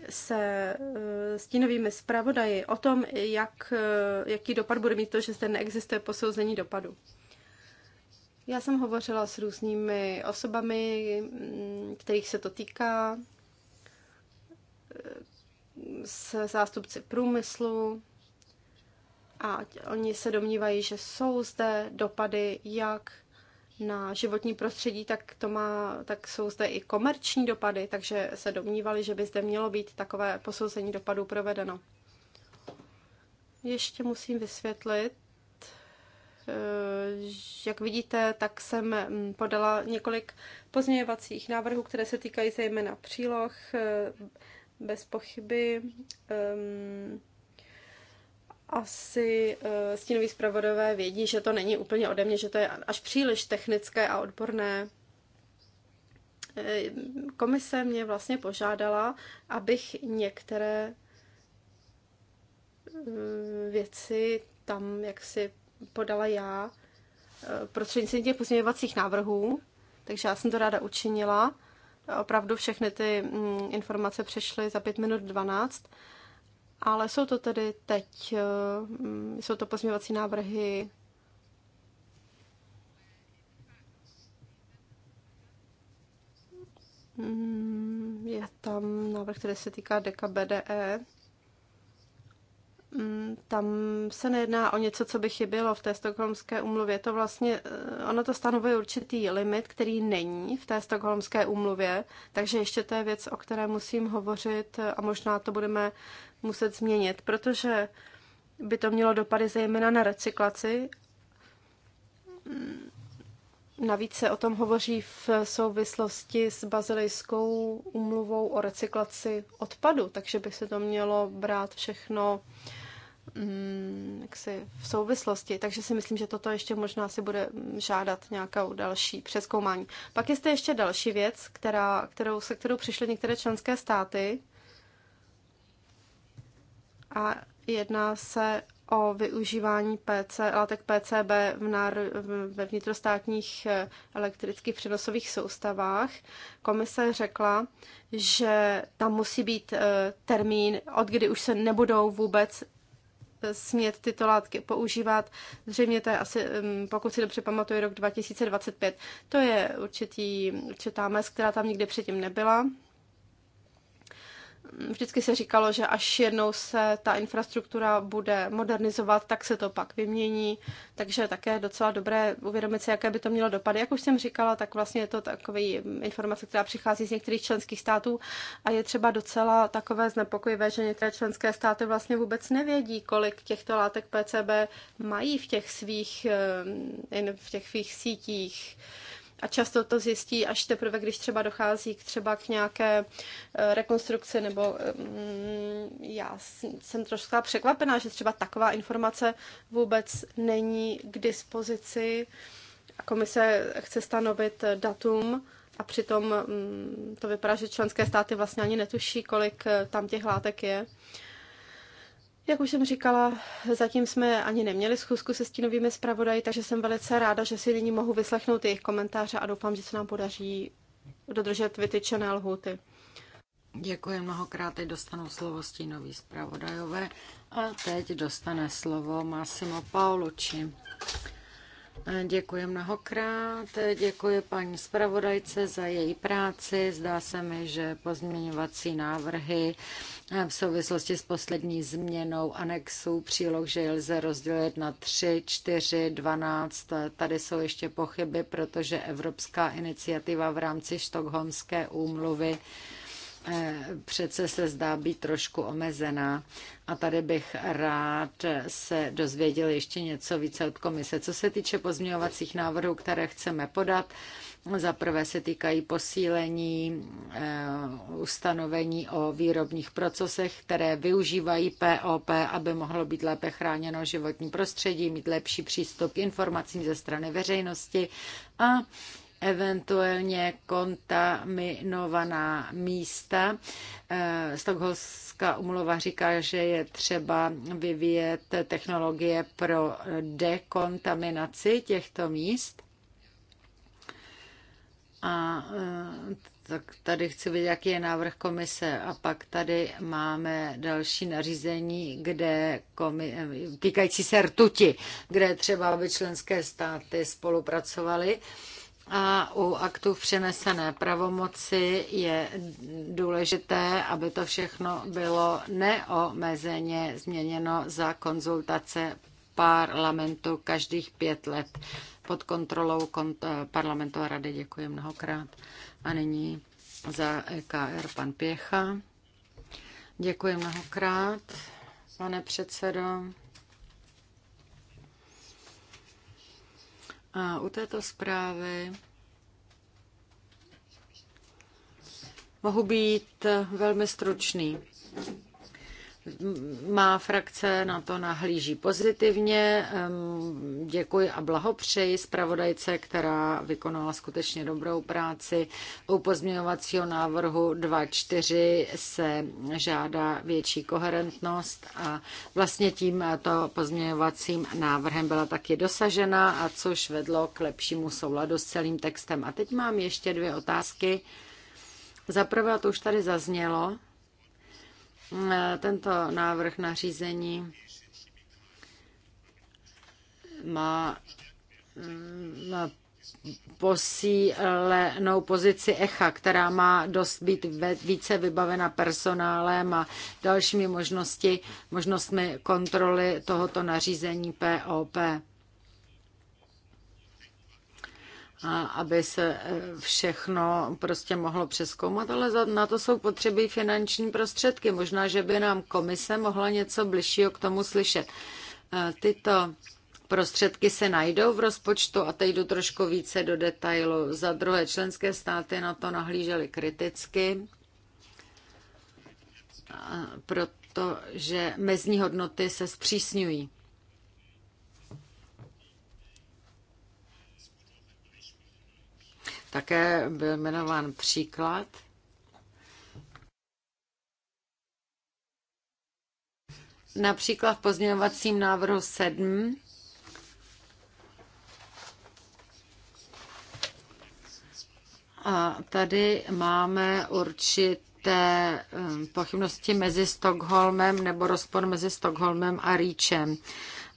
se eh, stínovými zpravodaji o tom, jak, eh, jaký dopad bude mít to, že zde neexistuje posouzení dopadu. Já jsem hovořila s různými osobami, kterých se to týká, s zástupci průmyslu a oni se domnívají, že jsou zde dopady jak na životní prostředí, tak, to má, tak jsou zde i komerční dopady, takže se domnívali, že by zde mělo být takové posouzení dopadů provedeno. Ještě musím vysvětlit, eh, jak vidíte, tak jsem mm, podala několik pozměňovacích návrhů, které se týkají zejména příloh eh, bez pochyby um, asi uh, stínoví zpravodové vědí, že to není úplně ode mě, že to je až příliš technické a odborné. Ehm, komise mě vlastně požádala, abych některé eh, věci tam, jak si podala já, eh, prostřednictvím těch pozměňovacích návrhů, takže já jsem to ráda učinila opravdu všechny ty mm, informace přišly za 5 minut 12, ale jsou to tedy teď, eh, mm, jsou to pozměvací návrhy mm, Je tam návrh, který se týká DKBDE. BDE. Mm, tam se nejedná o něco, co by chybělo v té stokholmské umluvě. To vlastně, eh, ono to stanovuje určitý limit, který není v té stokholmské umluvě, takže ještě to je věc, o které musím hovořit eh, a možná to budeme muset změnit, protože by to mělo dopady zejména na recyklaci. Mm, navíc se o tom hovoří v souvislosti s bazilejskou umluvou o recyklaci odpadu, takže by se to mělo brát všechno uh, Mm, jaksi v souvislosti, takže si myslím, že toto ještě možná si bude žádat nějakou další přeskoumání. Pak je zde ještě další věc, která, kterou, se kterou přišly některé členské státy a jedná se o využívání PC, látek PCB v nár, ve vnitrostátních eh, elektrických přenosových soustavách. Komise řekla, že tam musí být eh, termín, od kdy už se nebudou vůbec smět tyto látky používat. Zřejmě to je asi, mm, pokud si dobře pamatuju, rok 2025. To je určitý, určitá mez, která tam nikdy předtím nebyla vždycky se říkalo, že až jednou se ta infrastruktura bude modernizovat, tak se to pak vymění, takže také docela dobré uvědomit si, jaké by to mělo dopady. Jak už jsem říkala, tak vlastně je to takový mm, informace, která přichází z některých členských států a je třeba docela takové znepokojivé, že některé členské státy vlastně vůbec nevědí, kolik těchto látek PCB mají v těch svých, eh, v těch svých sítích a často to zjistí až teprve, když třeba dochází k třeba k nějaké e, rekonstrukci, nebo mm, já jsem trošku překvapená, že třeba taková informace vůbec není k dispozici. Komise chce stanovit datum a přitom mm, to vypadá, že členské státy vlastně ani netuší, kolik e, tam těch látek je. Jak už jsem říkala, zatím jsme ani neměli schůzku se stínovými zpravodaji, takže jsem velice ráda, že si nyní mohu vyslechnout jejich komentáře a doufám, že se nám podaří dodržet vytyčené lhuty. Děkuji mnohokrát, teď dostanou slovo stínový zpravodajové a teď dostane slovo Massimo Paolucci. Děkuji mnohokrát, děkuji paní zpravodajce za její práci. Zdá se mi, že pozměňovací návrhy v souvislosti s poslední změnou anexu příloh, že je lze rozdělit na 3, 4, 12. Tady jsou ještě pochyby, protože Evropská iniciativa v rámci Štokholmské úmluvy Eh, přece se zdá být trošku omezená. A tady bych rád se dozvěděl ještě něco více od komise. Co se týče pozměňovacích návrhů, které chceme podat, za prvé se týkají posílení eh, ustanovení o výrobních procesech, které využívají POP, aby mohlo být lépe chráněno životní prostředí, mít lepší přístup k informacím ze strany veřejnosti a eventuálně kontaminovaná místa. Eh, Stockholmská umluva říká, že je třeba vyvíjet technologie pro dekontaminaci těchto míst. A eh, tak tady chci vidět, jaký je návrh komise. A pak tady máme další nařízení, kde komi, eh, týkající se rtuti, kde třeba, aby členské státy spolupracovaly a u aktů přenesené pravomoci je důležité, aby to všechno bylo neomezeně změněno za konzultace parlamentu každých pět let pod kontrolou kont- parlamentu a rady. Děkuji mnohokrát. A nyní za EKR pan Pěcha. Děkuji mnohokrát, pane předsedo. A u této zprávy mohu být velmi stručný. Má frakce na to nahlíží pozitivně. Děkuji a blahopřeji zpravodajce, která vykonala skutečně dobrou práci. U pozměňovacího návrhu 2.4 se žádá větší koherentnost a vlastně tím to pozměňovacím návrhem byla taky dosažena, a což vedlo k lepšímu souladu s celým textem. A teď mám ještě dvě otázky. Za prvé, to už tady zaznělo, Eh, tento návrh nařízení eh, má posílenou pozici ECHA, která má dost být více vybavena personálem a dalšími možnosti, možnostmi kontroly tohoto nařízení POP. aby se e, všechno prostě mohlo přeskoumat, ale na to jsou potřeby finanční prostředky. Možná, že by nám komise mohla něco bližšího k tomu slyšet. E, tyto prostředky se najdou v rozpočtu a teď jdu trošku více do detailu. Za druhé, členské státy na to nahlížely kriticky, e, protože mezní hodnoty se zpřísňují. Také byl jmenován příklad Například v pozměňovacím návrhu 7 A tady máme určité eh, pochybnosti mezi Stockholmem nebo rozpor mezi Stockholmem a Ríčem.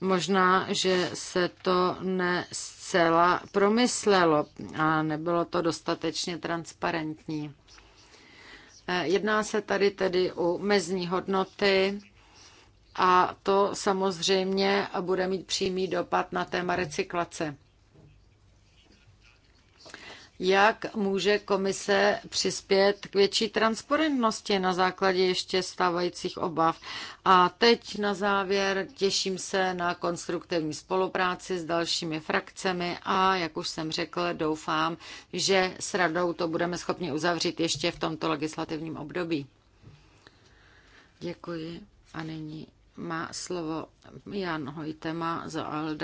Možná, že se to nes zcela promyslelo a nebylo to dostatečně transparentní. Eh, jedná se tady tedy o mezní hodnoty a to samozřejmě bude mít přímý dopad na téma recyklace. Jak může komise přispět k větší transparentnosti na základě ještě stávajících obav? A teď na závěr těším se na konstruktivní spolupráci s dalšími frakcemi a, jak už jsem řekl, doufám, že s radou to budeme schopni uzavřít ještě v tomto legislativním období. Děkuji a nyní má slovo Jan Hojtema za ALD.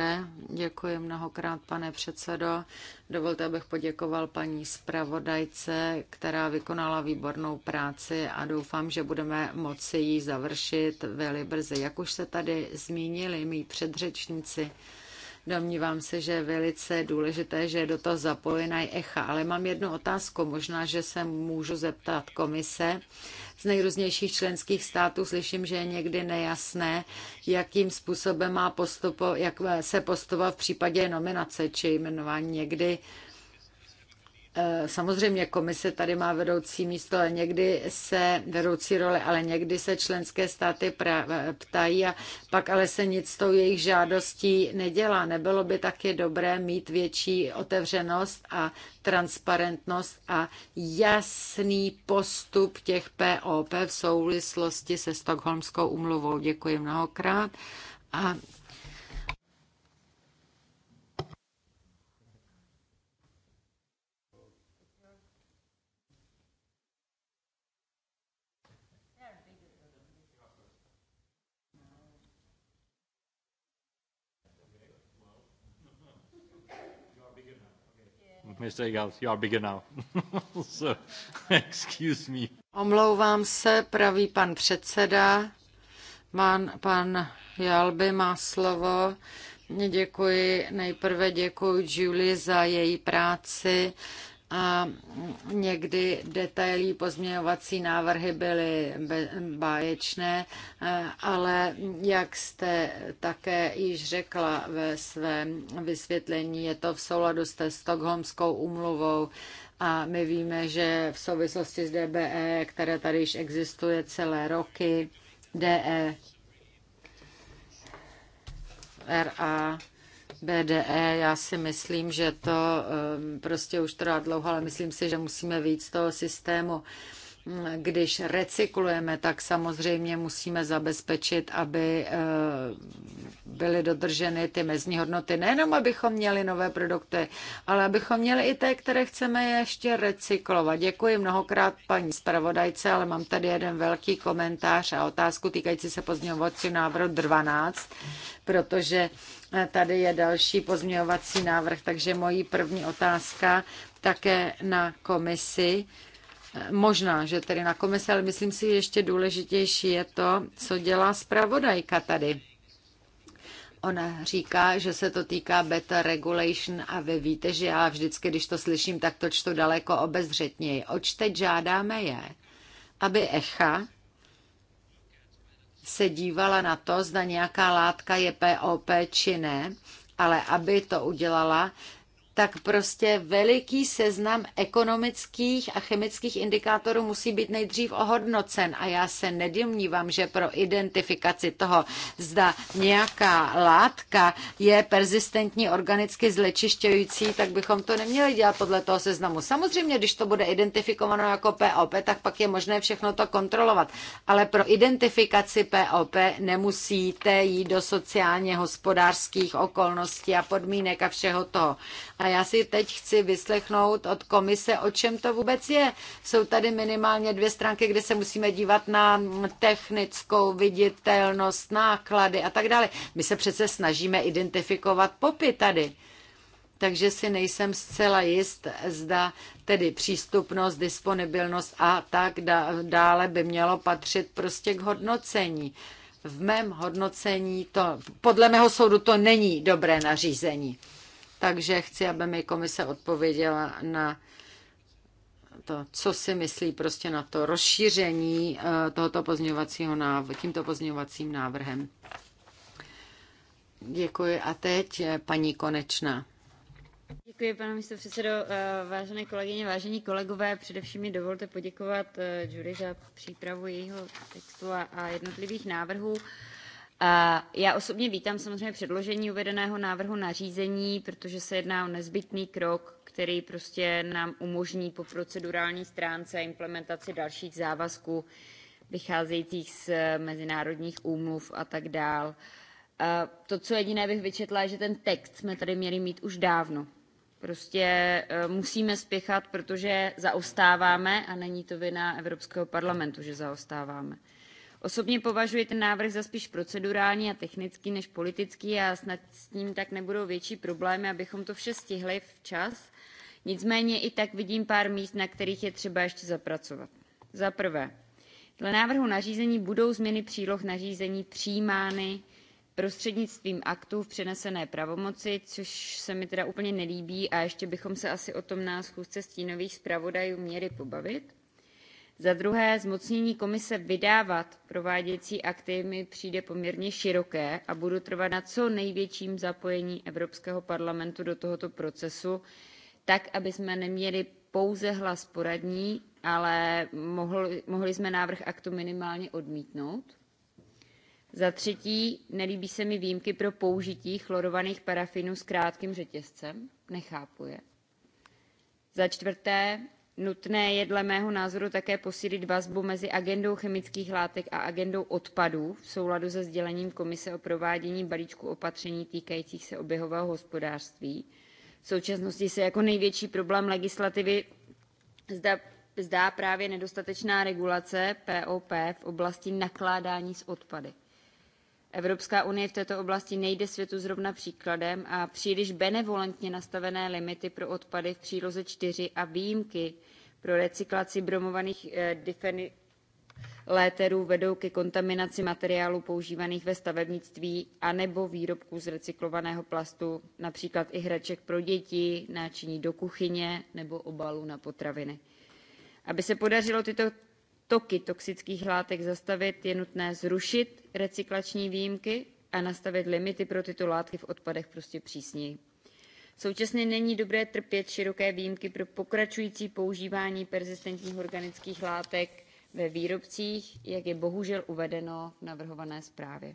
Děkuji mnohokrát, pane předsedo. Dovolte, abych poděkoval paní zpravodajce, která vykonala výbornou práci a doufám, že budeme moci ji završit velmi brzy. Jak už se tady zmínili mý předřečníci, Domnívám se, že je velice důležité, že je do toho zapojena i ECHA. Ale mám jednu otázku, možná, že se můžu zeptat komise. Z nejrůznějších členských států slyším, že je někdy nejasné, jakým způsobem má postupo, jak se postupovat v případě nominace či jmenování někdy Eh, samozřejmě komise tady má vedoucí místo, ale někdy se vedoucí role, ale někdy se členské státy eh, ptají a pak ale se nic s tou jejich žádostí nedělá. Nebylo by taky dobré mít větší otevřenost a transparentnost a jasný postup těch POP v souvislosti se Stockholmskou umluvou. Děkuji mnohokrát a Mr. Eagles, you are bigger now. (laughs) so, excuse me. Omlouvám se, pravý pan předseda. Pan, pan Jalby má slovo. Děkuji, nejprve děkuji Julie za její práci a někdy detailní pozměňovací návrhy byly báječné, eh, ale jak jste také již řekla ve svém vysvětlení, je to v souladu s Stockholmskou umluvou a my víme, že v souvislosti s DBE, které tady již existuje celé roky, DE, RA, BDE, já si myslím, že to um, prostě už trvá dlouho, ale myslím si, že musíme víc z toho systému. Když recyklujeme, tak samozřejmě musíme zabezpečit, aby uh, byly dodrženy ty mezní hodnoty. Nejenom, abychom měli nové produkty, ale abychom měli i ty, které chceme ještě recyklovat. Děkuji mnohokrát paní zpravodajce, ale mám tady jeden velký komentář a otázku týkající se pozdního návrhu 12, protože Tady je další pozměňovací návrh, takže mojí první otázka také na komisi. Možná, že tedy na komisi, ale myslím si, že ještě důležitější je to, co dělá zpravodajka tady. Ona říká, že se to týká beta regulation a vy víte, že já vždycky, když to slyším, tak to čtu daleko obezřetněji. Oč teď žádáme je, aby ECHA se dívala na to, zda nějaká látka je POP či ne, ale aby to udělala, tak prostě veliký seznam ekonomických a chemických indikátorů musí být nejdřív ohodnocen. A já se nedomnívám, že pro identifikaci toho, zda nějaká látka je persistentní organicky zlečišťující, tak bychom to neměli dělat podle toho seznamu. Samozřejmě, když to bude identifikováno jako POP, tak pak je možné všechno to kontrolovat. Ale pro identifikaci POP nemusíte jít do sociálně hospodářských okolností a podmínek a všeho toho. A já si teď chci vyslechnout od komise, o čem to vůbec je. Jsou tady minimálně dvě stránky, kde se musíme dívat na technickou viditelnost, náklady a tak dále. My se přece snažíme identifikovat popy tady takže si nejsem zcela jist, zda tedy přístupnost, disponibilnost a tak dále by mělo patřit prostě k hodnocení. V mém hodnocení to, podle mého soudu, to není dobré nařízení. Takže chci, aby mi komise odpověděla na to, co si myslí prostě na to rozšíření eh, tohoto pozměňovacího návrhu, tímto pozměňovacím návrhem. Děkuji. A teď eh, paní Konečná. Děkuji, pane místo předsedo. Eh, vážené kolegyně, vážení kolegové, především mi dovolte poděkovat Jury za přípravu jejího textu a jednotlivých návrhů. Já osobně vítám samozřejmě předložení uvedeného návrhu nařízení, protože se jedná o nezbytný krok, který prostě nám umožní po procedurální stránce implementaci dalších závazků vycházejících z mezinárodních úmluv a tak dál. To, co jediné bych vyčetla, je, že ten text jsme tady měli mít už dávno. Prostě e, musíme spěchat, protože zaostáváme a není to vina Evropského parlamentu, že zaostáváme. Osobně považuji ten návrh za spíš procedurální a technický než politický a snad s ním tak nebudou větší problémy, abychom to vše stihli včas. Nicméně i tak vidím pár míst, na kterých je třeba ještě zapracovat. Za prvé, dle návrhu nařízení budou změny příloh nařízení přijímány prostřednictvím aktů v přenesené pravomoci, což se mi teda úplně nelíbí a ještě bychom se asi o tom na schůzce stínových zpravodajů měli pobavit. Za druhé, zmocnění komise vydávat prováděcí akty mi přijde poměrně široké a budu trvat na co největším zapojení Evropského parlamentu do tohoto procesu, tak, aby jsme neměli pouze hlas poradní, ale mohli, mohli jsme návrh aktu minimálně odmítnout. Za třetí, nelíbí se mi výjimky pro použití chlorovaných parafinů s krátkým řetězcem. Nechápu je. Za čtvrté, Nutné je dle mého názoru také posílit vazbu mezi agendou chemických látek a agendou odpadů v souladu se sdělením Komise o provádění balíčku opatření týkajících se oběhového hospodářství. V současnosti se jako největší problém legislativy zda, zdá právě nedostatečná regulace POP v oblasti nakládání s odpady. Evropská unie v této oblasti nejde světu zrovna příkladem a příliš benevolentně nastavené limity pro odpady v příloze 4 a výjimky pro recyklaci bromovaných eh, léterů vedou ke kontaminaci materiálů používaných ve stavebnictví anebo výrobků z recyklovaného plastu, například i hraček pro děti, náčiní do kuchyně nebo obalů na potraviny. Aby se podařilo tyto toky toxických látek zastavit, je nutné zrušit recyklační výjimky a nastavit limity pro tyto látky v odpadech prostě přísněji. Současně není dobré trpět široké výjimky pro pokračující používání persistentních organických látek ve výrobcích, jak je bohužel uvedeno v navrhované zprávě.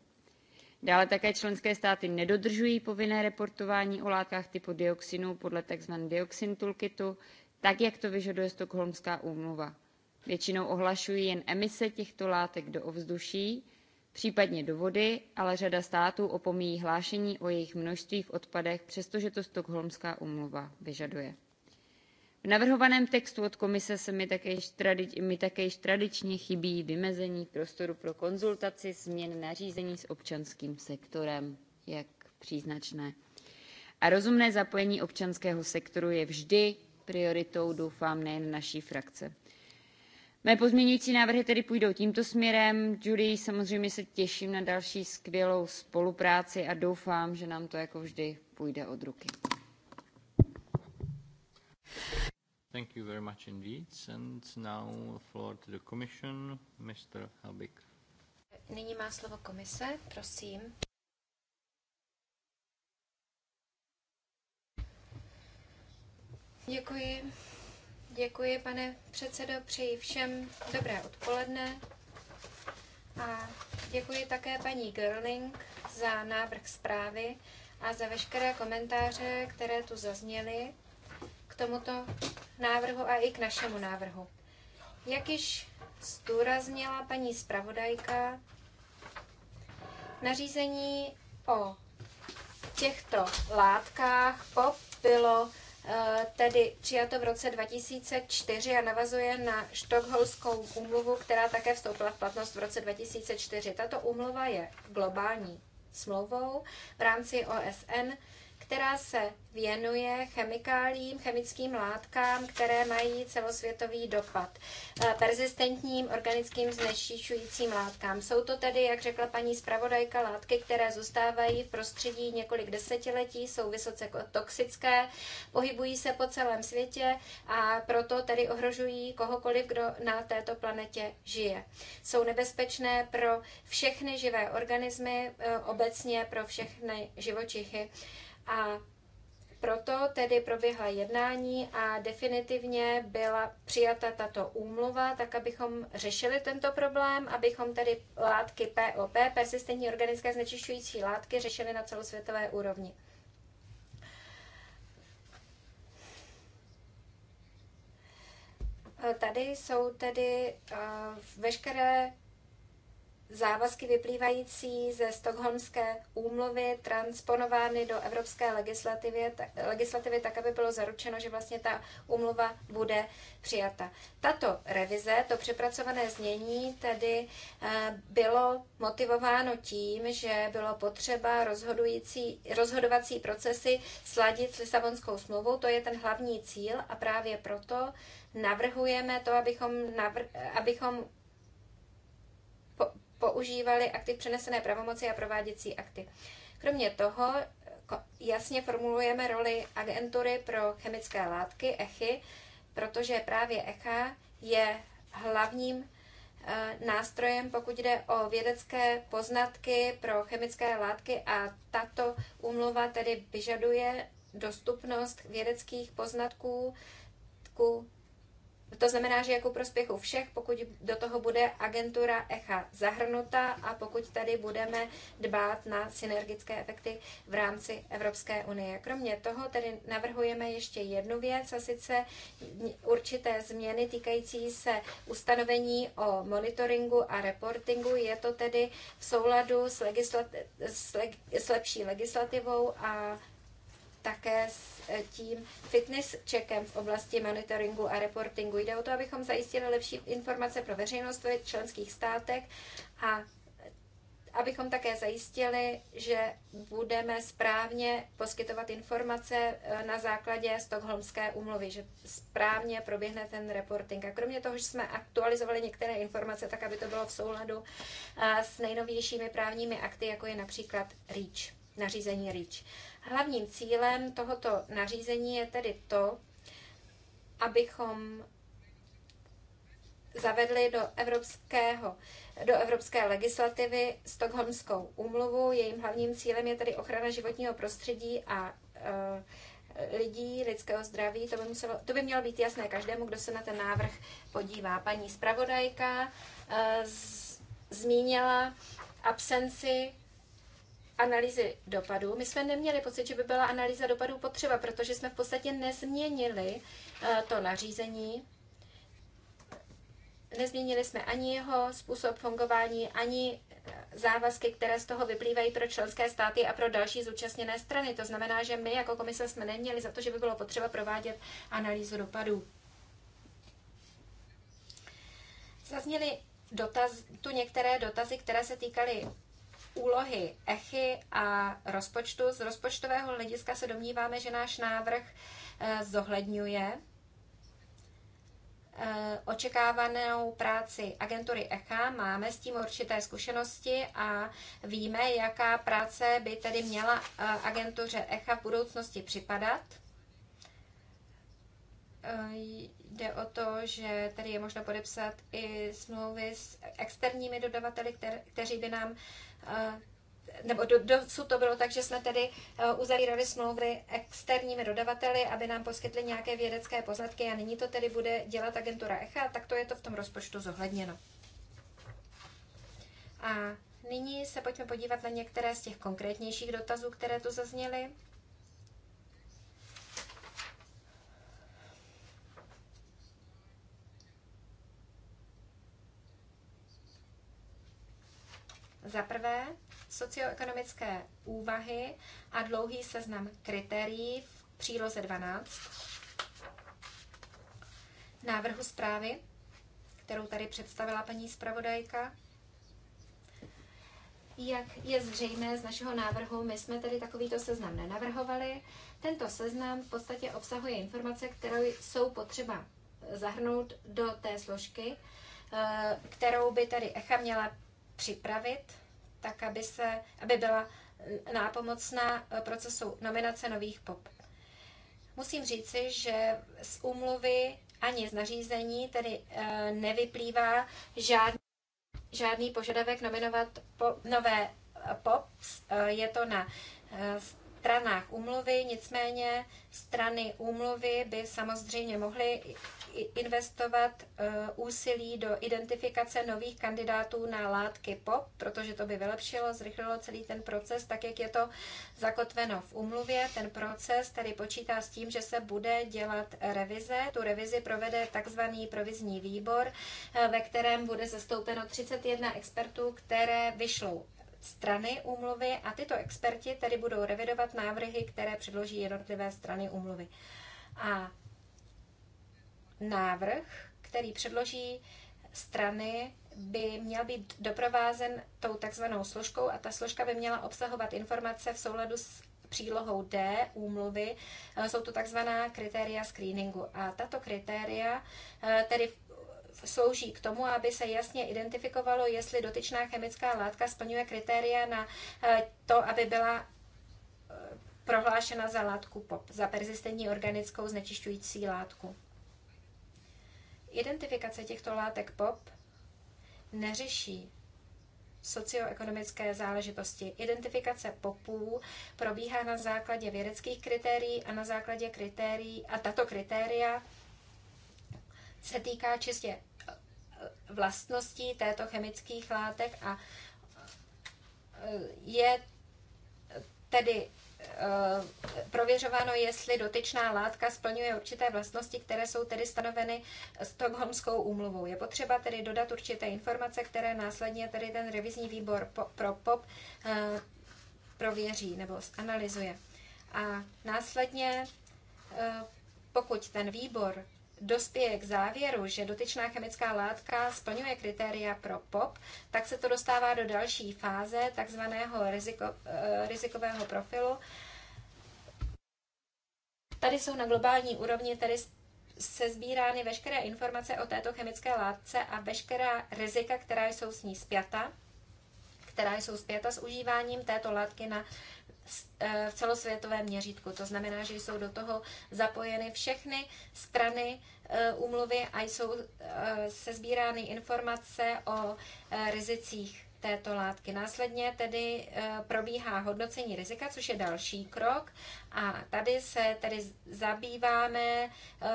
Dále také členské státy nedodržují povinné reportování o látkách typu dioxinu podle tzv. dioxin toolkitu, tak jak to vyžaduje Stockholmská úmluva. Většinou ohlašují jen emise těchto látek do ovzduší, případně do vody, ale řada států opomíjí hlášení o jejich množství v odpadech, přestože to Stockholmská umluva vyžaduje. V navrhovaném textu od komise se mi také, již tradič, mi také již tradičně chybí vymezení prostoru pro konzultaci změn nařízení s občanským sektorem, jak příznačné. A rozumné zapojení občanského sektoru je vždy prioritou, doufám, nejen naší frakce mé pozměňující návrhy tedy půjdou tímto směrem. Judy, samozřejmě se těším na další skvělou spolupráci a doufám že nám to jako vždy půjde od ruky. Thank you very much indeed. And now floor to the Commission, Mr. Helbig. Nyní má slovo komise, prosím. Děkuji. Děkuji, pane předsedo, přeji všem dobré odpoledne a děkuji také paní Gerling za návrh zprávy a za veškeré komentáře, které tu zazněly k tomuto návrhu a i k našemu návrhu. Jak již zdůraznila paní zpravodajka, nařízení o těchto látkách POP bylo Eh, tedy přijato v roce 2004 a navazuje na Štokholskou úmluvu, která také vstoupila v platnost v roce 2004. Tato úmluva je globální smlouvou v rámci OSN která se věnuje chemikálím, chemickým látkám, které mají celosvětový dopad, eh, persistentním organickým znečišťujícím látkám. Jsou to tedy, jak řekla paní zpravodajka, látky, které zůstávají v prostředí několik desetiletí, jsou vysoce toxické, pohybují se po celém světě a proto tedy ohrožují kohokoliv, kdo na této planetě žije. Jsou nebezpečné pro všechny živé organismy, eh, obecně pro všechny živočichy. A proto tedy proběhla jednání a definitivně byla přijata tato úmluva, tak abychom řešili tento problém, abychom tedy látky POP, persistentní organické znečišťující látky, řešili na celosvětové úrovni. Tady jsou tedy eh, veškeré závazky vyplývající ze Stockholmské úmluvy transponovány do evropské legislativy, legislativy tak, aby bylo zaručeno, že vlastně ta úmluva bude přijata. Tato revize, to přepracované znění, tedy eh, bylo motivováno tím, že bylo potřeba rozhodující, rozhodovací procesy sladit s Lisabonskou smlouvou, to je ten hlavní cíl a právě proto navrhujeme to, abychom, navr- abychom používali akty v přenesené pravomoci a prováděcí akty. Kromě toho jasně formulujeme roli agentury pro chemické látky ECHY, protože právě ECHA je hlavním eh, nástrojem, pokud jde o vědecké poznatky pro chemické látky a tato úmluva tedy vyžaduje dostupnost vědeckých poznatků to znamená, že jako prospěchu všech, pokud do toho bude agentura ECHA zahrnuta a pokud tady budeme dbát na synergické efekty v rámci Evropské unie. Kromě toho tedy navrhujeme ještě jednu věc a sice určité změny týkající se ustanovení o monitoringu a reportingu. Je to tedy v souladu s, legislat- s, le- s lepší legislativou a také s e, tím fitness checkem v oblasti monitoringu a reportingu. Jde o to, abychom zajistili lepší informace pro veřejnost v členských státech a abychom také zajistili, že budeme správně poskytovat informace e, na základě Stockholmské umluvy, že správně proběhne ten reporting. A kromě toho, že jsme aktualizovali některé informace, tak aby to bylo v souladu e, s nejnovějšími právními akty, jako je například REACH, nařízení REACH. Hlavním cílem tohoto nařízení je tedy to, abychom zavedli do, evropského, do evropské legislativy Stockholmskou úmluvu. Jejím hlavním cílem je tedy ochrana životního prostředí a e, lidí, lidského zdraví. To by, muselo, to by mělo být jasné každému, kdo se na ten návrh podívá. Paní zpravodajka e, z, zmínila absenci analýzy dopadů. My jsme neměli pocit, že by byla analýza dopadů potřeba, protože jsme v podstatě nezměnili eh, to nařízení. Nezměnili jsme ani jeho způsob fungování, ani eh, závazky, které z toho vyplývají pro členské státy a pro další zúčastněné strany. To znamená, že my jako komise jsme neměli za to, že by bylo potřeba provádět analýzu dopadů. Zazněly dotaz, tu některé dotazy, které se týkaly úlohy ECHY a rozpočtu. Z rozpočtového hlediska se domníváme, že náš návrh eh, zohledňuje eh, očekávanou práci agentury ECHA, máme s tím určité zkušenosti a víme, jaká práce by tedy měla eh, agentuře ECHA v budoucnosti připadat. Jde o to, že tady je možno podepsat i smlouvy s externími dodavateli, kteří by nám Eh, nebo do, dosud to bylo tak, že jsme tedy eh, uzavírali smlouvy externími dodavateli, aby nám poskytli nějaké vědecké poznatky a nyní to tedy bude dělat agentura ECHA, tak to je to v tom rozpočtu zohledněno. A nyní se pojďme podívat na některé z těch konkrétnějších dotazů, které tu zazněly. Za prvé, socioekonomické úvahy a dlouhý seznam kritérií v příloze 12 návrhu zprávy, kterou tady představila paní zpravodajka. Jak je zřejmé z našeho návrhu, my jsme tady takovýto seznam nenavrhovali. Tento seznam v podstatě obsahuje informace, které jsou potřeba zahrnout do té složky, eh, kterou by tady ECHA měla připravit, tak aby, se, aby byla nápomocná procesu nominace nových pop. Musím říci, že z úmluvy ani z nařízení tedy eh, nevyplývá žádný, žádný požadavek nominovat po, nové eh, pop. Eh, je to na stranách úmluvy, nicméně strany úmluvy by samozřejmě mohly investovat eh, úsilí do identifikace nových kandidátů na látky POP, protože to by vylepšilo, zrychlilo celý ten proces, tak jak je to zakotveno v umluvě. Ten proces tady počítá s tím, že se bude dělat revize. Tu revizi provede takzvaný provizní výbor, eh, ve kterém bude zastoupeno 31 expertů, které vyšlou strany úmluvy a tyto experti tedy budou revidovat návrhy, které předloží jednotlivé strany úmluvy. A návrh, který předloží strany, by měl být doprovázen tou takzvanou složkou a ta složka by měla obsahovat informace v souladu s přílohou D úmluvy. Eh, jsou to takzvaná kritéria screeningu a tato kritéria eh, tedy slouží k tomu, aby se jasně identifikovalo, jestli dotyčná chemická látka splňuje kritéria na eh, to, aby byla prohlášena za látku POP, za persistentní organickou znečišťující látku. Identifikace těchto látek POP neřeší socioekonomické záležitosti. Identifikace popů probíhá na základě vědeckých kritérií a na základě kritérií a tato kritéria se týká čistě eh, vlastností této chemických látek a eh, je tedy Eh, prověřováno, jestli dotyčná látka splňuje určité vlastnosti, které jsou tedy stanoveny Stockholmskou úmluvou. Je potřeba tedy dodat určité informace, které následně tedy ten revizní výbor pro POP eh, prověří nebo analyzuje. A následně, eh, pokud ten výbor dospěje k závěru, že dotyčná chemická látka splňuje kritéria pro POP, tak se to dostává do další fáze takzvaného riziko, eh, rizikového profilu. Tady jsou na globální úrovni tedy se sbírány veškeré informace o této chemické látce a veškerá rizika, která jsou s ní spjata, která jsou spjata s užíváním této látky na Eh, v celosvětovém měřítku. To znamená, že jsou do toho zapojeny všechny strany eh, úmluvy a jsou eh, sezbírány informace o rizicích této látky. Následně tedy probíhá hodnocení rizika, což je další krok a tady se tedy zabýváme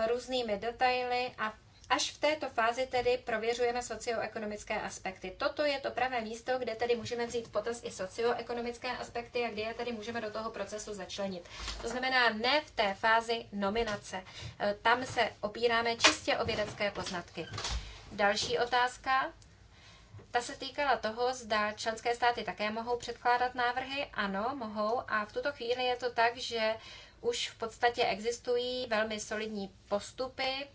různými detaily a Až v této fázi tedy prověřujeme socioekonomické aspekty. Toto je to pravé místo, kde tedy můžeme vzít potaz i socioekonomické aspekty a kde je tedy můžeme do toho procesu začlenit. To znamená ne v té fázi nominace. E, tam se opíráme čistě o vědecké poznatky. Další otázka. Ta se týkala toho, zda členské státy také mohou předkládat návrhy. Ano, mohou. A v tuto chvíli je to tak, že už v podstatě existují velmi solidní postupy,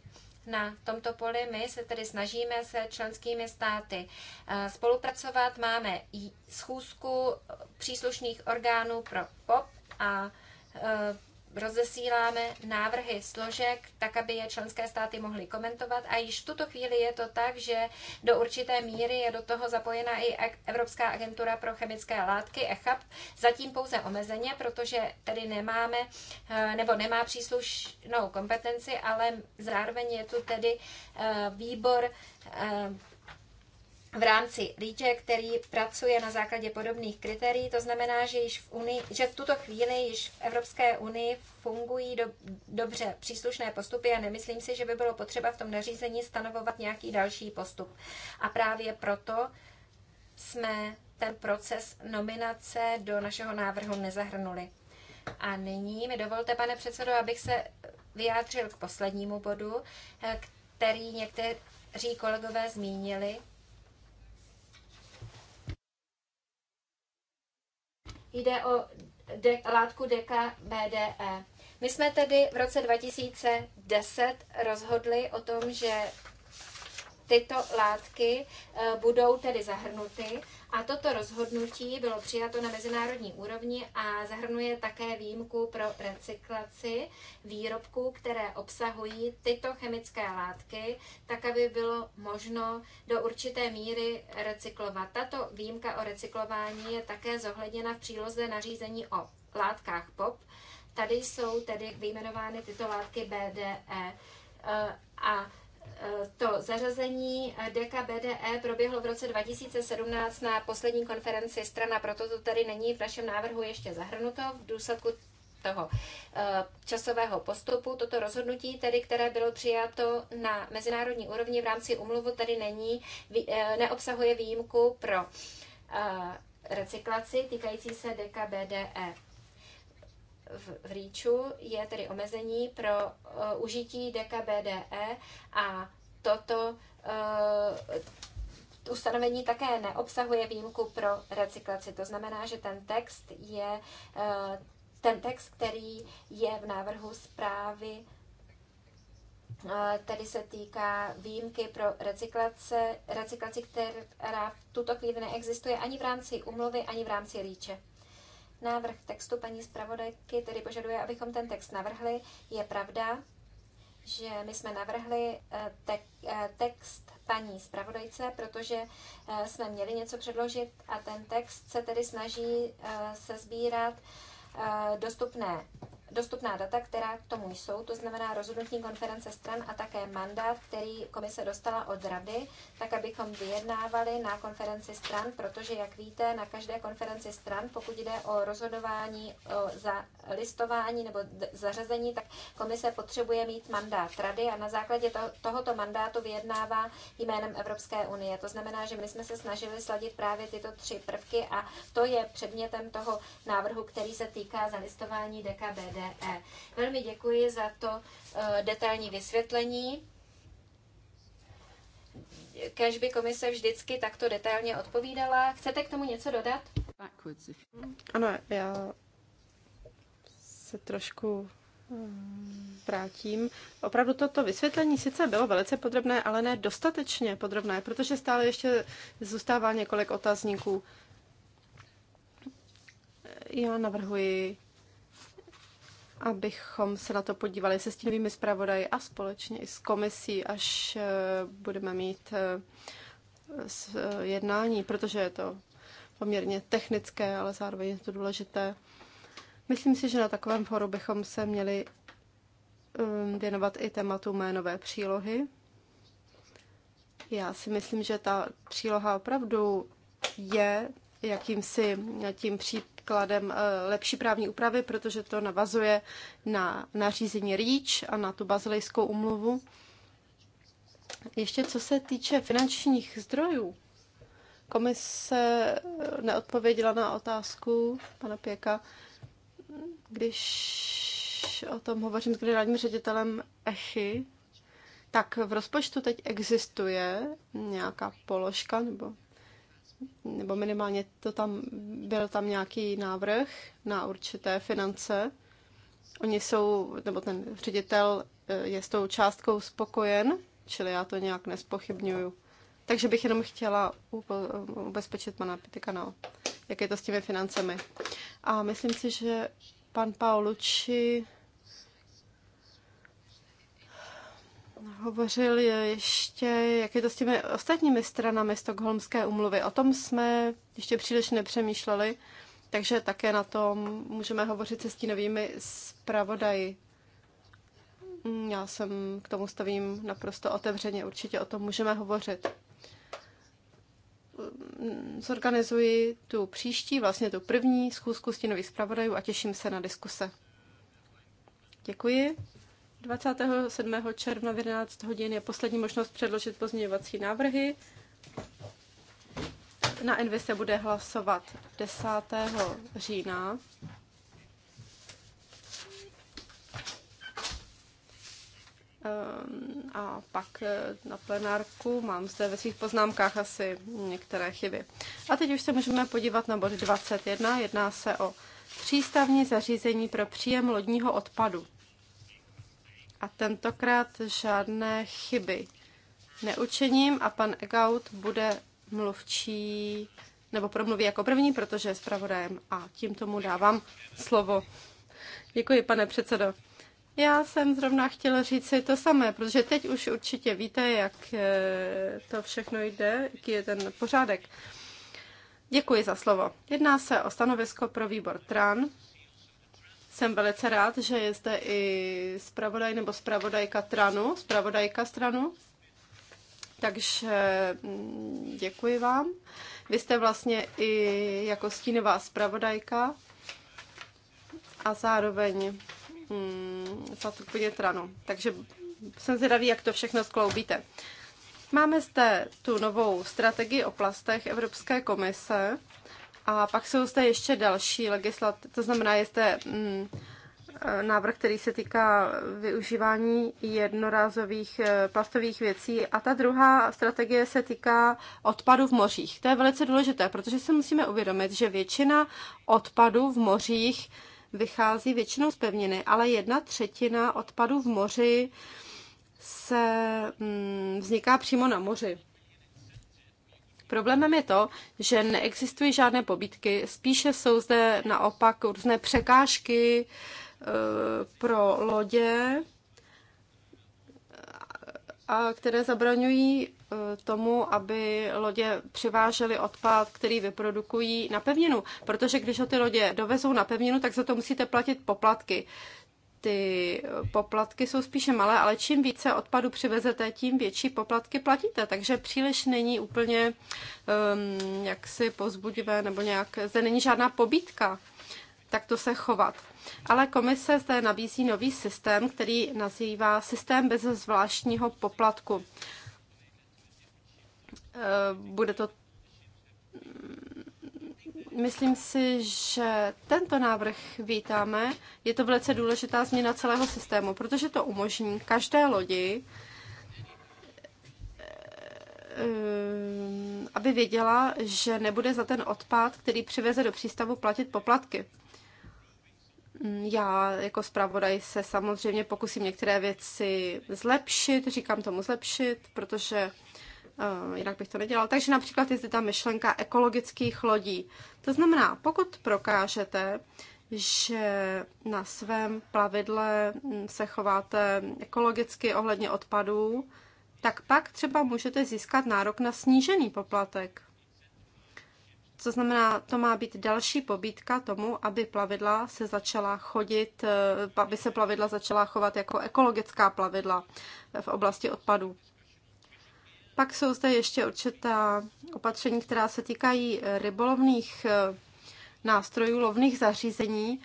na tomto poli. My se tedy snažíme se členskými státy eh, spolupracovat. Máme schůzku eh, příslušných orgánů pro POP a eh, rozesíláme návrhy složek, tak aby je členské státy mohly komentovat. A již v tuto chvíli je to tak, že do určité míry je do toho zapojena i Evropská agentura pro chemické látky ECHAP, zatím pouze omezeně, protože tedy nemáme eh, nebo nemá příslušnou kompetenci, ale zároveň je tu tedy eh, výbor eh, v rámci REACHE, který pracuje na základě podobných kritérií. To znamená, že, již v Unii, že v tuto chvíli již v Evropské unii fungují do, dobře příslušné postupy a nemyslím si, že by bylo potřeba v tom nařízení stanovovat nějaký další postup. A právě proto jsme ten proces nominace do našeho návrhu nezahrnuli. A nyní mi dovolte, pane předsedo, abych se vyjádřil k poslednímu bodu, eh, který někteří kolegové zmínili, Jde o de, látku deka BDE. My jsme tedy v roce 2010 rozhodli o tom, že tyto látky eh, budou tedy zahrnuty a toto rozhodnutí bylo přijato na mezinárodní úrovni a zahrnuje také výjimku pro recyklaci výrobků, které obsahují tyto chemické látky, tak aby bylo možno do určité míry recyklovat. Tato výjimka o recyklování je také zohledněna v příloze nařízení o látkách POP. Tady jsou tedy vyjmenovány tyto látky BDE e, a Eh, to zařazení eh, DKBDE proběhlo v roce 2017 na poslední konferenci strana, proto to tady není v našem návrhu ještě zahrnuto. V důsledku toho eh, časového postupu. Toto rozhodnutí, tedy, které bylo přijato na mezinárodní úrovni v rámci umluvu, tady není, neobsahuje výjimku pro recyklaci týkající se DKBDE v, v REACHu je tedy omezení pro uh, užití DKBDE a toto uh, ustanovení také neobsahuje výjimku pro recyklaci. To znamená, že ten text je uh, ten text, který je v návrhu zprávy Tady se týká výjimky pro recyklace, recyklaci, která v tuto chvíli neexistuje ani v rámci umluvy, ani v rámci líče. Návrh textu paní zpravodajky tedy požaduje, abychom ten text navrhli. Je pravda, že my jsme navrhli eh, te- eh, text paní zpravodajce, protože eh, jsme měli něco předložit a ten text se tedy snaží se sezbírat dostupné dostupná data, která k tomu jsou, to znamená rozhodnutí konference stran a také mandát, který komise dostala od rady, tak abychom vyjednávali na konferenci stran, protože, jak víte, na každé konferenci stran, pokud jde o rozhodování, o za listování nebo zařazení, tak komise potřebuje mít mandát rady a na základě to, tohoto mandátu vyjednává jménem Evropské unie. To znamená, že my jsme se snažili sladit právě tyto tři prvky a to je předmětem toho návrhu, který se týká zalistování DKBD. EEE. Velmi děkuji za to e, detailní vysvětlení. Kež by komise vždycky takto detailně odpovídala. Chcete k tomu něco dodat? Ano, já se trošku mm, vrátím. Opravdu toto vysvětlení sice bylo velice podrobné, ale ne dostatečně podrobné, protože stále ještě zůstává několik otazníků. Já navrhuji abychom se na to podívali se stínovými zpravodaji a společně i s komisí, až eh, budeme mít eh, eh, jednání, protože je to poměrně technické, ale zároveň je to důležité. Myslím si, že na takovém foru bychom se měli ehm, věnovat i tématu jménové přílohy. Já si myslím, že ta příloha opravdu je jakýmsi tím případem, základem eh, lepší právní úpravy, protože to navazuje na nařízení REACH a na tu bazilejskou umluvu. Ještě co se týče finančních zdrojů, komise eh, neodpověděla na otázku pana Pěka, když o tom hovořím s generálním ředitelem ECHY, tak v rozpočtu teď existuje nějaká položka nebo nebo minimálně to tam, byl tam nějaký návrh na určité finance. Oni jsou, nebo ten ředitel eh, je s tou částkou spokojen, čili já to nějak nespochybňuju. Takže bych jenom chtěla ubezpečit pana Pitykana, jak je to s těmi financemi. A myslím si, že pan Paolucci hovořil ještě, jak je to s těmi ostatními stranami Stockholmské umluvy. O tom jsme ještě příliš nepřemýšleli, takže také na tom můžeme hovořit se stínovými zpravodaji. Já jsem k tomu stavím naprosto otevřeně, určitě o tom můžeme hovořit. Zorganizuji tu příští, vlastně tu první schůzku stínových zpravodajů a těším se na diskuse. Děkuji. 27. června v 11 hodin je poslední možnost předložit pozměňovací návrhy. Na Envy se bude hlasovat 10. října. Ehm, a pak eh, na plenárku mám zde ve svých poznámkách asi některé chyby. A teď už se můžeme podívat na bod 21. Jedná se o přístavní zařízení pro příjem lodního odpadu a tentokrát žádné chyby neučiním a pan Egaut bude mluvčí nebo promluví jako první, protože je zpravodajem a tím tomu dávám slovo. Děkuji, pane předsedo. Já jsem zrovna chtěla říct si to samé, protože teď už určitě víte, jak eh, to všechno jde, jaký je ten pořádek. Děkuji za slovo. Jedná se o stanovisko pro výbor TRAN jsem velice rád, že je zde i zpravodaj nebo zpravodajka Tranu, zpravodajka stranu. Takže mm, děkuji vám. Vy jste vlastně i jako stínová zpravodajka a zároveň mm, hmm, Tranu. Takže jsem zvědavý, jak to všechno skloubíte. Máme zde tu novou strategii o plastech Evropské komise. A pak jsou zde ještě další legislativy, to znamená, je zde mm, e, návrh, který se týká využívání jednorázových e, plastových věcí. A ta druhá strategie se týká odpadu v mořích. To je velice důležité, protože se musíme uvědomit, že většina odpadu v mořích vychází většinou z pevniny, ale jedna třetina odpadu v moři se mm, vzniká přímo na moři. Problémem je to, že neexistují žádné pobítky, spíše jsou zde naopak různé překážky e, pro lodě, a které zabraňují e, tomu, aby lodě přivážely odpad, který vyprodukují na pevninu. Protože když ho ty lodě dovezou na pevninu, tak za to musíte platit poplatky ty poplatky jsou spíše malé, ale čím více odpadu přivezete, tím větší poplatky platíte. Takže příliš není úplně um, jaksi pozbudivé nebo nějak, zde není žádná pobítka takto se chovat. Ale komise zde nabízí nový systém, který nazývá systém bez zvláštního poplatku. E, bude to Myslím si, že tento návrh vítáme. Je to velice důležitá změna celého systému, protože to umožní každé lodi, ehm, aby věděla, že nebude za ten odpad, který přiveze do přístavu, platit poplatky. Mm, já jako zpravodaj se samozřejmě pokusím některé věci zlepšit, říkám tomu zlepšit, protože jinak bych to nedělal. Takže například je zde ta myšlenka ekologických lodí. To znamená, pokud prokážete, že na svém plavidle se chováte ekologicky ohledně odpadů, tak pak třeba můžete získat nárok na snížený poplatek. Co znamená, to má být další pobídka tomu, aby plavidla se začala chodit, eh, aby se plavidla začala chovat jako ekologická plavidla v oblasti odpadů. Pak jsou zde ještě určitá opatření, která se týkají eh, rybolovných eh, nástrojů, lovných zařízení.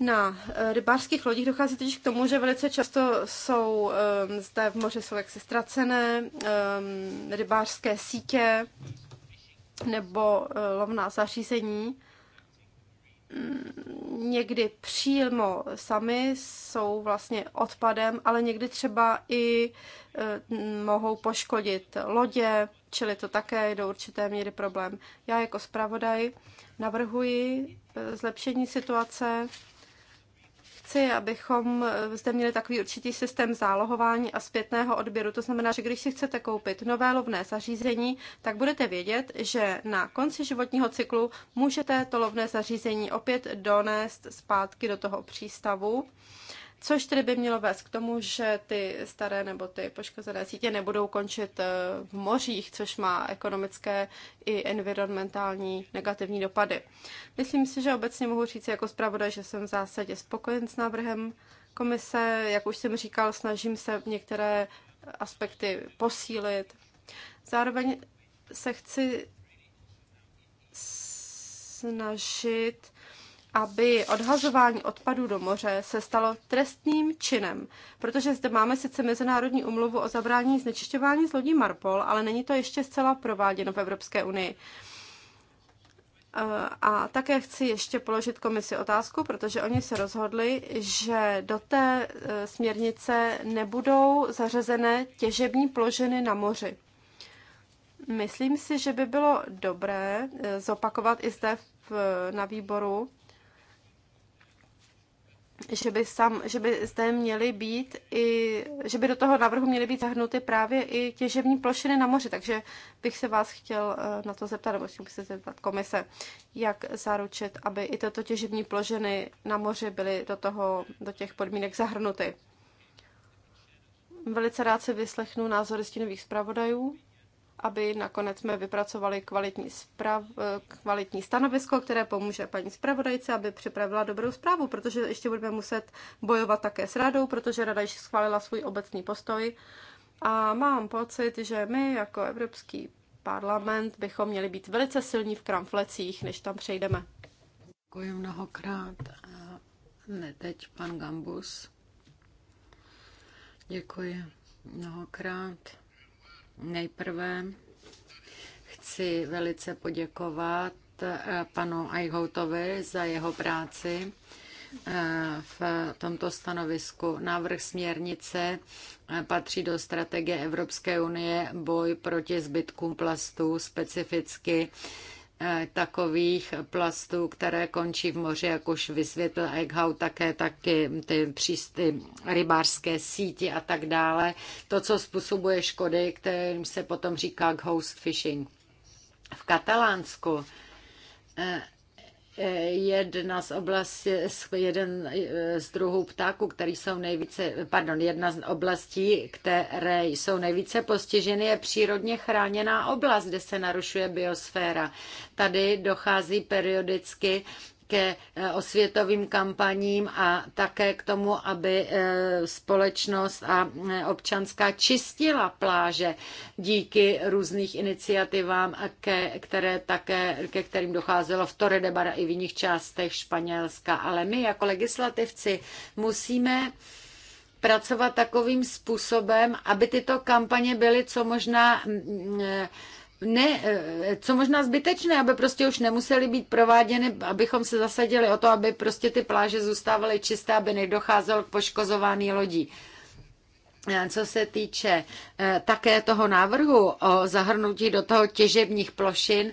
Na eh, rybářských lodích dochází totiž k tomu, že velice často jsou um, zde v moři jsou jaksi ztracené um, rybářské sítě nebo uh, lovná zařízení někdy přímo sami jsou vlastně odpadem, ale někdy třeba i e, mohou poškodit lodě, čili to také je do určité míry problém. Já jako zpravodaj navrhuji e, zlepšení situace chci, abychom eh, zde měli takový určitý systém zálohování a zpětného odběru. To znamená, že když si chcete koupit nové lovné zařízení, tak budete vědět, že na konci životního cyklu můžete to lovné zařízení opět donést zpátky do toho přístavu což tedy by mělo vést k tomu, že ty staré nebo ty poškozené sítě nebudou končit eh, v mořích, což má ekonomické i environmentální negativní dopady. Myslím si, že obecně mohu říct jako zpravodaj, že jsem v zásadě spokojen s návrhem komise. Jak už jsem říkal, snažím se některé aspekty posílit. Zároveň se chci snažit aby odhazování odpadů do moře se stalo trestným činem, protože zde máme sice Mezinárodní umluvu o zabrání znečišťování z lodí Marpol, ale není to ještě zcela prováděno v Evropské unii. Eh, a také chci ještě položit komisi otázku, protože oni se rozhodli, že do té eh, směrnice nebudou zařazené těžební pložiny na moři. Myslím si, že by bylo dobré eh, zopakovat i zde v, na výboru, že by, sam, že by zde měly být i, že by do toho návrhu měly být zahrnuty právě i těžební plošiny na moři, takže bych se vás chtěl eh, na to zeptat, nebo chtěl bych se zeptat komise, jak zaručit, aby i tyto těžební plošiny na moři byly do toho, do těch podmínek zahrnuty. Velice rád se vyslechnu názory stínových zpravodajů aby nakonec jsme vypracovali kvalitní, sprav, kvalitní stanovisko, které pomůže paní zpravodajce, aby připravila dobrou zprávu, protože ještě budeme muset bojovat také s radou, protože rada již schválila svůj obecný postoj. A mám pocit, že my jako Evropský parlament bychom měli být velice silní v kramflecích, než tam přejdeme. Děkuji mnohokrát. A ne teď pan Gambus. Děkuji mnohokrát. Nejprve chci velice poděkovat eh, panu Eichhoutovi za jeho práci eh, v tomto stanovisku. Návrh směrnice eh, patří do strategie Evropské unie boj proti zbytkům plastů, specificky Eh, takových plastů, které končí v moři, jak už vysvětlil Eichhau, také taky ty přísty, rybářské síti a tak dále. To, co způsobuje škody, kterým se potom říká ghost fishing. V Katalánsku eh, jedna z oblastí, jeden eh, z druhů ptáků, který jsou nejvíce, pardon, jedna z oblastí, které jsou nejvíce postiženy, je přírodně chráněná oblast, kde se narušuje biosféra. Tady dochází periodicky ke eh, osvětovým kampaním a také k tomu, aby eh, společnost a eh, občanská čistila pláže díky různých iniciativám, ke, které také, ke kterým docházelo v Bara i v jiných částech Španělska. Ale my jako legislativci musíme pracovat takovým způsobem, aby tyto kampaně byly co možná mm, ne, e, co možná zbytečné, aby prostě už nemuseli být prováděny, abychom se zasadili o to, aby prostě ty pláže zůstávaly čisté, aby nedocházelo k poškozování lodí. E, co se týče e, také toho návrhu o zahrnutí do toho těžebních plošin,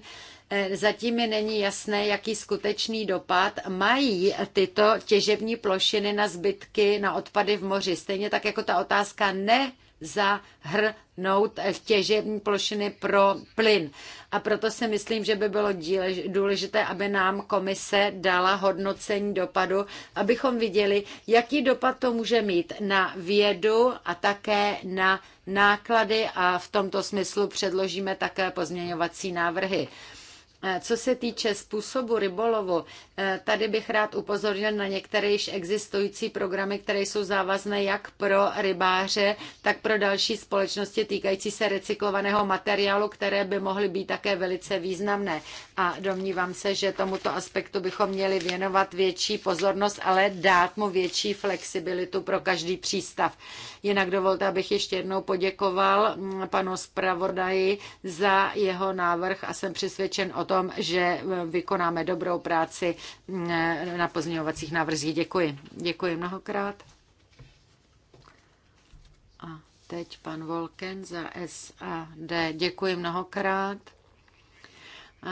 Zatím mi není jasné, jaký skutečný dopad mají tyto těžební plošiny na zbytky, na odpady v moři. Stejně tak jako ta otázka ne zahrnout těžební plošiny pro plyn. A proto si myslím, že by bylo důležité, aby nám komise dala hodnocení dopadu, abychom viděli, jaký dopad to může mít na vědu a také na náklady a v tomto smyslu předložíme také pozměňovací návrhy. Eh, co se týče způsobu rybolovu, eh, tady bych rád upozornil na některé již existující programy, které jsou závazné jak pro rybáře, tak pro další společnosti týkající se recyklovaného materiálu, které by mohly být také velice významné. A domnívám se, že tomuto aspektu bychom měli věnovat větší pozornost, ale dát mu větší flexibilitu pro každý přístav. Jinak dovolte, abych ještě jednou poděkoval mm, panu zpravodaji za jeho návrh a jsem přesvědčen o tom, tom, že eh, vykonáme dobrou práci mm, eh, na pozměňovacích návrzích. Děkuji. Děkuji mnohokrát. A teď pan Volken za SAD. Děkuji mnohokrát.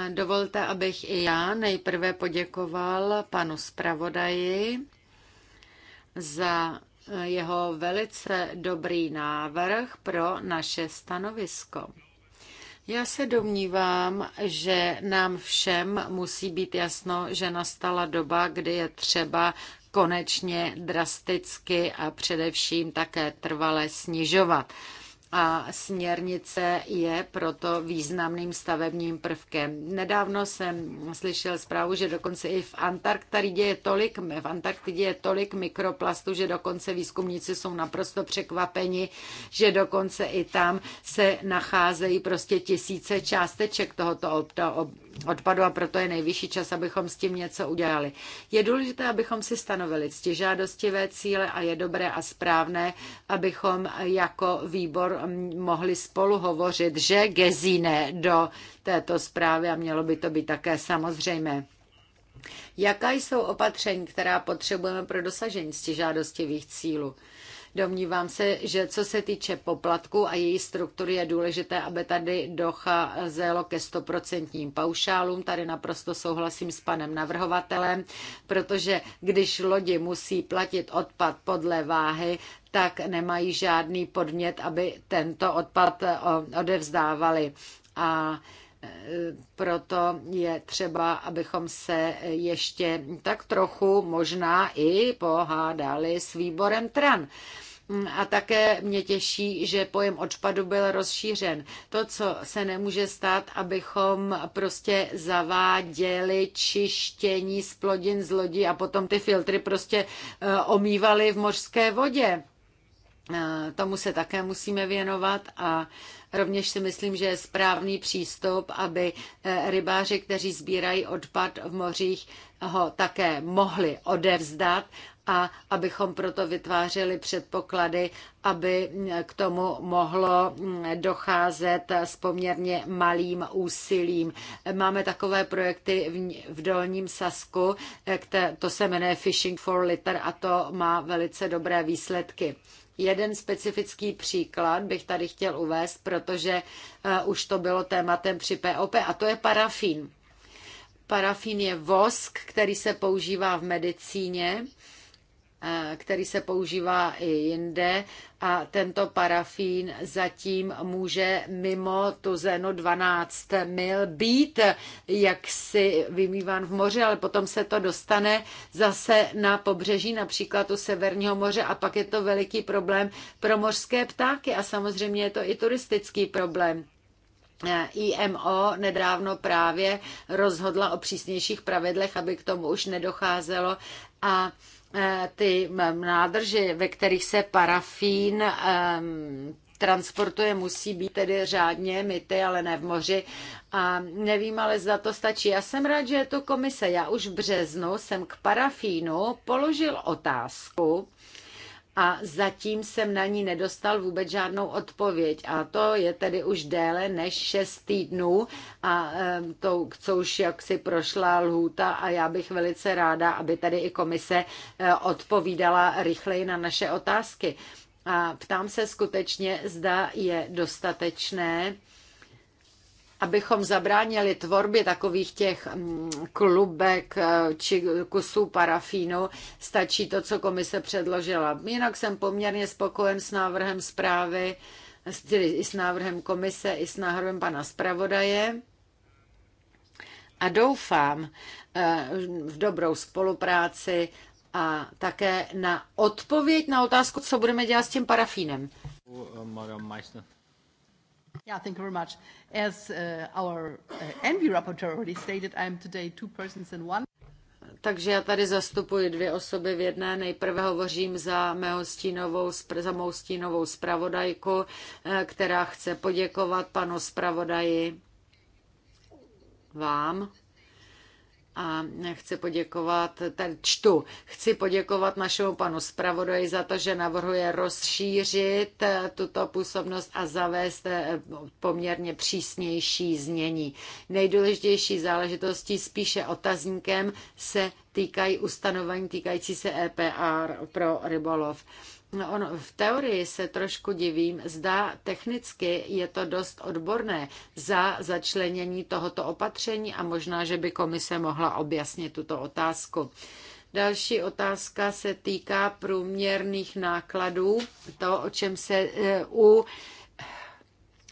Dovolte, abych i já nejprve poděkoval panu zpravodaji za eh, jeho velice dobrý návrh pro naše stanovisko. Já se domnívám, že nám všem musí být jasno, že nastala doba, kdy je třeba konečně drasticky a především také trvale snižovat a směrnice je proto významným stavebním prvkem. Nedávno jsem slyšel zprávu, že dokonce i v Antarktidě je tolik, v Antarktidě je tolik mikroplastu, že dokonce výzkumníci jsou naprosto překvapeni, že dokonce i tam se nacházejí prostě tisíce částeček tohoto odpadu a proto je nejvyšší čas, abychom s tím něco udělali. Je důležité, abychom si stanovili ctižádostivé cíle a je dobré a správné, abychom jako výbor mm, mohli spolu hovořit, že gezíne do této zprávy a mělo by to být také samozřejmé. Jaká jsou opatření, která potřebujeme pro dosažení ctižádostivých cílů? Domnívám se, že co se týče poplatku a její struktury je důležité, aby tady docházelo ke 100% paušálům. Tady naprosto souhlasím s panem navrhovatelem, protože když lodi musí platit odpad podle váhy, tak nemají žádný podmět, aby tento odpad eh, odevzdávali. A eh, proto je třeba, abychom se ještě tak trochu možná i pohádali s výborem TRAN. Mm, a také mě těší, že pojem odpadu byl rozšířen. To, co se nemůže stát, abychom prostě zaváděli čištění splodin z lodí a potom ty filtry prostě eh, omývali v mořské vodě. Eh, tomu se také musíme věnovat a rovněž si myslím, že je správný přístup, aby eh, rybáři, kteří sbírají odpad v mořích, ho také mohli odevzdat a abychom proto vytvářeli předpoklady, aby eh, k tomu mohlo hm, docházet s poměrně malým úsilím. Máme takové projekty v Dolním Sasku, to se jmenuje Fishing for Litter a to má velice dobré výsledky. Jeden specifický příklad bych tady chtěl uvést, protože eh, už to bylo tématem při POP, a to je parafín. Parafín je vosk, který se používá v medicíně Eh, který se používá i jinde a tento parafín zatím může mimo tu zenu 12 mil být jaksi vymýván v moři, ale potom se to dostane zase na pobřeží, například u Severního moře a pak je to veliký problém pro mořské ptáky a samozřejmě je to i turistický problém. IMO nedávno právě rozhodla o přísnějších pravidlech, aby k tomu už nedocházelo a Eh, ty nádrže, ve kterých se parafín transportuje, musí být tedy řádně myty, ale ne v moři. A nevím, ale zda to stačí. Já jsem rád, že je to komise. Já už v březnu jsem k parafínu položil otázku, a zatím jsem na ní nedostal vůbec žádnou odpověď. A to je tedy už déle než 6 týdnů, a to, co už jaksi prošla lhůta a já bych velice ráda, aby tady i komise e, odpovídala rychleji na naše otázky. A ptám se skutečně, zda je dostatečné abychom zabránili tvorbě takových těch mm, klubek eh, či kusů parafínu, stačí to, co komise předložila. Jinak jsem poměrně spokojen s návrhem zprávy, tedy i s návrhem komise, i s návrhem pana zpravodaje. A doufám eh, v dobrou spolupráci a také na odpověď na otázku, co budeme dělat s tím parafínem. Meissner. Yeah, thank you very much. As uh, our uh, envy rapporteur already stated, I am today two persons in one. Takže já tady zastupuji dvě osoby v jedné. Nejprve hovořím za, mého stínovou, za mou stínovou zpravodajku, eh, která chce poděkovat panu zpravodaji vám a chci poděkovat, ten čtu, chci poděkovat našemu panu zpravodaji za to, že navrhuje rozšířit eh, tuto působnost a zavést eh, poměrně přísnější znění. Nejdůležitější záležitostí spíše otazníkem se týkají ustanovení týkající se EPR pro rybolov. No, ono, v teorii se trošku divím, zda technicky je to dost odborné za začlenění tohoto opatření a možná, že by komise mohla objasnit tuto otázku. Další otázka se týká průměrných nákladů, to, o čem se eh, u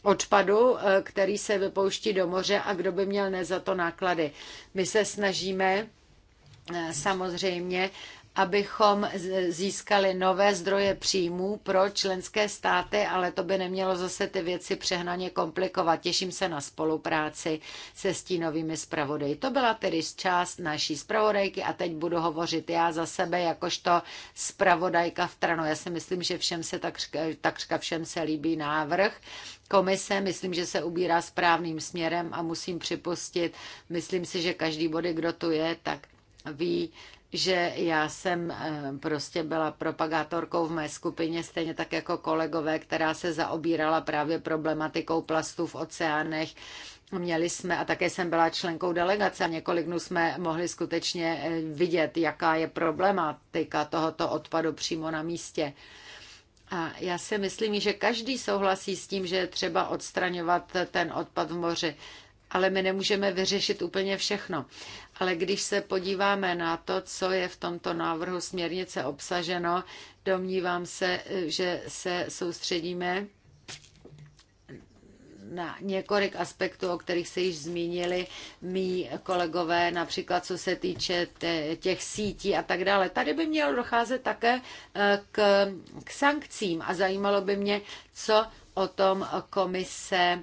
odpadu, eh, který se vypouští do moře a kdo by měl ne za to náklady. My se snažíme eh, samozřejmě abychom získali nové zdroje příjmů pro členské státy, ale to by nemělo zase ty věci přehnaně komplikovat. Těším se na spolupráci se stínovými zpravodaji. To byla tedy část naší zpravodajky a teď budu hovořit já za sebe jakožto zpravodajka v Trano. Já si myslím, že všem se takřka, takřka všem se líbí návrh, komise, myslím, že se ubírá správným směrem a musím připustit, myslím si, že každý body, kdo tu je, tak ví, že já jsem eh, prostě byla propagátorkou v mé skupině, stejně tak jako kolegové, která se zaobírala právě problematikou plastů v oceánech. Měli jsme, a také jsem byla členkou delegace, a několik dnů jsme mohli skutečně eh, vidět, jaká je problematika tohoto odpadu přímo na místě. A já si myslím, že každý souhlasí s tím, že je třeba odstraňovat ten odpad v moři ale my nemůžeme vyřešit úplně všechno. Ale když se podíváme na to, co je v tomto návrhu směrnice obsaženo, domnívám se, že se soustředíme na několik aspektů, o kterých se již zmínili mý kolegové, například co se týče těch sítí a tak dále. Tady by mělo docházet také eh, k, k sankcím a zajímalo by mě, co o tom komise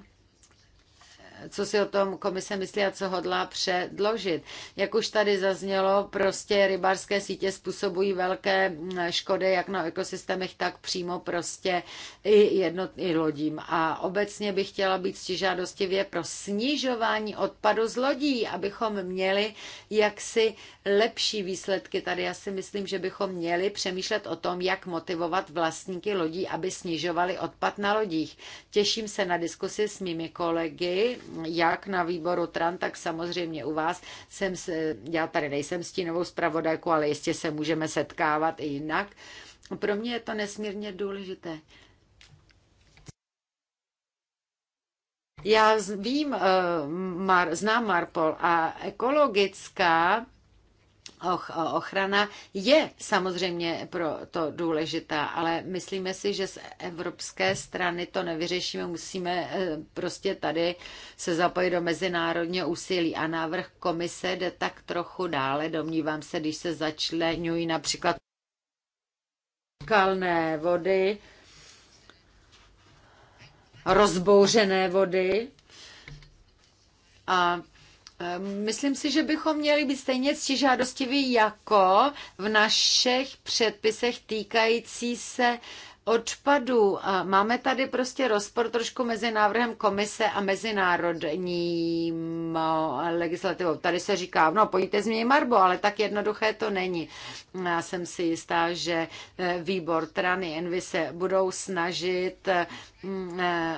co si o tom komise myslí a co hodlá předložit. Jak už tady zaznělo, prostě rybářské sítě způsobují velké škody jak na ekosystémech, tak přímo prostě i, jednot, i lodím. A obecně bych chtěla být stižádostivě pro snižování odpadu z lodí, abychom měli jaksi lepší výsledky. Tady já si myslím, že bychom měli přemýšlet o tom, jak motivovat vlastníky lodí, aby snižovali odpad na lodích. Těším se na diskusi s mými kolegy jak na výboru TRAN, tak samozřejmě u vás. Jsem se, já tady nejsem stínovou zpravodajkou, ale jistě se můžeme setkávat i jinak. Pro mě je to nesmírně důležité. Já vím, eh, znám Marpol a ekologická ochrana je samozřejmě pro to důležitá, ale myslíme si, že z evropské strany to nevyřešíme, musíme eh, prostě tady se zapojit do mezinárodního úsilí a návrh komise jde tak trochu dále, domnívám se, když se začlenují například kalné vody, rozbouřené vody, a Ehm, myslím si, že bychom měli být stejně ctižádostiví jako v našich předpisech týkající se odpadů. Máme tady prostě rozpor trošku mezi návrhem komise a mezinárodním eh, legislativou. Tady se říká, no pojďte změnit Marbo, ale tak jednoduché to není. Já jsem si jistá, že eh, výbor Trany Envy se budou snažit mm, eh,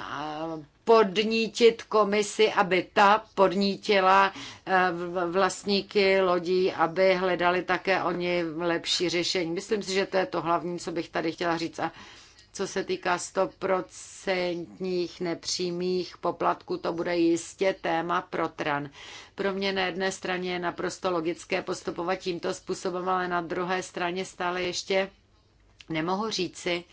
podnítit komisi, aby ta podnítila eh, vlastníky lodí, aby hledali také oni lepší řešení. Myslím si, že to je to hlavní, co bych tady chtěla říct. A co se týká stoprocentních nepřímých poplatků, to bude jistě téma pro TRAN. Pro mě na jedné straně je naprosto logické postupovat tímto způsobem, ale na druhé straně stále ještě nemohu říci,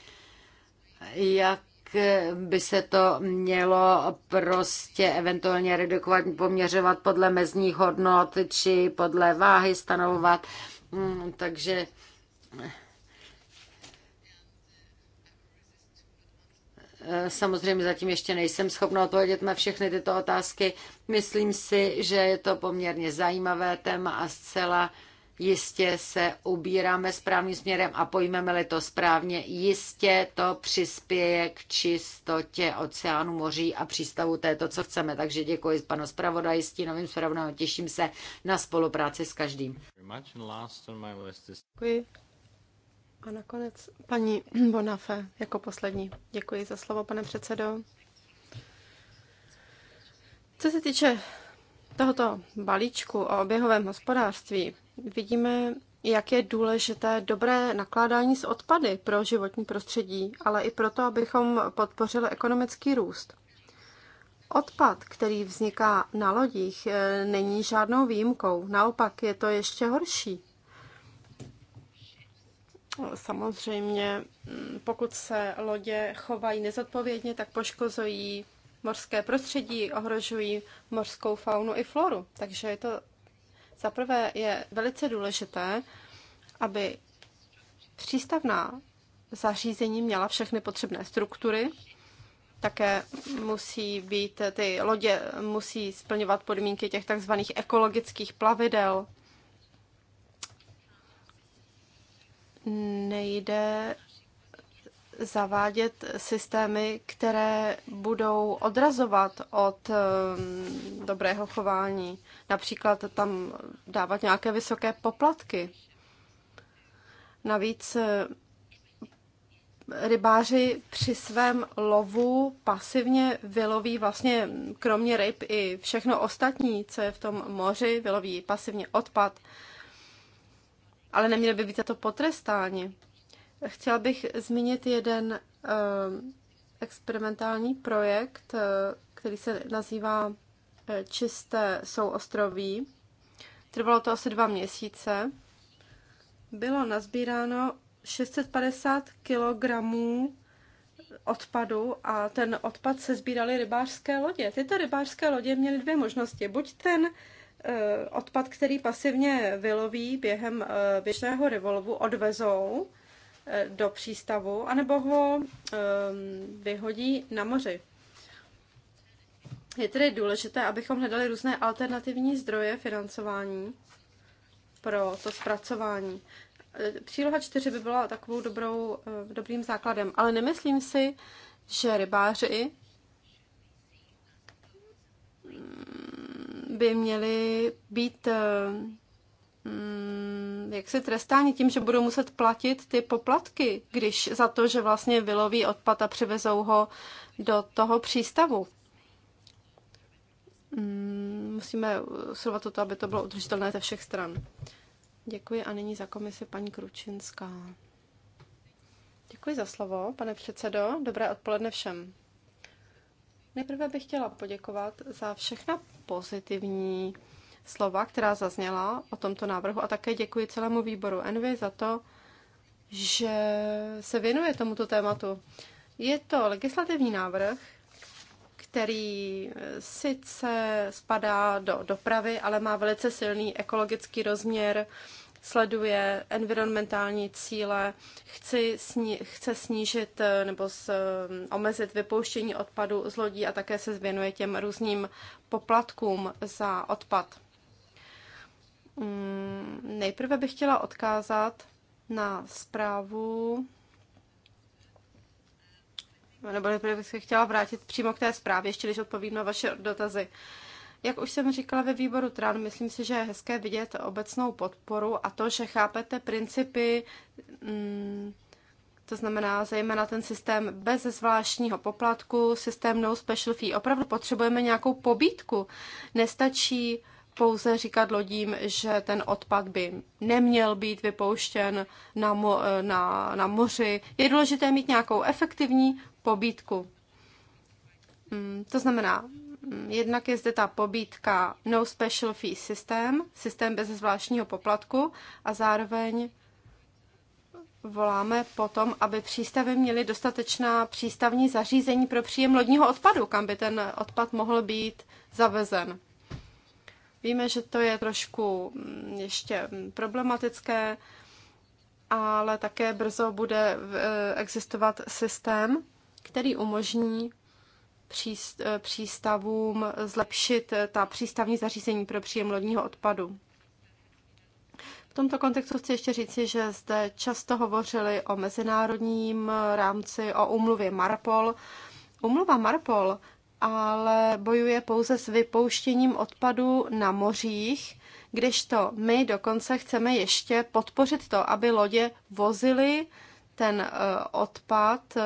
jak Eh, by se to mělo prostě eventuálně redukovat, poměřovat podle mezních hodnot či podle váhy stanovovat. Hmm, takže eh, Samozřejmě zatím ještě nejsem schopna odpovědět na všechny tyto otázky. Myslím si, že je to poměrně zajímavé téma a zcela Jistě se ubíráme správným směrem a pojmeme to správně. Jistě to přispěje k čistotě oceánu, moří a přístavu této, co chceme. Takže děkuji panu zpravodaji, novým zpravodajům. Těším se na spolupráci s každým. Děkuji. A nakonec paní Bonafe jako poslední. Děkuji za slovo, pane předsedo. Co se týče tohoto balíčku o oběhovém hospodářství, vidíme, jak je důležité dobré nakládání s odpady pro životní prostředí, ale i proto, abychom podpořili ekonomický růst. Odpad, který vzniká na lodích, e, není žádnou výjimkou. Naopak je to ještě horší. Samozřejmě, mm, pokud se lodě chovají nezodpovědně, tak poškozují morské prostředí, ohrožují morskou faunu i floru. Takže je to za prvé je velice důležité, aby přístavná zařízení měla všechny potřebné struktury, také musí být, ty lodě musí splňovat podmínky těch takzvaných ekologických plavidel. Nejde zavádět systémy, které budou odrazovat od ehm, dobrého chování. Například tam dávat nějaké vysoké poplatky. Navíc eh, rybáři při svém lovu pasivně vyloví vlastně kromě ryb i všechno ostatní, co je v tom moři, vyloví pasivně odpad. Ale neměli by být to potrestáni. Chtěla bych zmínit jeden eh, experimentální projekt, eh, který se nazývá eh, Čisté souostroví. Trvalo to asi dva měsíce. Bylo nazbíráno 650 kg odpadu a ten odpad se sbíraly rybářské lodě. Tyto rybářské lodě měly dvě možnosti. Buď ten odpad, který pasivně vyloví během běžného rybolovu, odvezou do přístavu, anebo ho vyhodí na moři. Je tedy důležité, abychom hledali různé alternativní zdroje financování pro to zpracování. E, příloha 4 by byla takovou dobrou, e, dobrým základem, ale nemyslím si, že rybáři by měli být Mm, jak se trestáni tím, že budou muset platit ty poplatky, když za to, že vlastně vyloví odpad a přivezou ho do toho přístavu. Mm, musíme usilovat o to, aby to bylo udržitelné ze všech stran. Děkuji a nyní za komisi paní Kručinská. Děkuji za slovo, pane předsedo. Dobré odpoledne všem. Nejprve bych chtěla poděkovat za všechna pozitivní slova, která zazněla o tomto návrhu a také děkuji celému výboru Envy za to, že se věnuje tomuto tématu. Je to legislativní návrh, který sice spadá do dopravy, ale má velice silný ekologický rozměr, sleduje environmentální cíle, chci sni- chce snížit nebo s, omezit vypouštění odpadu z lodí a také se věnuje těm různým poplatkům za odpad. Mm, nejprve bych chtěla odkázat na zprávu, nebo nejprve bych se chtěla vrátit přímo k té zprávě, ještě když odpovím na vaše dotazy. Jak už jsem říkala ve výboru TRAN, myslím si, že je hezké vidět obecnou podporu a to, že chápete principy, mm, to znamená zejména ten systém bez zvláštního poplatku, systém no special fee. Opravdu potřebujeme nějakou pobítku. Nestačí pouze říkat lodím, že ten odpad by neměl být vypouštěn na, mo- na, na moři. Je důležité mít nějakou efektivní pobídku. Mm, to znamená, mm, jednak je zde ta pobídka No Special Fee System, systém bez zvláštního poplatku a zároveň voláme potom, aby přístavy měly dostatečná přístavní zařízení pro příjem lodního odpadu, kam by ten odpad mohl být zavezen. Víme, že to je trošku mm, ještě mm, problematické, ale také brzo bude e, existovat systém, který umožní e, přístavům zlepšit e, ta přístavní zařízení pro příjem lodního odpadu. V tomto kontextu chci ještě říci, že zde často hovořili o mezinárodním rámci, o umluvě Marpol. Umluva Marpol ale bojuje pouze s vypouštěním odpadů na mořích, kdežto my dokonce chceme ještě podpořit to, aby lodě vozily ten eh, odpad eh,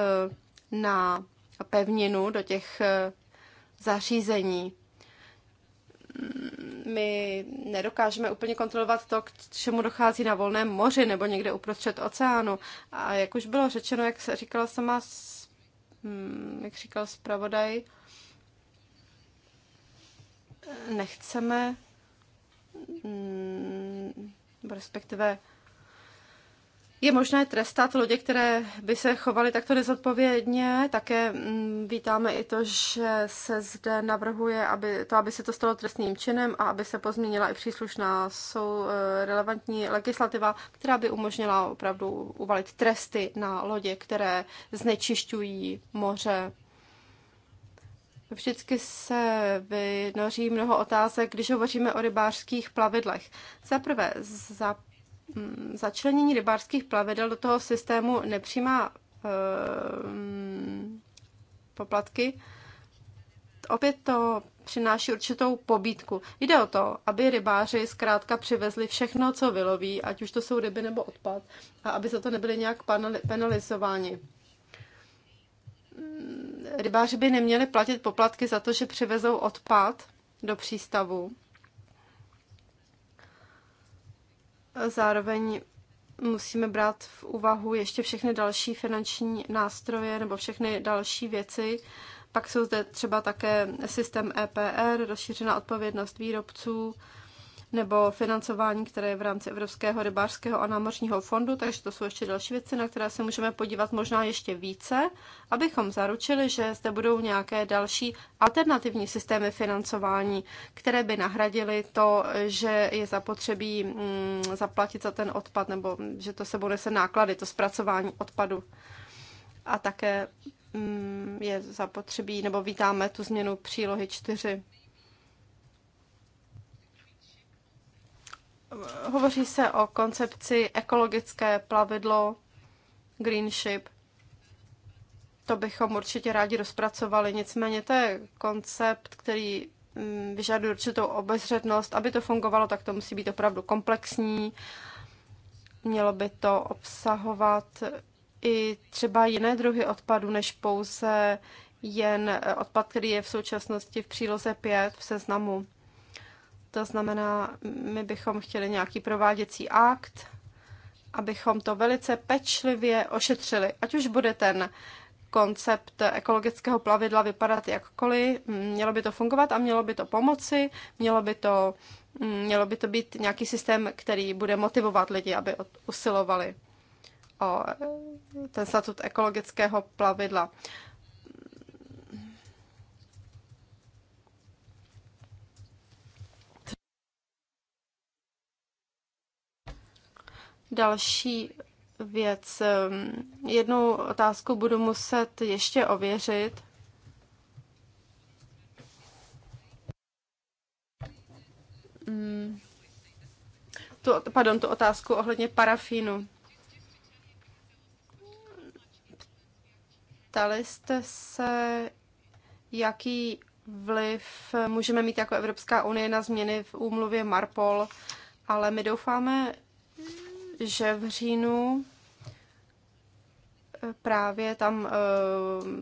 na pevninu do těch eh, zařízení. Mm, my nedokážeme úplně kontrolovat to, k čemu dochází na volném moři nebo někde uprostřed oceánu. A jak už bylo řečeno, jak se říkala sama, mm, jak říkal zpravodaj, nechceme, mm, respektive je možné trestat lidi, které by se chovali takto nezodpovědně. Také mm, vítáme i to, že se zde navrhuje aby to, aby se to stalo trestným činem a aby se pozměnila i příslušná sou, eh, relevantní legislativa, která by umožnila opravdu uvalit tresty na lodě, které znečišťují moře. Vždycky se vynoří mnoho otázek, když hovoříme o rybářských plavidlech. Za prvé, za, mm, začlenění rybářských plavidel do toho systému nepřímá e, ehm, poplatky opět to přináší určitou pobítku. Jde o to, aby rybáři zkrátka přivezli všechno, co vyloví, ať už to jsou ryby nebo odpad, a aby za to nebyli nějak penalizováni rybáři by neměli platit poplatky za to, že přivezou odpad do přístavu. Zároveň musíme brát v úvahu ještě všechny další finanční nástroje nebo všechny další věci. Pak jsou zde třeba také systém EPR, rozšířená odpovědnost výrobců, nebo financování, které je v rámci Evropského rybářského a námořního fondu, takže to jsou ještě další věci, na které se můžeme podívat možná ještě více, abychom zaručili, že zde budou nějaké další alternativní systémy financování, které by nahradily to, že je zapotřebí mm, zaplatit za ten odpad nebo že to sebou nese náklady, to zpracování odpadu. A také mm, je zapotřebí, nebo vítáme tu změnu přílohy 4 hovoří se o koncepci ekologické plavidlo, green ship. To bychom určitě rádi rozpracovali, nicméně to je koncept, který mm, vyžaduje určitou obezřetnost. Aby to fungovalo, tak to musí být opravdu komplexní. Mělo by to obsahovat i třeba jiné druhy odpadu, než pouze jen odpad, který je v současnosti v příloze 5 v seznamu. To znamená, my bychom chtěli nějaký prováděcí akt, abychom to velice pečlivě ošetřili. Ať už bude ten koncept ekologického plavidla vypadat jakkoliv, mělo by to fungovat a mělo by to pomoci, mělo by to, mělo by to být nějaký systém, který bude motivovat lidi, aby usilovali o ten statut ekologického plavidla. Další věc. Ehm, jednu otázku budu muset ještě ověřit. Ehm, tu, pardon, tu otázku ohledně parafínu. Ptali jste se, jaký vliv můžeme mít jako Evropská unie na změny v úmluvě Marpol, ale my doufáme, že v říjnu eh, právě tam eh,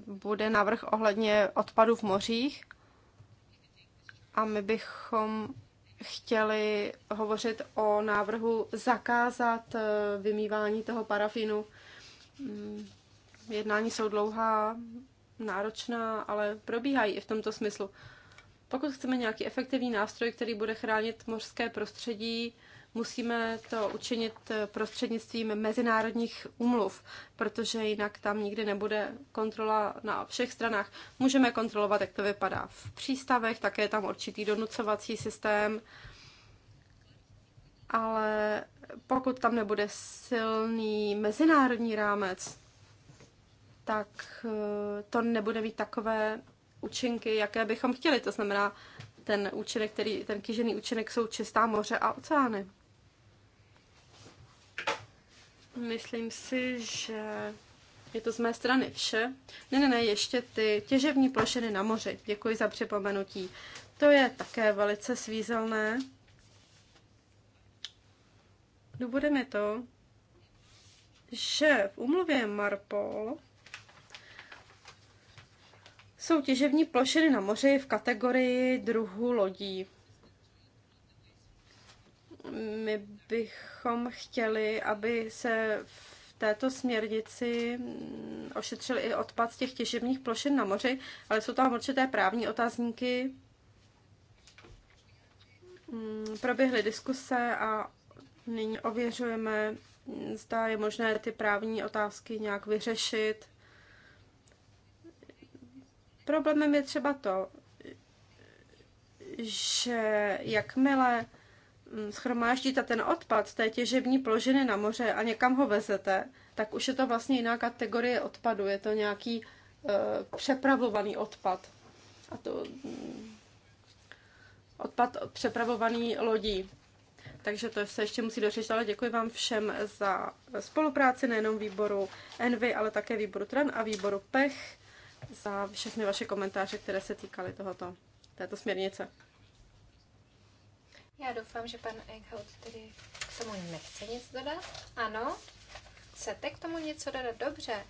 bude návrh ohledně odpadu v mořích a my bychom chtěli hovořit o návrhu zakázat eh, vymývání toho parafinu. Mm, jednání jsou dlouhá, náročná, ale probíhají i v tomto smyslu. Pokud chceme nějaký efektivní nástroj, který bude chránit mořské prostředí, Musíme to učinit eh, prostřednictvím mezinárodních umluv, protože jinak tam nikdy nebude kontrola na všech stranách. Můžeme kontrolovat, jak to vypadá v přístavech, také je tam určitý donucovací systém, ale pokud tam nebude silný mezinárodní rámec, tak eh, to nebude mít takové účinky, jaké bychom chtěli. To znamená, ten účinek, který, ten kýžený účinek jsou čistá moře a oceány. Myslím si, že je to z mé strany vše. Ne, ne, ne, ještě ty těžební plošiny na moři. Děkuji za připomenutí. To je také velice svízelné. Důvodem je to, že v umluvě Marpol jsou těžební plošiny na moři v kategorii druhu lodí. My bychom chtěli, aby se v této směrnici mm, ošetřil i odpad z těch těžebních plošin na moři, ale jsou tam určité právní otázníky. Mm, proběhly diskuse a nyní ověřujeme, zda je možné ty právní otázky nějak vyřešit. Problémem je třeba to, že jakmile Mm, schromáždíte ten odpad z té těžební pložiny na moře a někam ho vezete, tak už je to vlastně jiná kategorie odpadu. Je to nějaký e, přepravovaný odpad. A to mm, odpad přepravovaný lodí. Takže to se ještě musí dořešit, ale děkuji vám všem za spolupráci nejenom výboru Envy, ale také výboru TRAN a výboru PECH za všechny vaše komentáře, které se týkaly tohoto, této směrnice. Já doufám, že pan Eichhout tedy k tomu nechce nic dodat. Ano, chcete k tomu něco dodat? Dobře,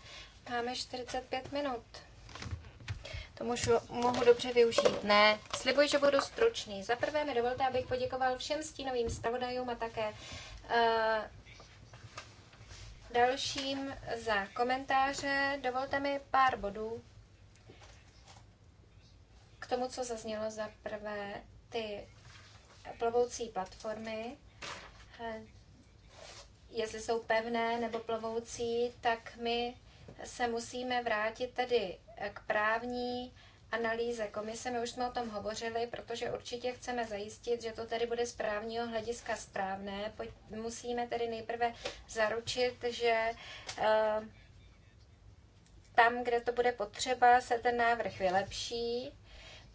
máme 45 minut. To můžu, mohu dobře využít. Ne, slibuji, že budu stručný. Za prvé mi dovolte, abych poděkoval všem stínovým stavodajům a také uh, dalším za komentáře. Dovolte mi pár bodů k tomu, co zaznělo za prvé. Ty plovoucí platformy, jestli jsou pevné nebo plovoucí, tak my se musíme vrátit tedy k právní analýze komise. My už jsme o tom hovořili, protože určitě chceme zajistit, že to tedy bude z právního hlediska správné. Pojď, musíme tedy nejprve zaručit, že eh, tam, kde to bude potřeba, se ten návrh vylepší.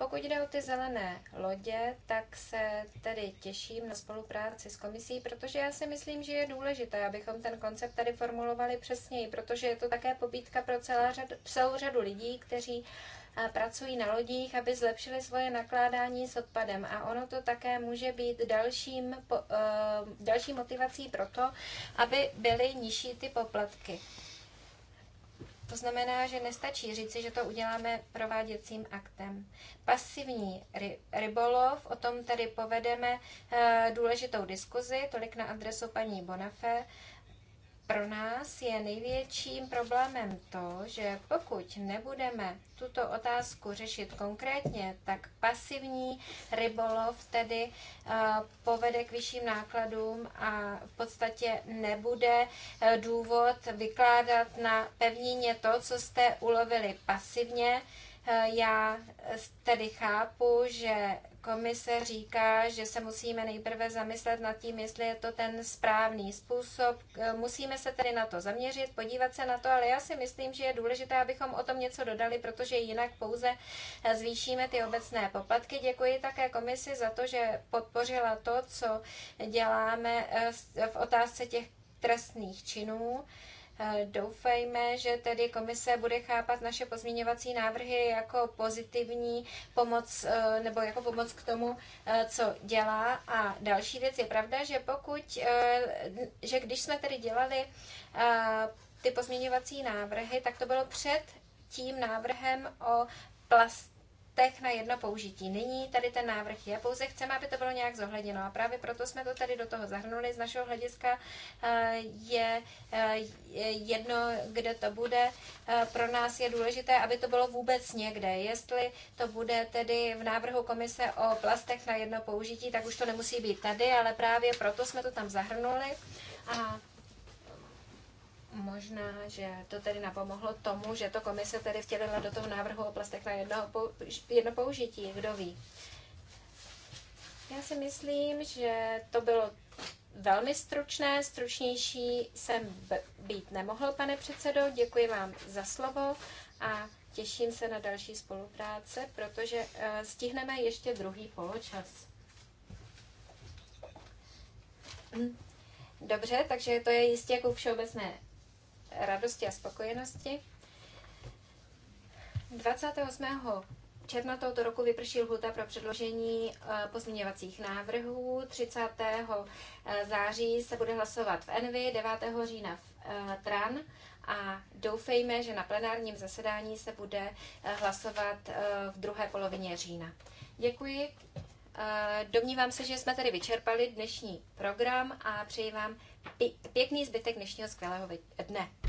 Pokud jde o ty zelené lodě, tak se tedy těším na spolupráci s komisí, protože já si myslím, že je důležité, abychom ten koncept tady formulovali přesněji, protože je to také pobídka pro celá řad, celou řadu lidí, kteří pracují na lodích, aby zlepšili svoje nakládání s odpadem. A ono to také může být dalším, po, další motivací pro to, aby byly nižší ty poplatky. To znamená, že nestačí říci, že to uděláme prováděcím aktem. Pasivní ry- rybolov, o tom tedy povedeme e, důležitou diskuzi, tolik na adresu paní Bonafé pro nás je největším problémem to, že pokud nebudeme tuto otázku řešit konkrétně, tak pasivní rybolov tedy eh, povede k vyšším nákladům a v podstatě nebude eh, důvod vykládat na pevnině to, co jste ulovili pasivně. Eh, já tedy chápu, že Komise říká, že se musíme nejprve zamyslet nad tím, jestli je to ten správný způsob. Musíme se tedy na to zaměřit, podívat se na to, ale já si myslím, že je důležité, abychom o tom něco dodali, protože jinak pouze eh, zvýšíme ty obecné poplatky. Děkuji také komisi za to, že podpořila to, co děláme eh, v otázce těch trestných činů. Eh, doufejme, že tedy komise bude chápat naše pozměňovací návrhy jako pozitivní pomoc eh, nebo jako pomoc k tomu, eh, co dělá. A další věc je pravda, že pokud, že když jsme tedy dělali ty pozměňovací návrhy, tak to bylo před tím návrhem o plast tech na jedno použití. Nyní tady ten návrh je, pouze chceme, aby to bylo nějak zohledněno a právě proto jsme to tady do toho zahrnuli. Z našeho hlediska eh, je eh, jedno, kde to bude. Eh, pro nás je důležité, aby to bylo vůbec někde. Jestli to bude tedy v návrhu komise o plastech na jedno použití, tak už to nemusí být tady, ale právě proto jsme to tam zahrnuli. A Možná, že to tedy napomohlo tomu, že to komise tedy vtělila do toho návrhu o plastech na jedno, jedno použití, kdo ví. Já si myslím, že to bylo velmi stručné, stručnější jsem být nemohl, pane předsedo. Děkuji vám za slovo a těším se na další spolupráce, protože e, stihneme ještě druhý poločas. Dobře, takže to je jistě jako všeobecné radosti a spokojenosti. 28. června tohoto roku vyprší lhuta pro předložení eh, pozměňovacích návrhů. 30. Eh, září se bude hlasovat v Envy, 9. října v eh, TRAN a doufejme, že na plenárním zasedání se bude hlasovat v druhé polovině října. Děkuji. Domnívám se, že jsme tady vyčerpali dnešní program a přeji vám pěkný zbytek dnešního skvělého dne.